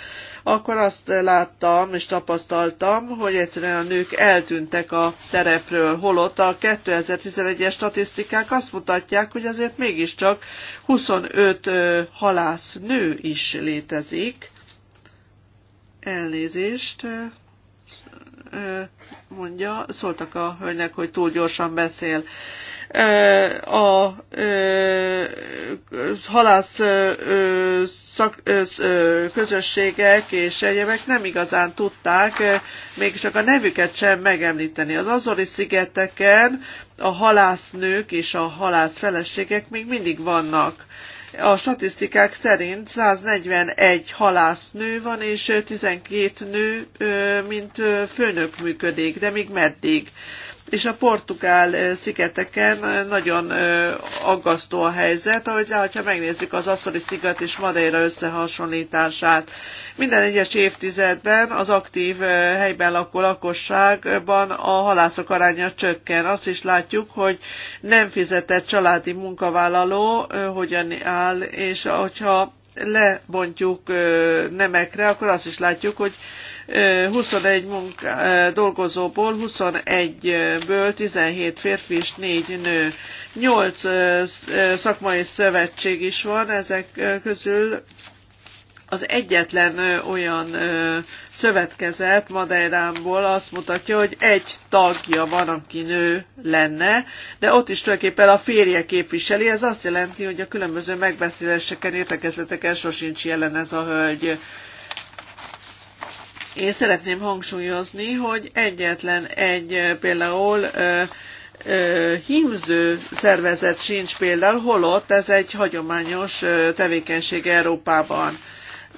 akkor azt láttam és tapasztaltam, hogy egyszerűen a nők eltűntek a terepről, holott a 2011-es statisztikák azt mutatják, hogy azért mégiscsak 25 halász nő is létezik. Elnézést mondja, szóltak a hölgynek, hogy túl gyorsan beszél a halász szak, közösségek és egyebek nem igazán tudták még csak a nevüket sem megemlíteni. Az Azori szigeteken a halásznők és a halász feleségek még mindig vannak. A statisztikák szerint 141 halásznő van, és 12 nő, mint főnök működik, de még meddig? és a portugál szigeteken nagyon aggasztó a helyzet, ahogy ha megnézzük az Asszori sziget és Madeira összehasonlítását. Minden egyes évtizedben az aktív helyben lakó lakosságban a halászok aránya csökken. Azt is látjuk, hogy nem fizetett családi munkavállaló hogyan áll, és hogyha lebontjuk nemekre, akkor azt is látjuk, hogy 21 munká, dolgozóból 21-ből 17 férfi és 4 nő. 8 szakmai szövetség is van, ezek közül az egyetlen olyan szövetkezet Madeirámból azt mutatja, hogy egy tagja van, aki nő lenne, de ott is tulajdonképpen a férje képviseli. Ez azt jelenti, hogy a különböző megbeszéléseken, értekezleteken sosincs jelen ez a hölgy. Én szeretném hangsúlyozni, hogy egyetlen egy például hímző szervezet sincs például, holott ez egy hagyományos tevékenység Európában.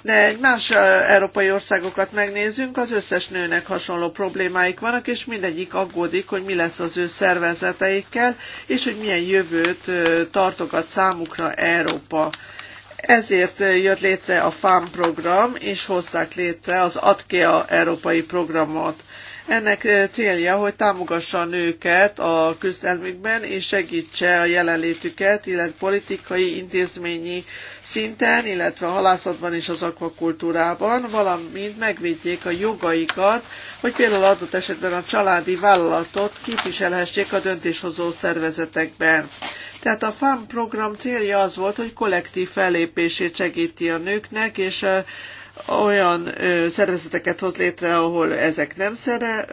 De egy más európai országokat megnézzünk, az összes nőnek hasonló problémáik vannak, és mindegyik aggódik, hogy mi lesz az ő szervezeteikkel, és hogy milyen jövőt tartogat számukra Európa. Ezért jött létre a FAM program, és hozzák létre az ATKEA európai programot. Ennek célja, hogy támogassa a nőket a küzdelmükben, és segítse a jelenlétüket, illetve politikai, intézményi szinten, illetve a halászatban és az akvakultúrában, valamint megvédjék a jogaikat, hogy például adott esetben a családi vállalatot képviselhessék a döntéshozó szervezetekben. Tehát a FAM program célja az volt, hogy kollektív fellépését segíti a nőknek, és olyan szervezeteket hoz létre, ahol ezek nem, szere,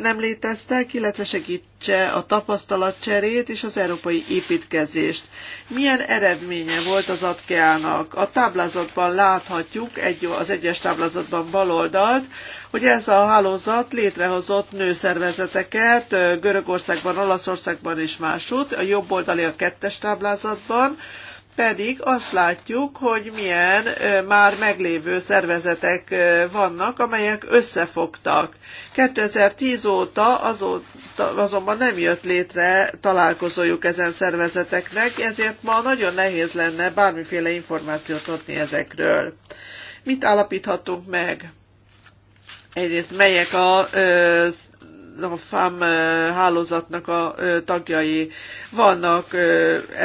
nem léteztek, illetve segítse a tapasztalatcserét és az európai építkezést. Milyen eredménye volt az ATKEA-nak? A táblázatban láthatjuk, egy, az egyes táblázatban baloldalt, hogy ez a hálózat létrehozott nőszervezeteket Görögországban, Olaszországban és másút, a jobb oldali a kettes táblázatban, pedig azt látjuk, hogy milyen már meglévő szervezetek vannak, amelyek összefogtak. 2010 óta azóta, azonban nem jött létre találkozójuk ezen szervezeteknek, ezért ma nagyon nehéz lenne bármiféle információt adni ezekről. Mit állapíthatunk meg? Egyrészt melyek a a FAM hálózatnak a tagjai. Vannak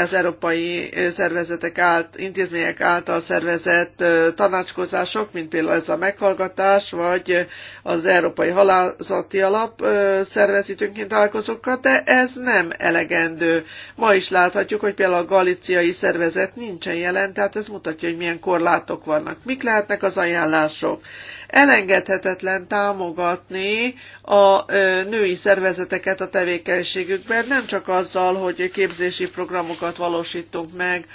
az európai szervezetek ált, intézmények által szervezett tanácskozások, mint például ez a meghallgatás, vagy az Európai Halázati Alap szervezítőnként találkozókat, de ez nem elegendő. Ma is láthatjuk, hogy például a galiciai szervezet nincsen jelen, tehát ez mutatja, hogy milyen korlátok vannak. Mik lehetnek az ajánlások? elengedhetetlen támogatni a női szervezeteket a tevékenységükben, nem csak azzal, hogy képzési programokat valósítunk meg,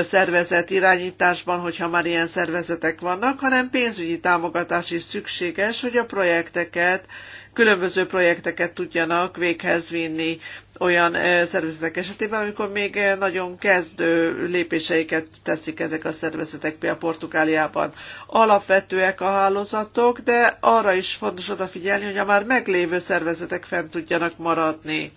szervezet irányításban, hogyha már ilyen szervezetek vannak, hanem pénzügyi támogatás is szükséges, hogy a projekteket különböző projekteket tudjanak véghez vinni olyan eh, szervezetek esetében, amikor még eh, nagyon kezdő lépéseiket teszik ezek a szervezetek, például Portugáliában. Alapvetőek a hálózatok, de arra is fontos odafigyelni, hogy a már meglévő szervezetek fent tudjanak maradni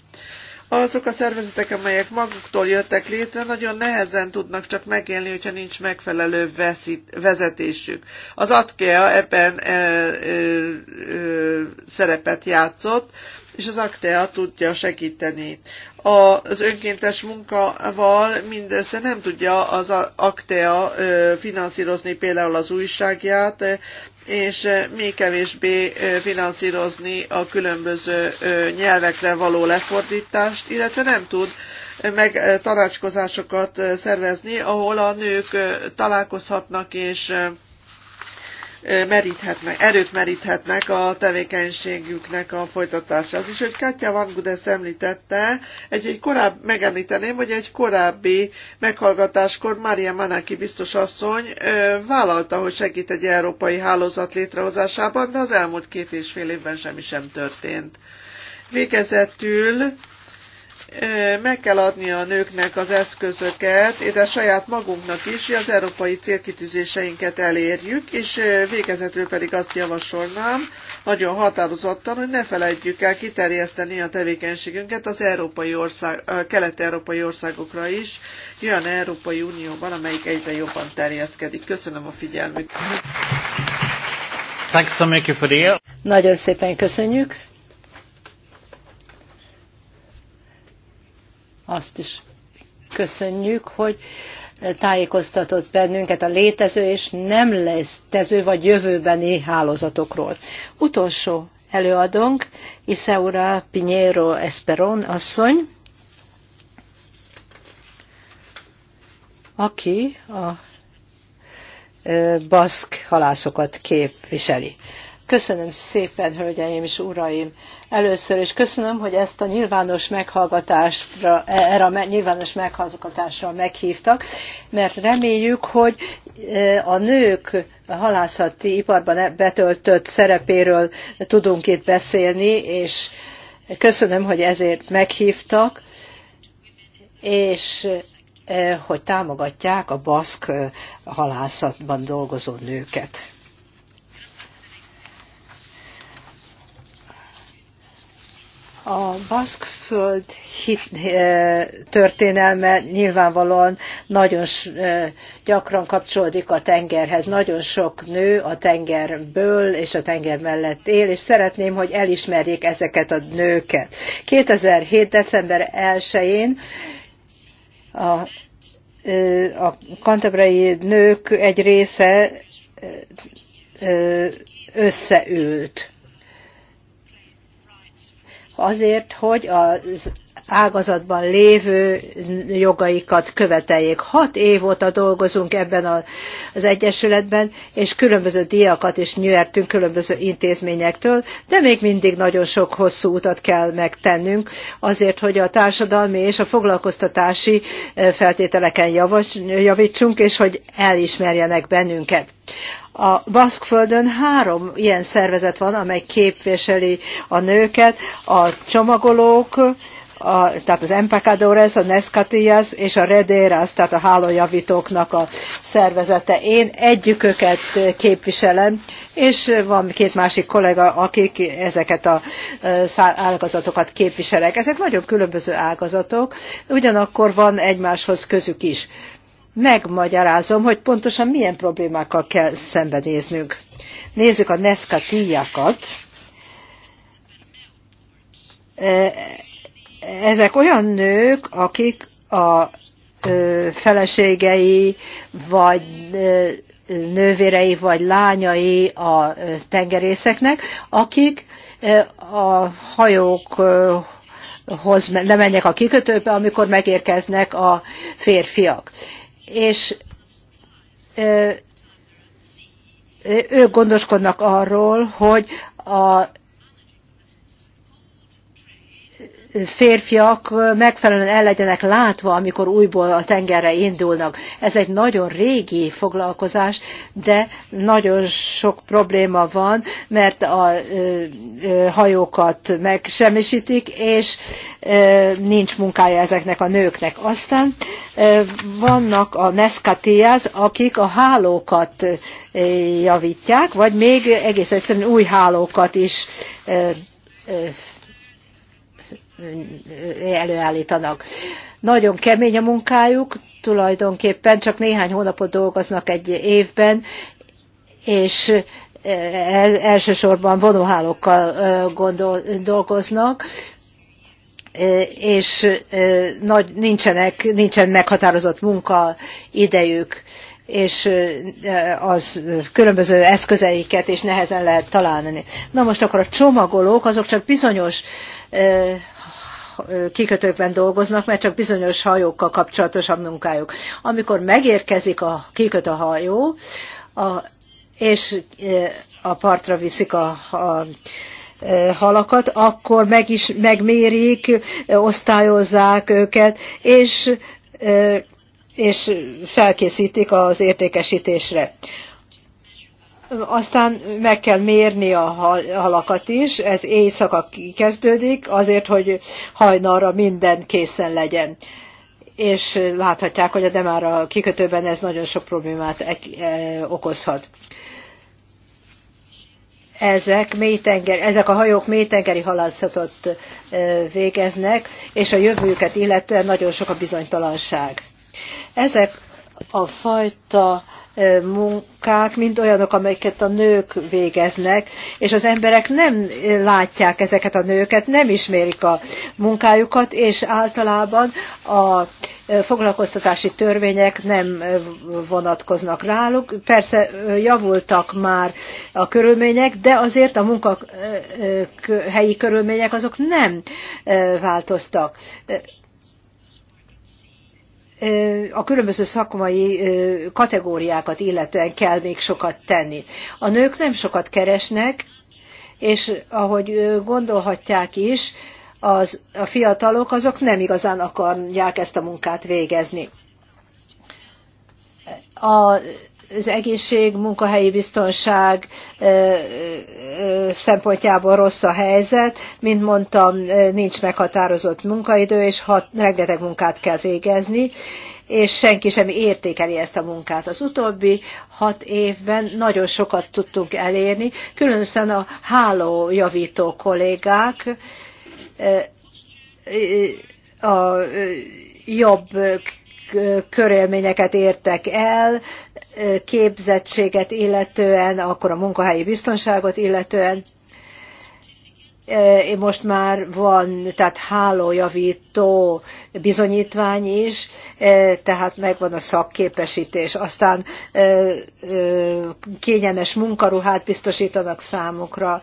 azok a szervezetek, amelyek maguktól jöttek létre, nagyon nehezen tudnak csak megélni, hogyha nincs megfelelő veszít, vezetésük. Az ATKEA ebben e, e, e, szerepet játszott, és az aktea tudja segíteni. Az önkéntes munkával mindössze nem tudja az aktea finanszírozni például az újságját, és még kevésbé finanszírozni a különböző nyelvekre való lefordítást, illetve nem tud meg tanácskozásokat szervezni, ahol a nők találkozhatnak és meríthetnek, erőt meríthetnek a tevékenységüknek a folytatása. Az is, hogy Katya Van Gudes említette, egy, egy korábbi, megemlíteném, hogy egy korábbi meghallgatáskor Mária Manaki biztos asszony ö, vállalta, hogy segít egy európai hálózat létrehozásában, de az elmúlt két és fél évben semmi sem történt. Végezetül meg kell adni a nőknek az eszközöket, de saját magunknak is, hogy az európai célkitűzéseinket elérjük, és végezetül pedig azt javasolnám nagyon határozottan, hogy ne felejtjük el kiterjeszteni a tevékenységünket az európai ország, kelet-európai országokra is, olyan Európai Unióban, amelyik egyre jobban terjeszkedik. Köszönöm a figyelmüket! Nagyon szépen köszönjük! azt is köszönjük, hogy tájékoztatott bennünket a létező és nem létező vagy jövőbeni hálózatokról. Utolsó előadónk Isaura Pinheiro Esperon asszony, aki a baszk halászokat képviseli. Köszönöm szépen, hölgyeim és uraim! Először is köszönöm, hogy ezt a nyilvános meghallgatásra, erre a nyilvános meghallgatásra meghívtak, mert reméljük, hogy eh, a nők halászati iparban e-, betöltött szerepéről tudunk itt beszélni, és köszönöm, hogy ezért meghívtak, és eh, hogy támogatják a baszk eh, halászatban dolgozó nőket. A Baszkföld hit, eh, történelme nyilvánvalóan nagyon eh, gyakran kapcsolódik a tengerhez. Nagyon sok nő a tengerből és a tenger mellett él, és szeretném, hogy elismerjék ezeket a nőket. 2007. december 1-én a, eh, a kantabrai nők egy része összeült azért, hogy az ágazatban lévő jogaikat követeljék. Hat év óta dolgozunk ebben az Egyesületben, és különböző diakat is nyertünk különböző intézményektől, de még mindig nagyon sok hosszú utat kell megtennünk azért, hogy a társadalmi és a foglalkoztatási eh, feltételeken javítsunk, és hogy elismerjenek bennünket. A Baszkföldön három ilyen szervezet van, amely képviseli a nőket, a csomagolók, a, tehát az Empacadores, a Nescatillas és a Rederas, tehát a hálójavítóknak a szervezete. Én egyiküket képviselem, és van két másik kollega, akik ezeket a ágazatokat képviselek. Ezek nagyon különböző ágazatok, ugyanakkor van egymáshoz közük is. Megmagyarázom, hogy pontosan milyen problémákkal kell szembenéznünk. Nézzük a Nescatillákat ezek olyan nők, akik a feleségei, vagy nővérei, vagy lányai a tengerészeknek, akik a hajókhoz lemennek a kikötőbe, amikor megérkeznek a férfiak. És ők gondoskodnak arról, hogy a férfiak megfelelően el legyenek látva, amikor újból a tengerre indulnak. Ez egy nagyon régi foglalkozás, de nagyon sok probléma van, mert a hajókat megsemmisítik, és nincs munkája ezeknek a nőknek. Aztán vannak a neszkatíjáz, akik a hálókat javítják, vagy még egész egyszerűen új hálókat is előállítanak. Nagyon kemény a munkájuk, tulajdonképpen csak néhány hónapot dolgoznak egy évben, és e, elsősorban vonóhálókkal e, gondol, dolgoznak, e, és nagy, nincsenek, nincsen meghatározott munkaidejük, és az különböző eszközeiket és nehezen lehet találni. Na most akkor a csomagolók, azok csak bizonyos kikötőkben dolgoznak, mert csak bizonyos hajókkal kapcsolatos a munkájuk. Amikor megérkezik a kiköt a hajó, a, és eh, a partra viszik a, a eh, halakat, akkor meg is megmérik, osztályozzák őket, és, eh, és felkészítik az értékesítésre. Aztán meg kell mérni a halakat is, ez éjszaka kezdődik, azért, hogy hajnalra minden készen legyen. És láthatják, hogy a Demára kikötőben ez nagyon sok problémát e-, e, okozhat ezek, mélytenger, ezek a hajók mélytengeri halászatot e, végeznek, és a jövőjüket illetően nagyon sok a bizonytalanság. Ezek a fajta munkák, mind olyanok, amelyeket a nők végeznek, és az emberek nem látják ezeket a nőket, nem ismerik a munkájukat, és általában a foglalkoztatási törvények nem vonatkoznak ráluk. Persze javultak már a körülmények, de azért a munkahelyi körülmények azok nem változtak a különböző szakmai kategóriákat illetően kell még sokat tenni. A nők nem sokat keresnek, és ahogy gondolhatják is, az, a fiatalok azok nem igazán akarják ezt a munkát végezni. A az egészség, munkahelyi biztonság szempontjából rossz a helyzet. Mint mondtam, nincs meghatározott munkaidő, és hat, rengeteg munkát kell végezni és senki sem értékeli ezt a munkát. Az utóbbi hat évben nagyon sokat tudtunk elérni, különösen a hálójavító kollégák a jobb körélményeket értek el, képzettséget illetően, akkor a munkahelyi biztonságot illetően. Most már van, tehát hálójavító bizonyítvány is, tehát megvan a szakképesítés. Aztán kényelmes munkaruhát biztosítanak számukra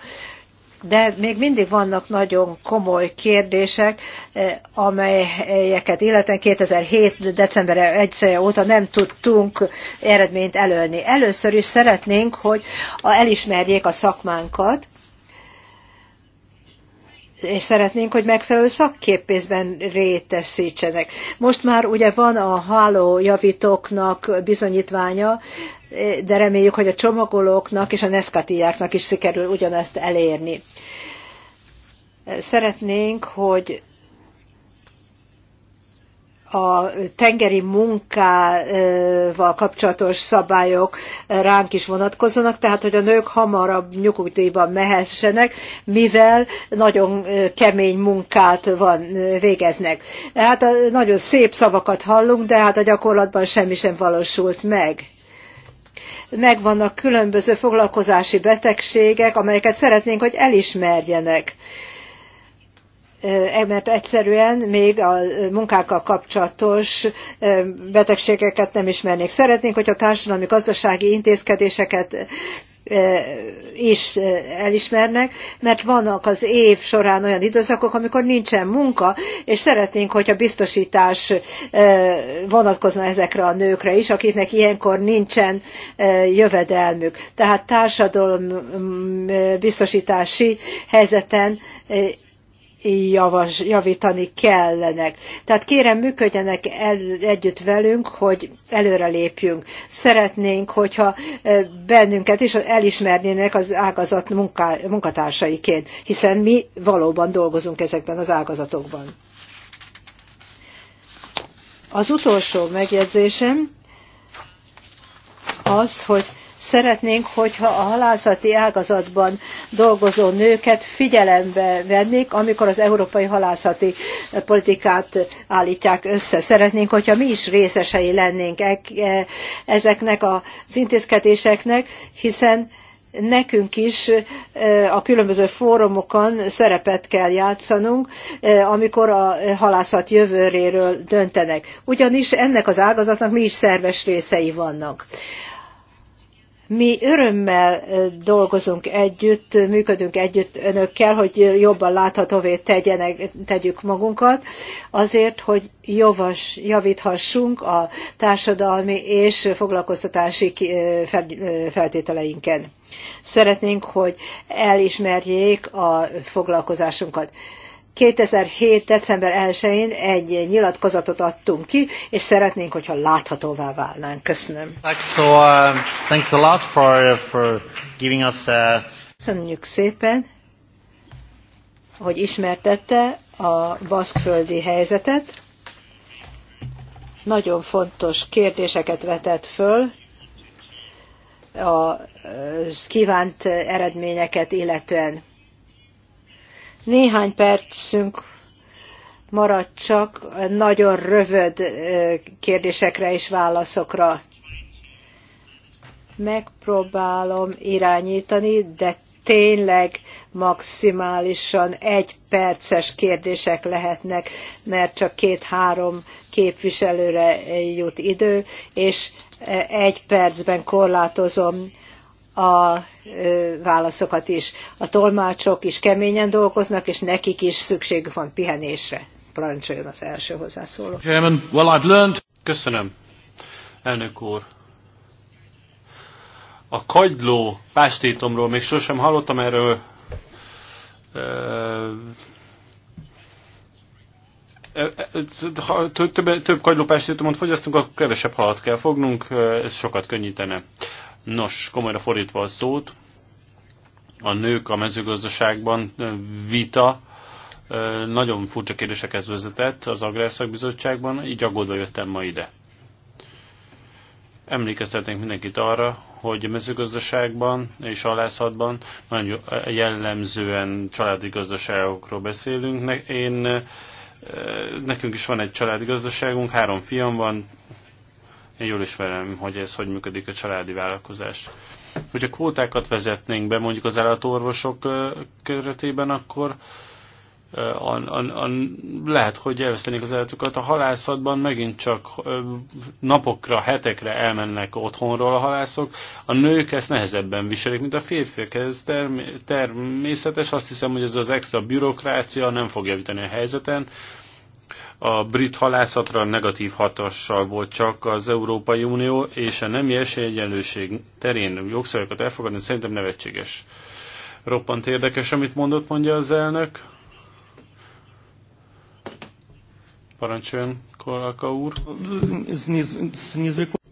de még mindig vannak nagyon komoly kérdések, eh, amelyeket illetve 2007. december 1 óta nem tudtunk eredményt előlni. Először is szeretnénk, hogy elismerjék a szakmánkat, és szeretnénk, hogy megfelelő szakképészben réteszítsenek. Most már ugye van a hálójavítóknak bizonyítványa, de reméljük, hogy a csomagolóknak és a neszkatiáknak is sikerül ugyanezt elérni. Szeretnénk, hogy a tengeri munkával kapcsolatos szabályok ránk is vonatkoznak, tehát hogy a nők hamarabb nyugdíjban mehessenek, mivel nagyon kemény munkát van, végeznek. Hát nagyon szép szavakat hallunk, de hát a gyakorlatban semmi sem valósult meg megvannak különböző foglalkozási betegségek, amelyeket szeretnénk, hogy elismerjenek. E, mert egyszerűen még a munkákkal kapcsolatos betegségeket nem ismernék. Szeretnénk, hogy a társadalmi gazdasági intézkedéseket is elismernek, mert vannak az év során olyan időszakok, amikor nincsen munka, és szeretnénk, hogy a biztosítás vonatkozna ezekre a nőkre is, akiknek ilyenkor nincsen jövedelmük. Tehát társadalom biztosítási helyzeten javas, javítani kellenek. Tehát kérem, működjenek el, együtt velünk, hogy előre lépjünk. Szeretnénk, hogyha e, bennünket is elismernének az ágazat munká, munkatársaiként, hiszen mi valóban dolgozunk ezekben az ágazatokban. Az utolsó megjegyzésem az, hogy Szeretnénk, hogyha a halászati ágazatban dolgozó nőket figyelembe vennék, amikor az európai halászati politikát állítják össze. Szeretnénk, hogyha mi is részesei lennénk e- e- ezeknek az intézkedéseknek, hiszen nekünk is e, a különböző fórumokon szerepet kell játszanunk, amikor a halászat jövőréről döntenek. Ugyanis ennek az ágazatnak mi is szerves részei vannak. Mi örömmel dolgozunk együtt, működünk együtt önökkel, hogy jobban láthatóvé tegyenek, tegyük magunkat, azért, hogy javas, javíthassunk a társadalmi és foglalkoztatási feltételeinken. Szeretnénk, hogy elismerjék a foglalkozásunkat. 2007. december 1-én egy nyilatkozatot adtunk ki, és szeretnénk, hogyha láthatóvá válnánk. Köszönöm. Köszönjük szépen, hogy ismertette a baszkföldi helyzetet. Nagyon fontos kérdéseket vetett föl, a kívánt eredményeket illetően. Néhány percünk maradt csak nagyon rövid kérdésekre és válaszokra. Megpróbálom irányítani, de tényleg maximálisan egy perces kérdések lehetnek, mert csak két-három képviselőre jut idő, és egy percben korlátozom a válaszokat is. A tolmácsok is keményen dolgoznak, és nekik is szükségük van pihenésre. Parancsoljon az első hozzászóló. Well, I've learned. Köszönöm, elnök úr. A kagyló pástétomról még sosem hallottam erről. ha több, több kagylópástétomot fogyasztunk, akkor kevesebb halat kell fognunk, ez sokat könnyítene. Nos, komolyra fordítva a szót, a nők a mezőgazdaságban vita nagyon furcsa kérdésekhez vezetett az Agrárszakbizottságban, így aggódva jöttem ma ide. Emlékeztetnénk mindenkit arra, hogy a mezőgazdaságban és alászatban nagyon jellemzően családi gazdaságokról beszélünk. Én, nekünk is van egy családi gazdaságunk, három fiam van, én jól ismerem, hogy ez hogy működik a családi vállalkozás. Hogyha kvótákat vezetnénk be mondjuk az állatorvosok körötében, akkor a, a, a, lehet, hogy elvesztenék az állatokat. A halászatban megint csak napokra, hetekre elmennek otthonról a halászok. A nők ezt nehezebben viselik, mint a férfiak. Ez természetes. Azt hiszem, hogy ez az extra bürokrácia nem fog javítani a helyzeten a brit halászatra negatív hatással volt csak az Európai Unió, és a nemi esélyegyenlőség terén jogszabályokat elfogadni szerintem nevetséges. Roppant érdekes, amit mondott, mondja az elnök. Parancsoljon, Kolaka úr.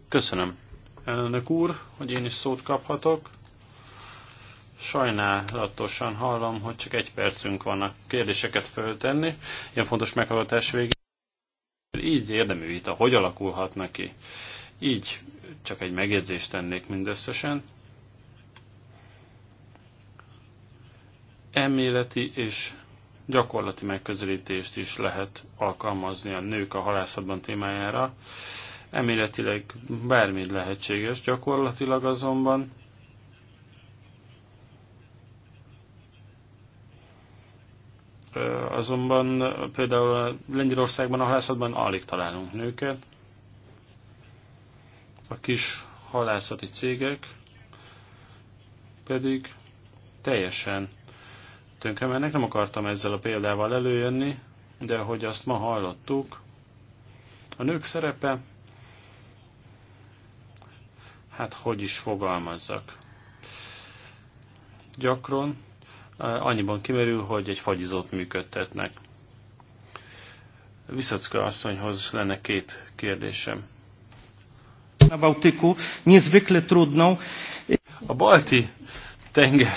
Köszönöm, elnök úr, hogy én is szót kaphatok. Sajnálatosan hallom, hogy csak egy percünk van a kérdéseket föltenni. Ilyen fontos meghallgatás végén. Így érdemű vita, hogy alakulhat neki. Így csak egy megjegyzést tennék mindösszesen. Elméleti és gyakorlati megközelítést is lehet alkalmazni a nők a halászatban témájára. Emléletileg bármi lehetséges, gyakorlatilag azonban azonban például Lengyelországban a halászatban alig találunk nőket. A kis halászati cégek pedig teljesen tönkre mennek. Nem akartam ezzel a példával előjönni, de ahogy azt ma hallottuk, a nők szerepe, hát hogy is fogalmazzak. Gyakran annyiban kimerül, hogy egy fagyizót működtetnek. Viszacka asszonyhoz lenne két kérdésem. A Baltiku niezwykle trudną. A balti tenger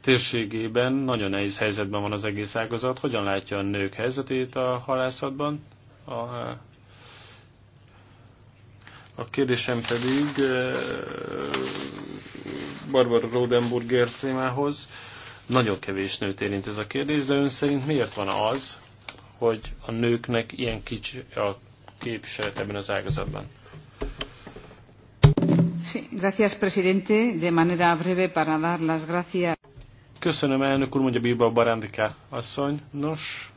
térségében nagyon nehéz helyzetben van az egész ágazat. Hogyan látja a nők helyzetét a halászatban? A, a kérdésem pedig eh, Barbara Rodenburg ércémához. Nagyon kevés nőt érint ez a kérdés, de ön szerint miért van az, hogy a nőknek ilyen kicsi a képviselet ebben az ágazatban? Gracias, presidente. De manera breve para dar las gracias. Köszönöm, elnök úr, mondja Bilbao Barándiká asszony. Nos,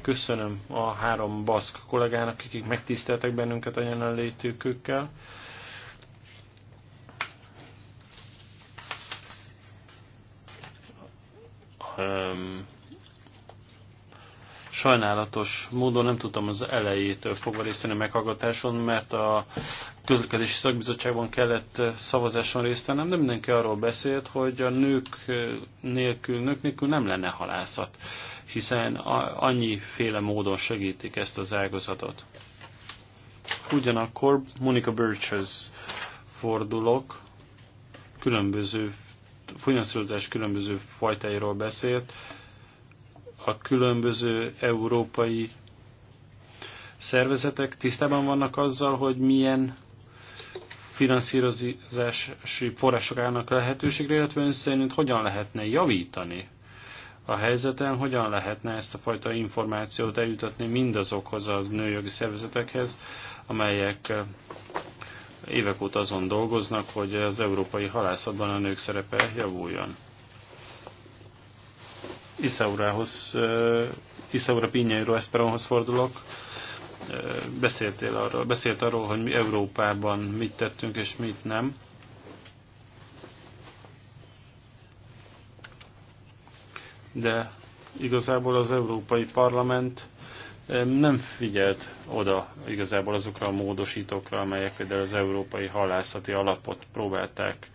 köszönöm a három baszk kollégának, akik megtiszteltek bennünket a jelenlétükkel. um, sajnálatos módon nem tudtam az elejétől fogva részt venni a meghallgatáson, mert a közlekedési szakbizottságban kellett szavazáson részt vennem, de mindenki arról beszélt, hogy a nők nélkül, nők nélkül nem lenne halászat, hiszen annyiféle módon segítik ezt az ágazatot. Ugyanakkor Monica Birchhez fordulok, különböző finanszírozás különböző fajtáiról beszélt, a különböző európai szervezetek tisztában vannak azzal, hogy milyen finanszírozási források állnak lehetőségre, illetve ön szerint hogyan lehetne javítani a helyzeten, hogyan lehetne ezt a fajta információt eljutatni mindazokhoz a nőjogi szervezetekhez, amelyek évek óta azon dolgoznak, hogy az európai halászatban a nők szerepe javuljon. Isaurához, Iszaura Pinheiro Esperonhoz fordulok. Beszéltél arról, beszélt arról, hogy mi Európában mit tettünk és mit nem. De igazából az Európai Parlament nem figyelt oda igazából azokra a módosítókra, amelyek például az európai halászati alapot próbálták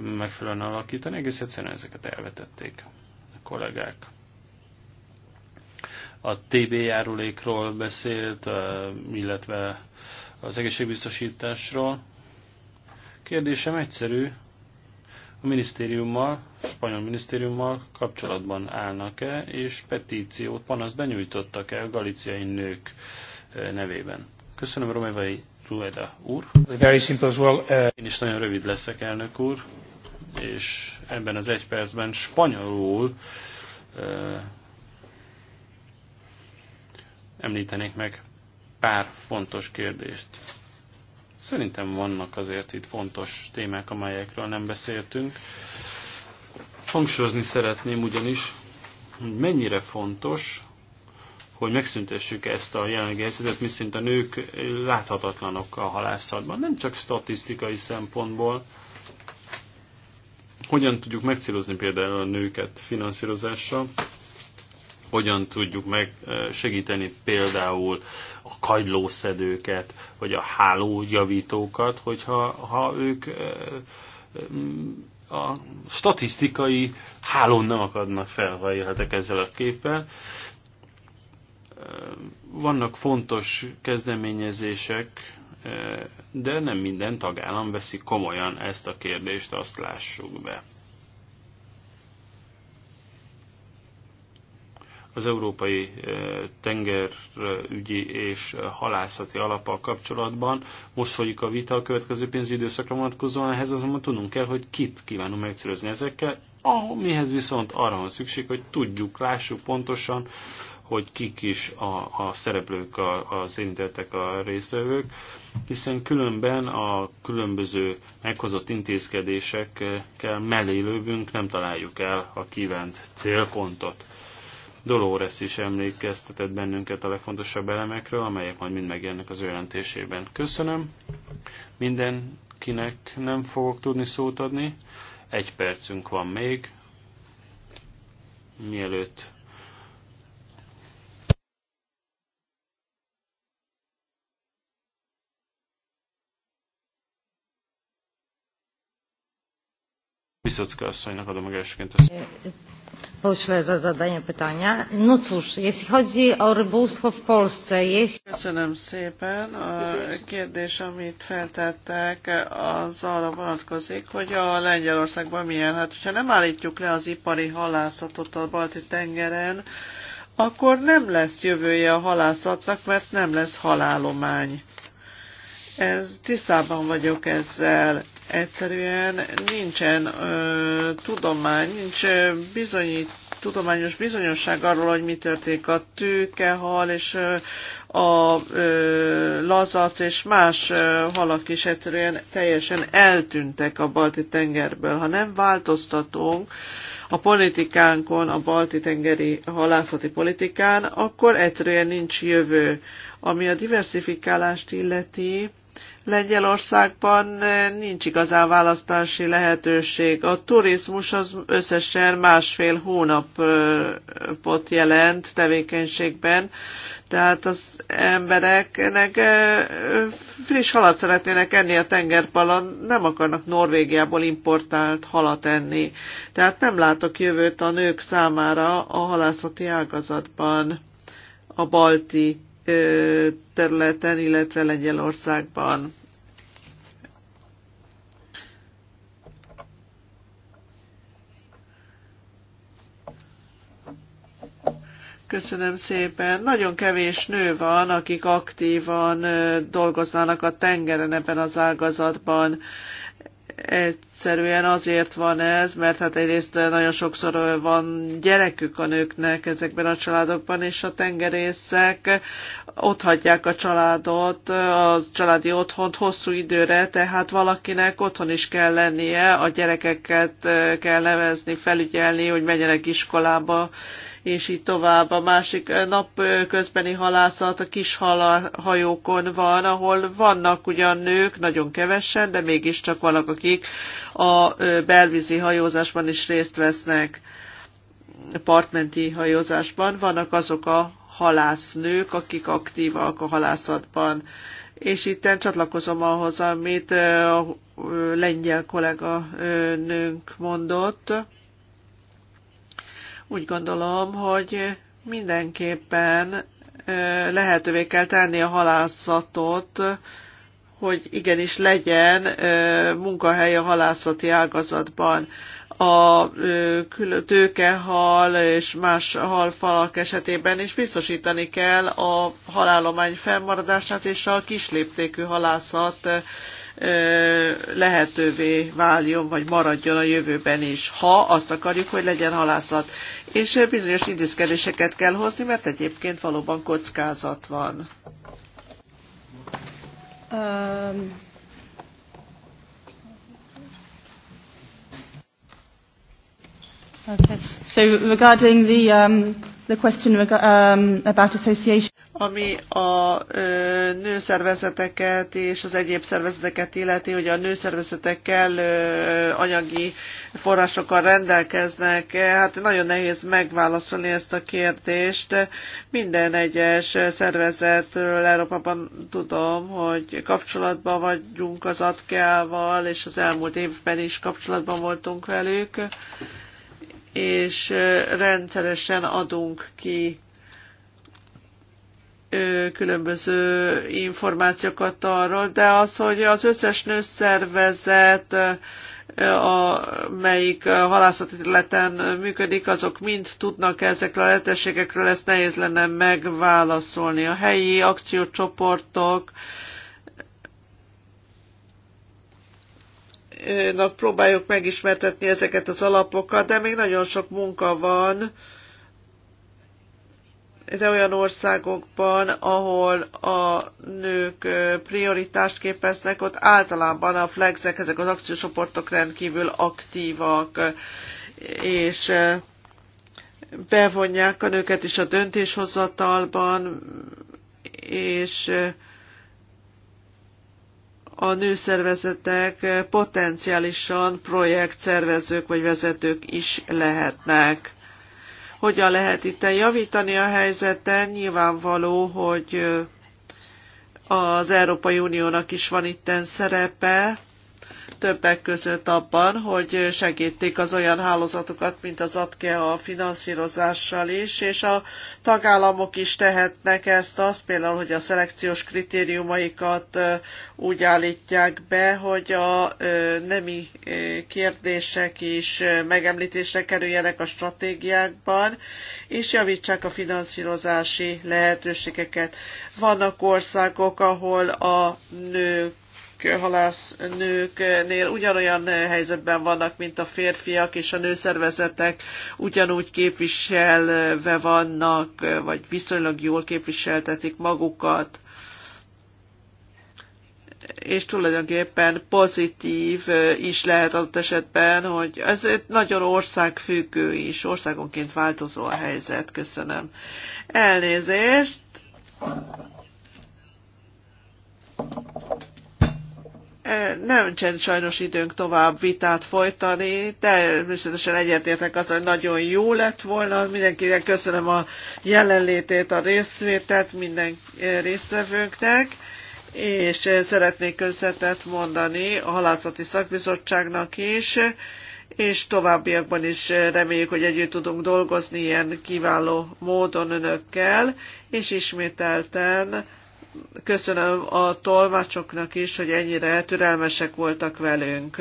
megfelelően alakítani, egész egyszerűen ezeket elvetették a kollégák. A TB járulékról beszélt, eh, illetve az egészségbiztosításról. Kérdésem egyszerű, a minisztériummal, a spanyol minisztériummal kapcsolatban állnak-e, és petíciót, panaszt benyújtottak-e a galiciai nők eh, nevében. Köszönöm, Romevai Rueda úr. Very simple as well. Eh, Én is nagyon rövid leszek, elnök úr, és ebben az egy percben spanyolul eh, említenék meg pár fontos kérdést. Szerintem vannak azért itt fontos témák, amelyekről nem beszéltünk. Hangsúlyozni szeretném ugyanis, hogy mennyire fontos, hogy megszüntessük ezt a jelenlegi helyzetet, miszerint a nők láthatatlanok a halászatban, nem csak statisztikai szempontból. Hogyan tudjuk megcélozni például a nőket finanszírozással, hogyan tudjuk meg segíteni például a kagylószedőket, vagy a hálójavítókat, hogyha ha ők a statisztikai hálón nem akadnak fel, ha élhetek ezzel a képpel. Vannak fontos kezdeményezések, de nem minden tagállam veszi komolyan ezt a kérdést, azt lássuk be. az Európai eh, Tengerügyi és Halászati Alappal kapcsolatban. Most folyik a vita a következő pénzügyi időszakra vonatkozóan, ehhez azonban tudnunk kell, hogy kit kívánunk megcélozni ezekkel, mihez viszont arra van szükség, hogy tudjuk, lássuk pontosan, hogy kik is a, a szereplők, a, az érintettek, a résztvevők, hiszen különben a különböző meghozott intézkedésekkel mellé nem találjuk el a kívánt célpontot. Dolores is emlékeztetett bennünket a legfontosabb elemekről, amelyek majd mind megjelennek az ő jelentésében. Köszönöm. Mindenkinek nem fogok tudni szót adni. Egy percünk van még. Mielőtt Viszocka asszonynak adom meg elsőként a pośle za zadanie pytania. No cóż, jeśli chodzi o rybołówstwo w Polsce, jeśli... Köszönöm szépen. A kérdés, amit feltettek, az arra vonatkozik, hogy a Lengyelországban milyen. Hát, hogyha nem állítjuk le az ipari halászatot a balti tengeren, akkor nem lesz jövője a halászatnak, mert nem lesz halálomány. Ez, tisztában vagyok ezzel egyszerűen nincsen ö, tudomány, nincs ö, bizonyít, tudományos bizonyosság arról, hogy mi történik a tőkehal és ö, a ö, lazac és más ö, halak is egyszerűen teljesen eltűntek a balti tengerből. Ha nem változtatunk a politikánkon, a balti tengeri halászati politikán, akkor egyszerűen nincs jövő. Ami a diversifikálást illeti, Lengyelországban eh, nincs igazán választási lehetőség. A turizmus az összesen másfél hónapot eh, jelent tevékenységben, tehát az embereknek eh, friss halat szeretnének enni a tengerpalan, nem akarnak Norvégiából importált halat enni. Tehát nem látok jövőt a nők számára a halászati ágazatban, a balti területen, illetve Lengyelországban. Köszönöm szépen. Nagyon kevés nő van, akik aktívan dolgoznának a tengeren ebben az ágazatban egyszerűen azért van ez, mert hát egyrészt nagyon sokszor van gyerekük a nőknek ezekben a családokban, és a tengerészek ott hagyják a családot, a családi otthont hosszú időre, tehát valakinek otthon is kell lennie, a gyerekeket kell nevezni, felügyelni, hogy menjenek iskolába, és így tovább. A másik közbeni halászat a kis hajókon van, ahol vannak ugyan nők, nagyon kevesen, de mégiscsak vannak, akik a belvízi hajózásban is részt vesznek partmenti hajózásban. Vannak azok a halásznők, akik aktívak a halászatban. És itt csatlakozom ahhoz, amit a lengyel kollega nőnk mondott, úgy gondolom, hogy mindenképpen lehetővé kell tenni a halászatot, hogy igenis legyen munkahely a halászati ágazatban. A tőkehal és más halfalak esetében is biztosítani kell a halálomány fennmaradását és a kisléptékű halászat lehetővé váljon, vagy maradjon a jövőben is, ha azt akarjuk, hogy legyen halászat. És bizonyos intézkedéseket kell hozni, mert egyébként valóban kockázat van. Um. Okay. So regarding the, um, the question reg- um, about association ami a ö, nőszervezeteket és az egyéb szervezeteket illeti, hogy a nőszervezetekkel ö, anyagi forrásokkal rendelkeznek. Hát nagyon nehéz megválaszolni ezt a kérdést. Minden egyes szervezetről Európában tudom, hogy kapcsolatban vagyunk az atkával, és az elmúlt évben is kapcsolatban voltunk velük, és rendszeresen adunk ki különböző információkat arról, de az, hogy az összes nőszervezet, a, melyik a halászati területen működik, azok mind tudnak ezekről a lehetőségekről, ezt nehéz lenne megválaszolni. A helyi akciócsoportok, próbáljuk megismertetni ezeket az alapokat, de még nagyon sok munka van, de olyan országokban, ahol a nők prioritást képeznek, ott általában a flexek, ezek az akciósoportok rendkívül aktívak, és bevonják a nőket is a döntéshozatalban, és a nőszervezetek potenciálisan projektszervezők vagy vezetők is lehetnek hogyan lehet itt javítani a helyzeten. Nyilvánvaló, hogy az Európai Uniónak is van itten szerepe, többek között abban, hogy segítik az olyan hálózatokat, mint az ATKE a finanszírozással is, és a tagállamok is tehetnek ezt azt, például, hogy a szelekciós kritériumaikat úgy állítják be, hogy a nemi kérdések is megemlítésre kerüljenek a stratégiákban, és javítsák a finanszírozási lehetőségeket. Vannak országok, ahol a nők nőknél ugyanolyan helyzetben vannak, mint a férfiak, és a nőszervezetek ugyanúgy képviselve vannak, vagy viszonylag jól képviseltetik magukat és tulajdonképpen pozitív is lehet adott esetben, hogy ez egy nagyon országfüggő is, országonként változó a helyzet. Köszönöm. Elnézést! Nem csend sajnos időnk tovább vitát folytani, természetesen egyetértek az, hogy nagyon jó lett volna. Mindenkinek köszönöm a jelenlétét, a részvételt minden résztvevőnknek, és szeretnék köszönetet mondani a Halászati Szakbizottságnak is, és továbbiakban is reméljük, hogy együtt tudunk dolgozni ilyen kiváló módon önökkel, és ismételten köszönöm a tolmácsoknak is, hogy ennyire türelmesek voltak velünk.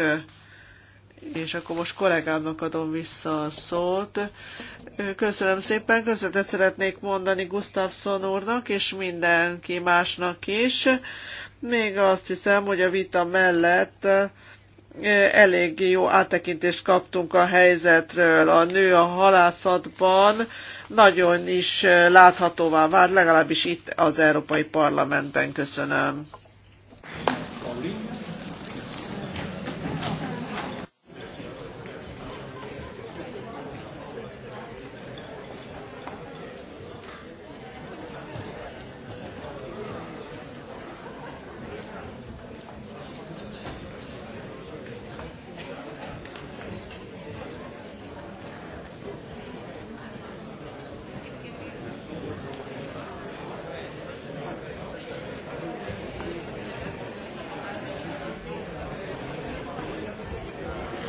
És akkor most kollégámnak adom vissza a szót. Köszönöm szépen, köszönetet szeretnék mondani Gustafsson úrnak és mindenki másnak is. Még azt hiszem, hogy a vita mellett Elég jó áttekintést kaptunk a helyzetről. A nő a halászatban nagyon is láthatóvá vált, legalábbis itt az Európai Parlamentben. Köszönöm.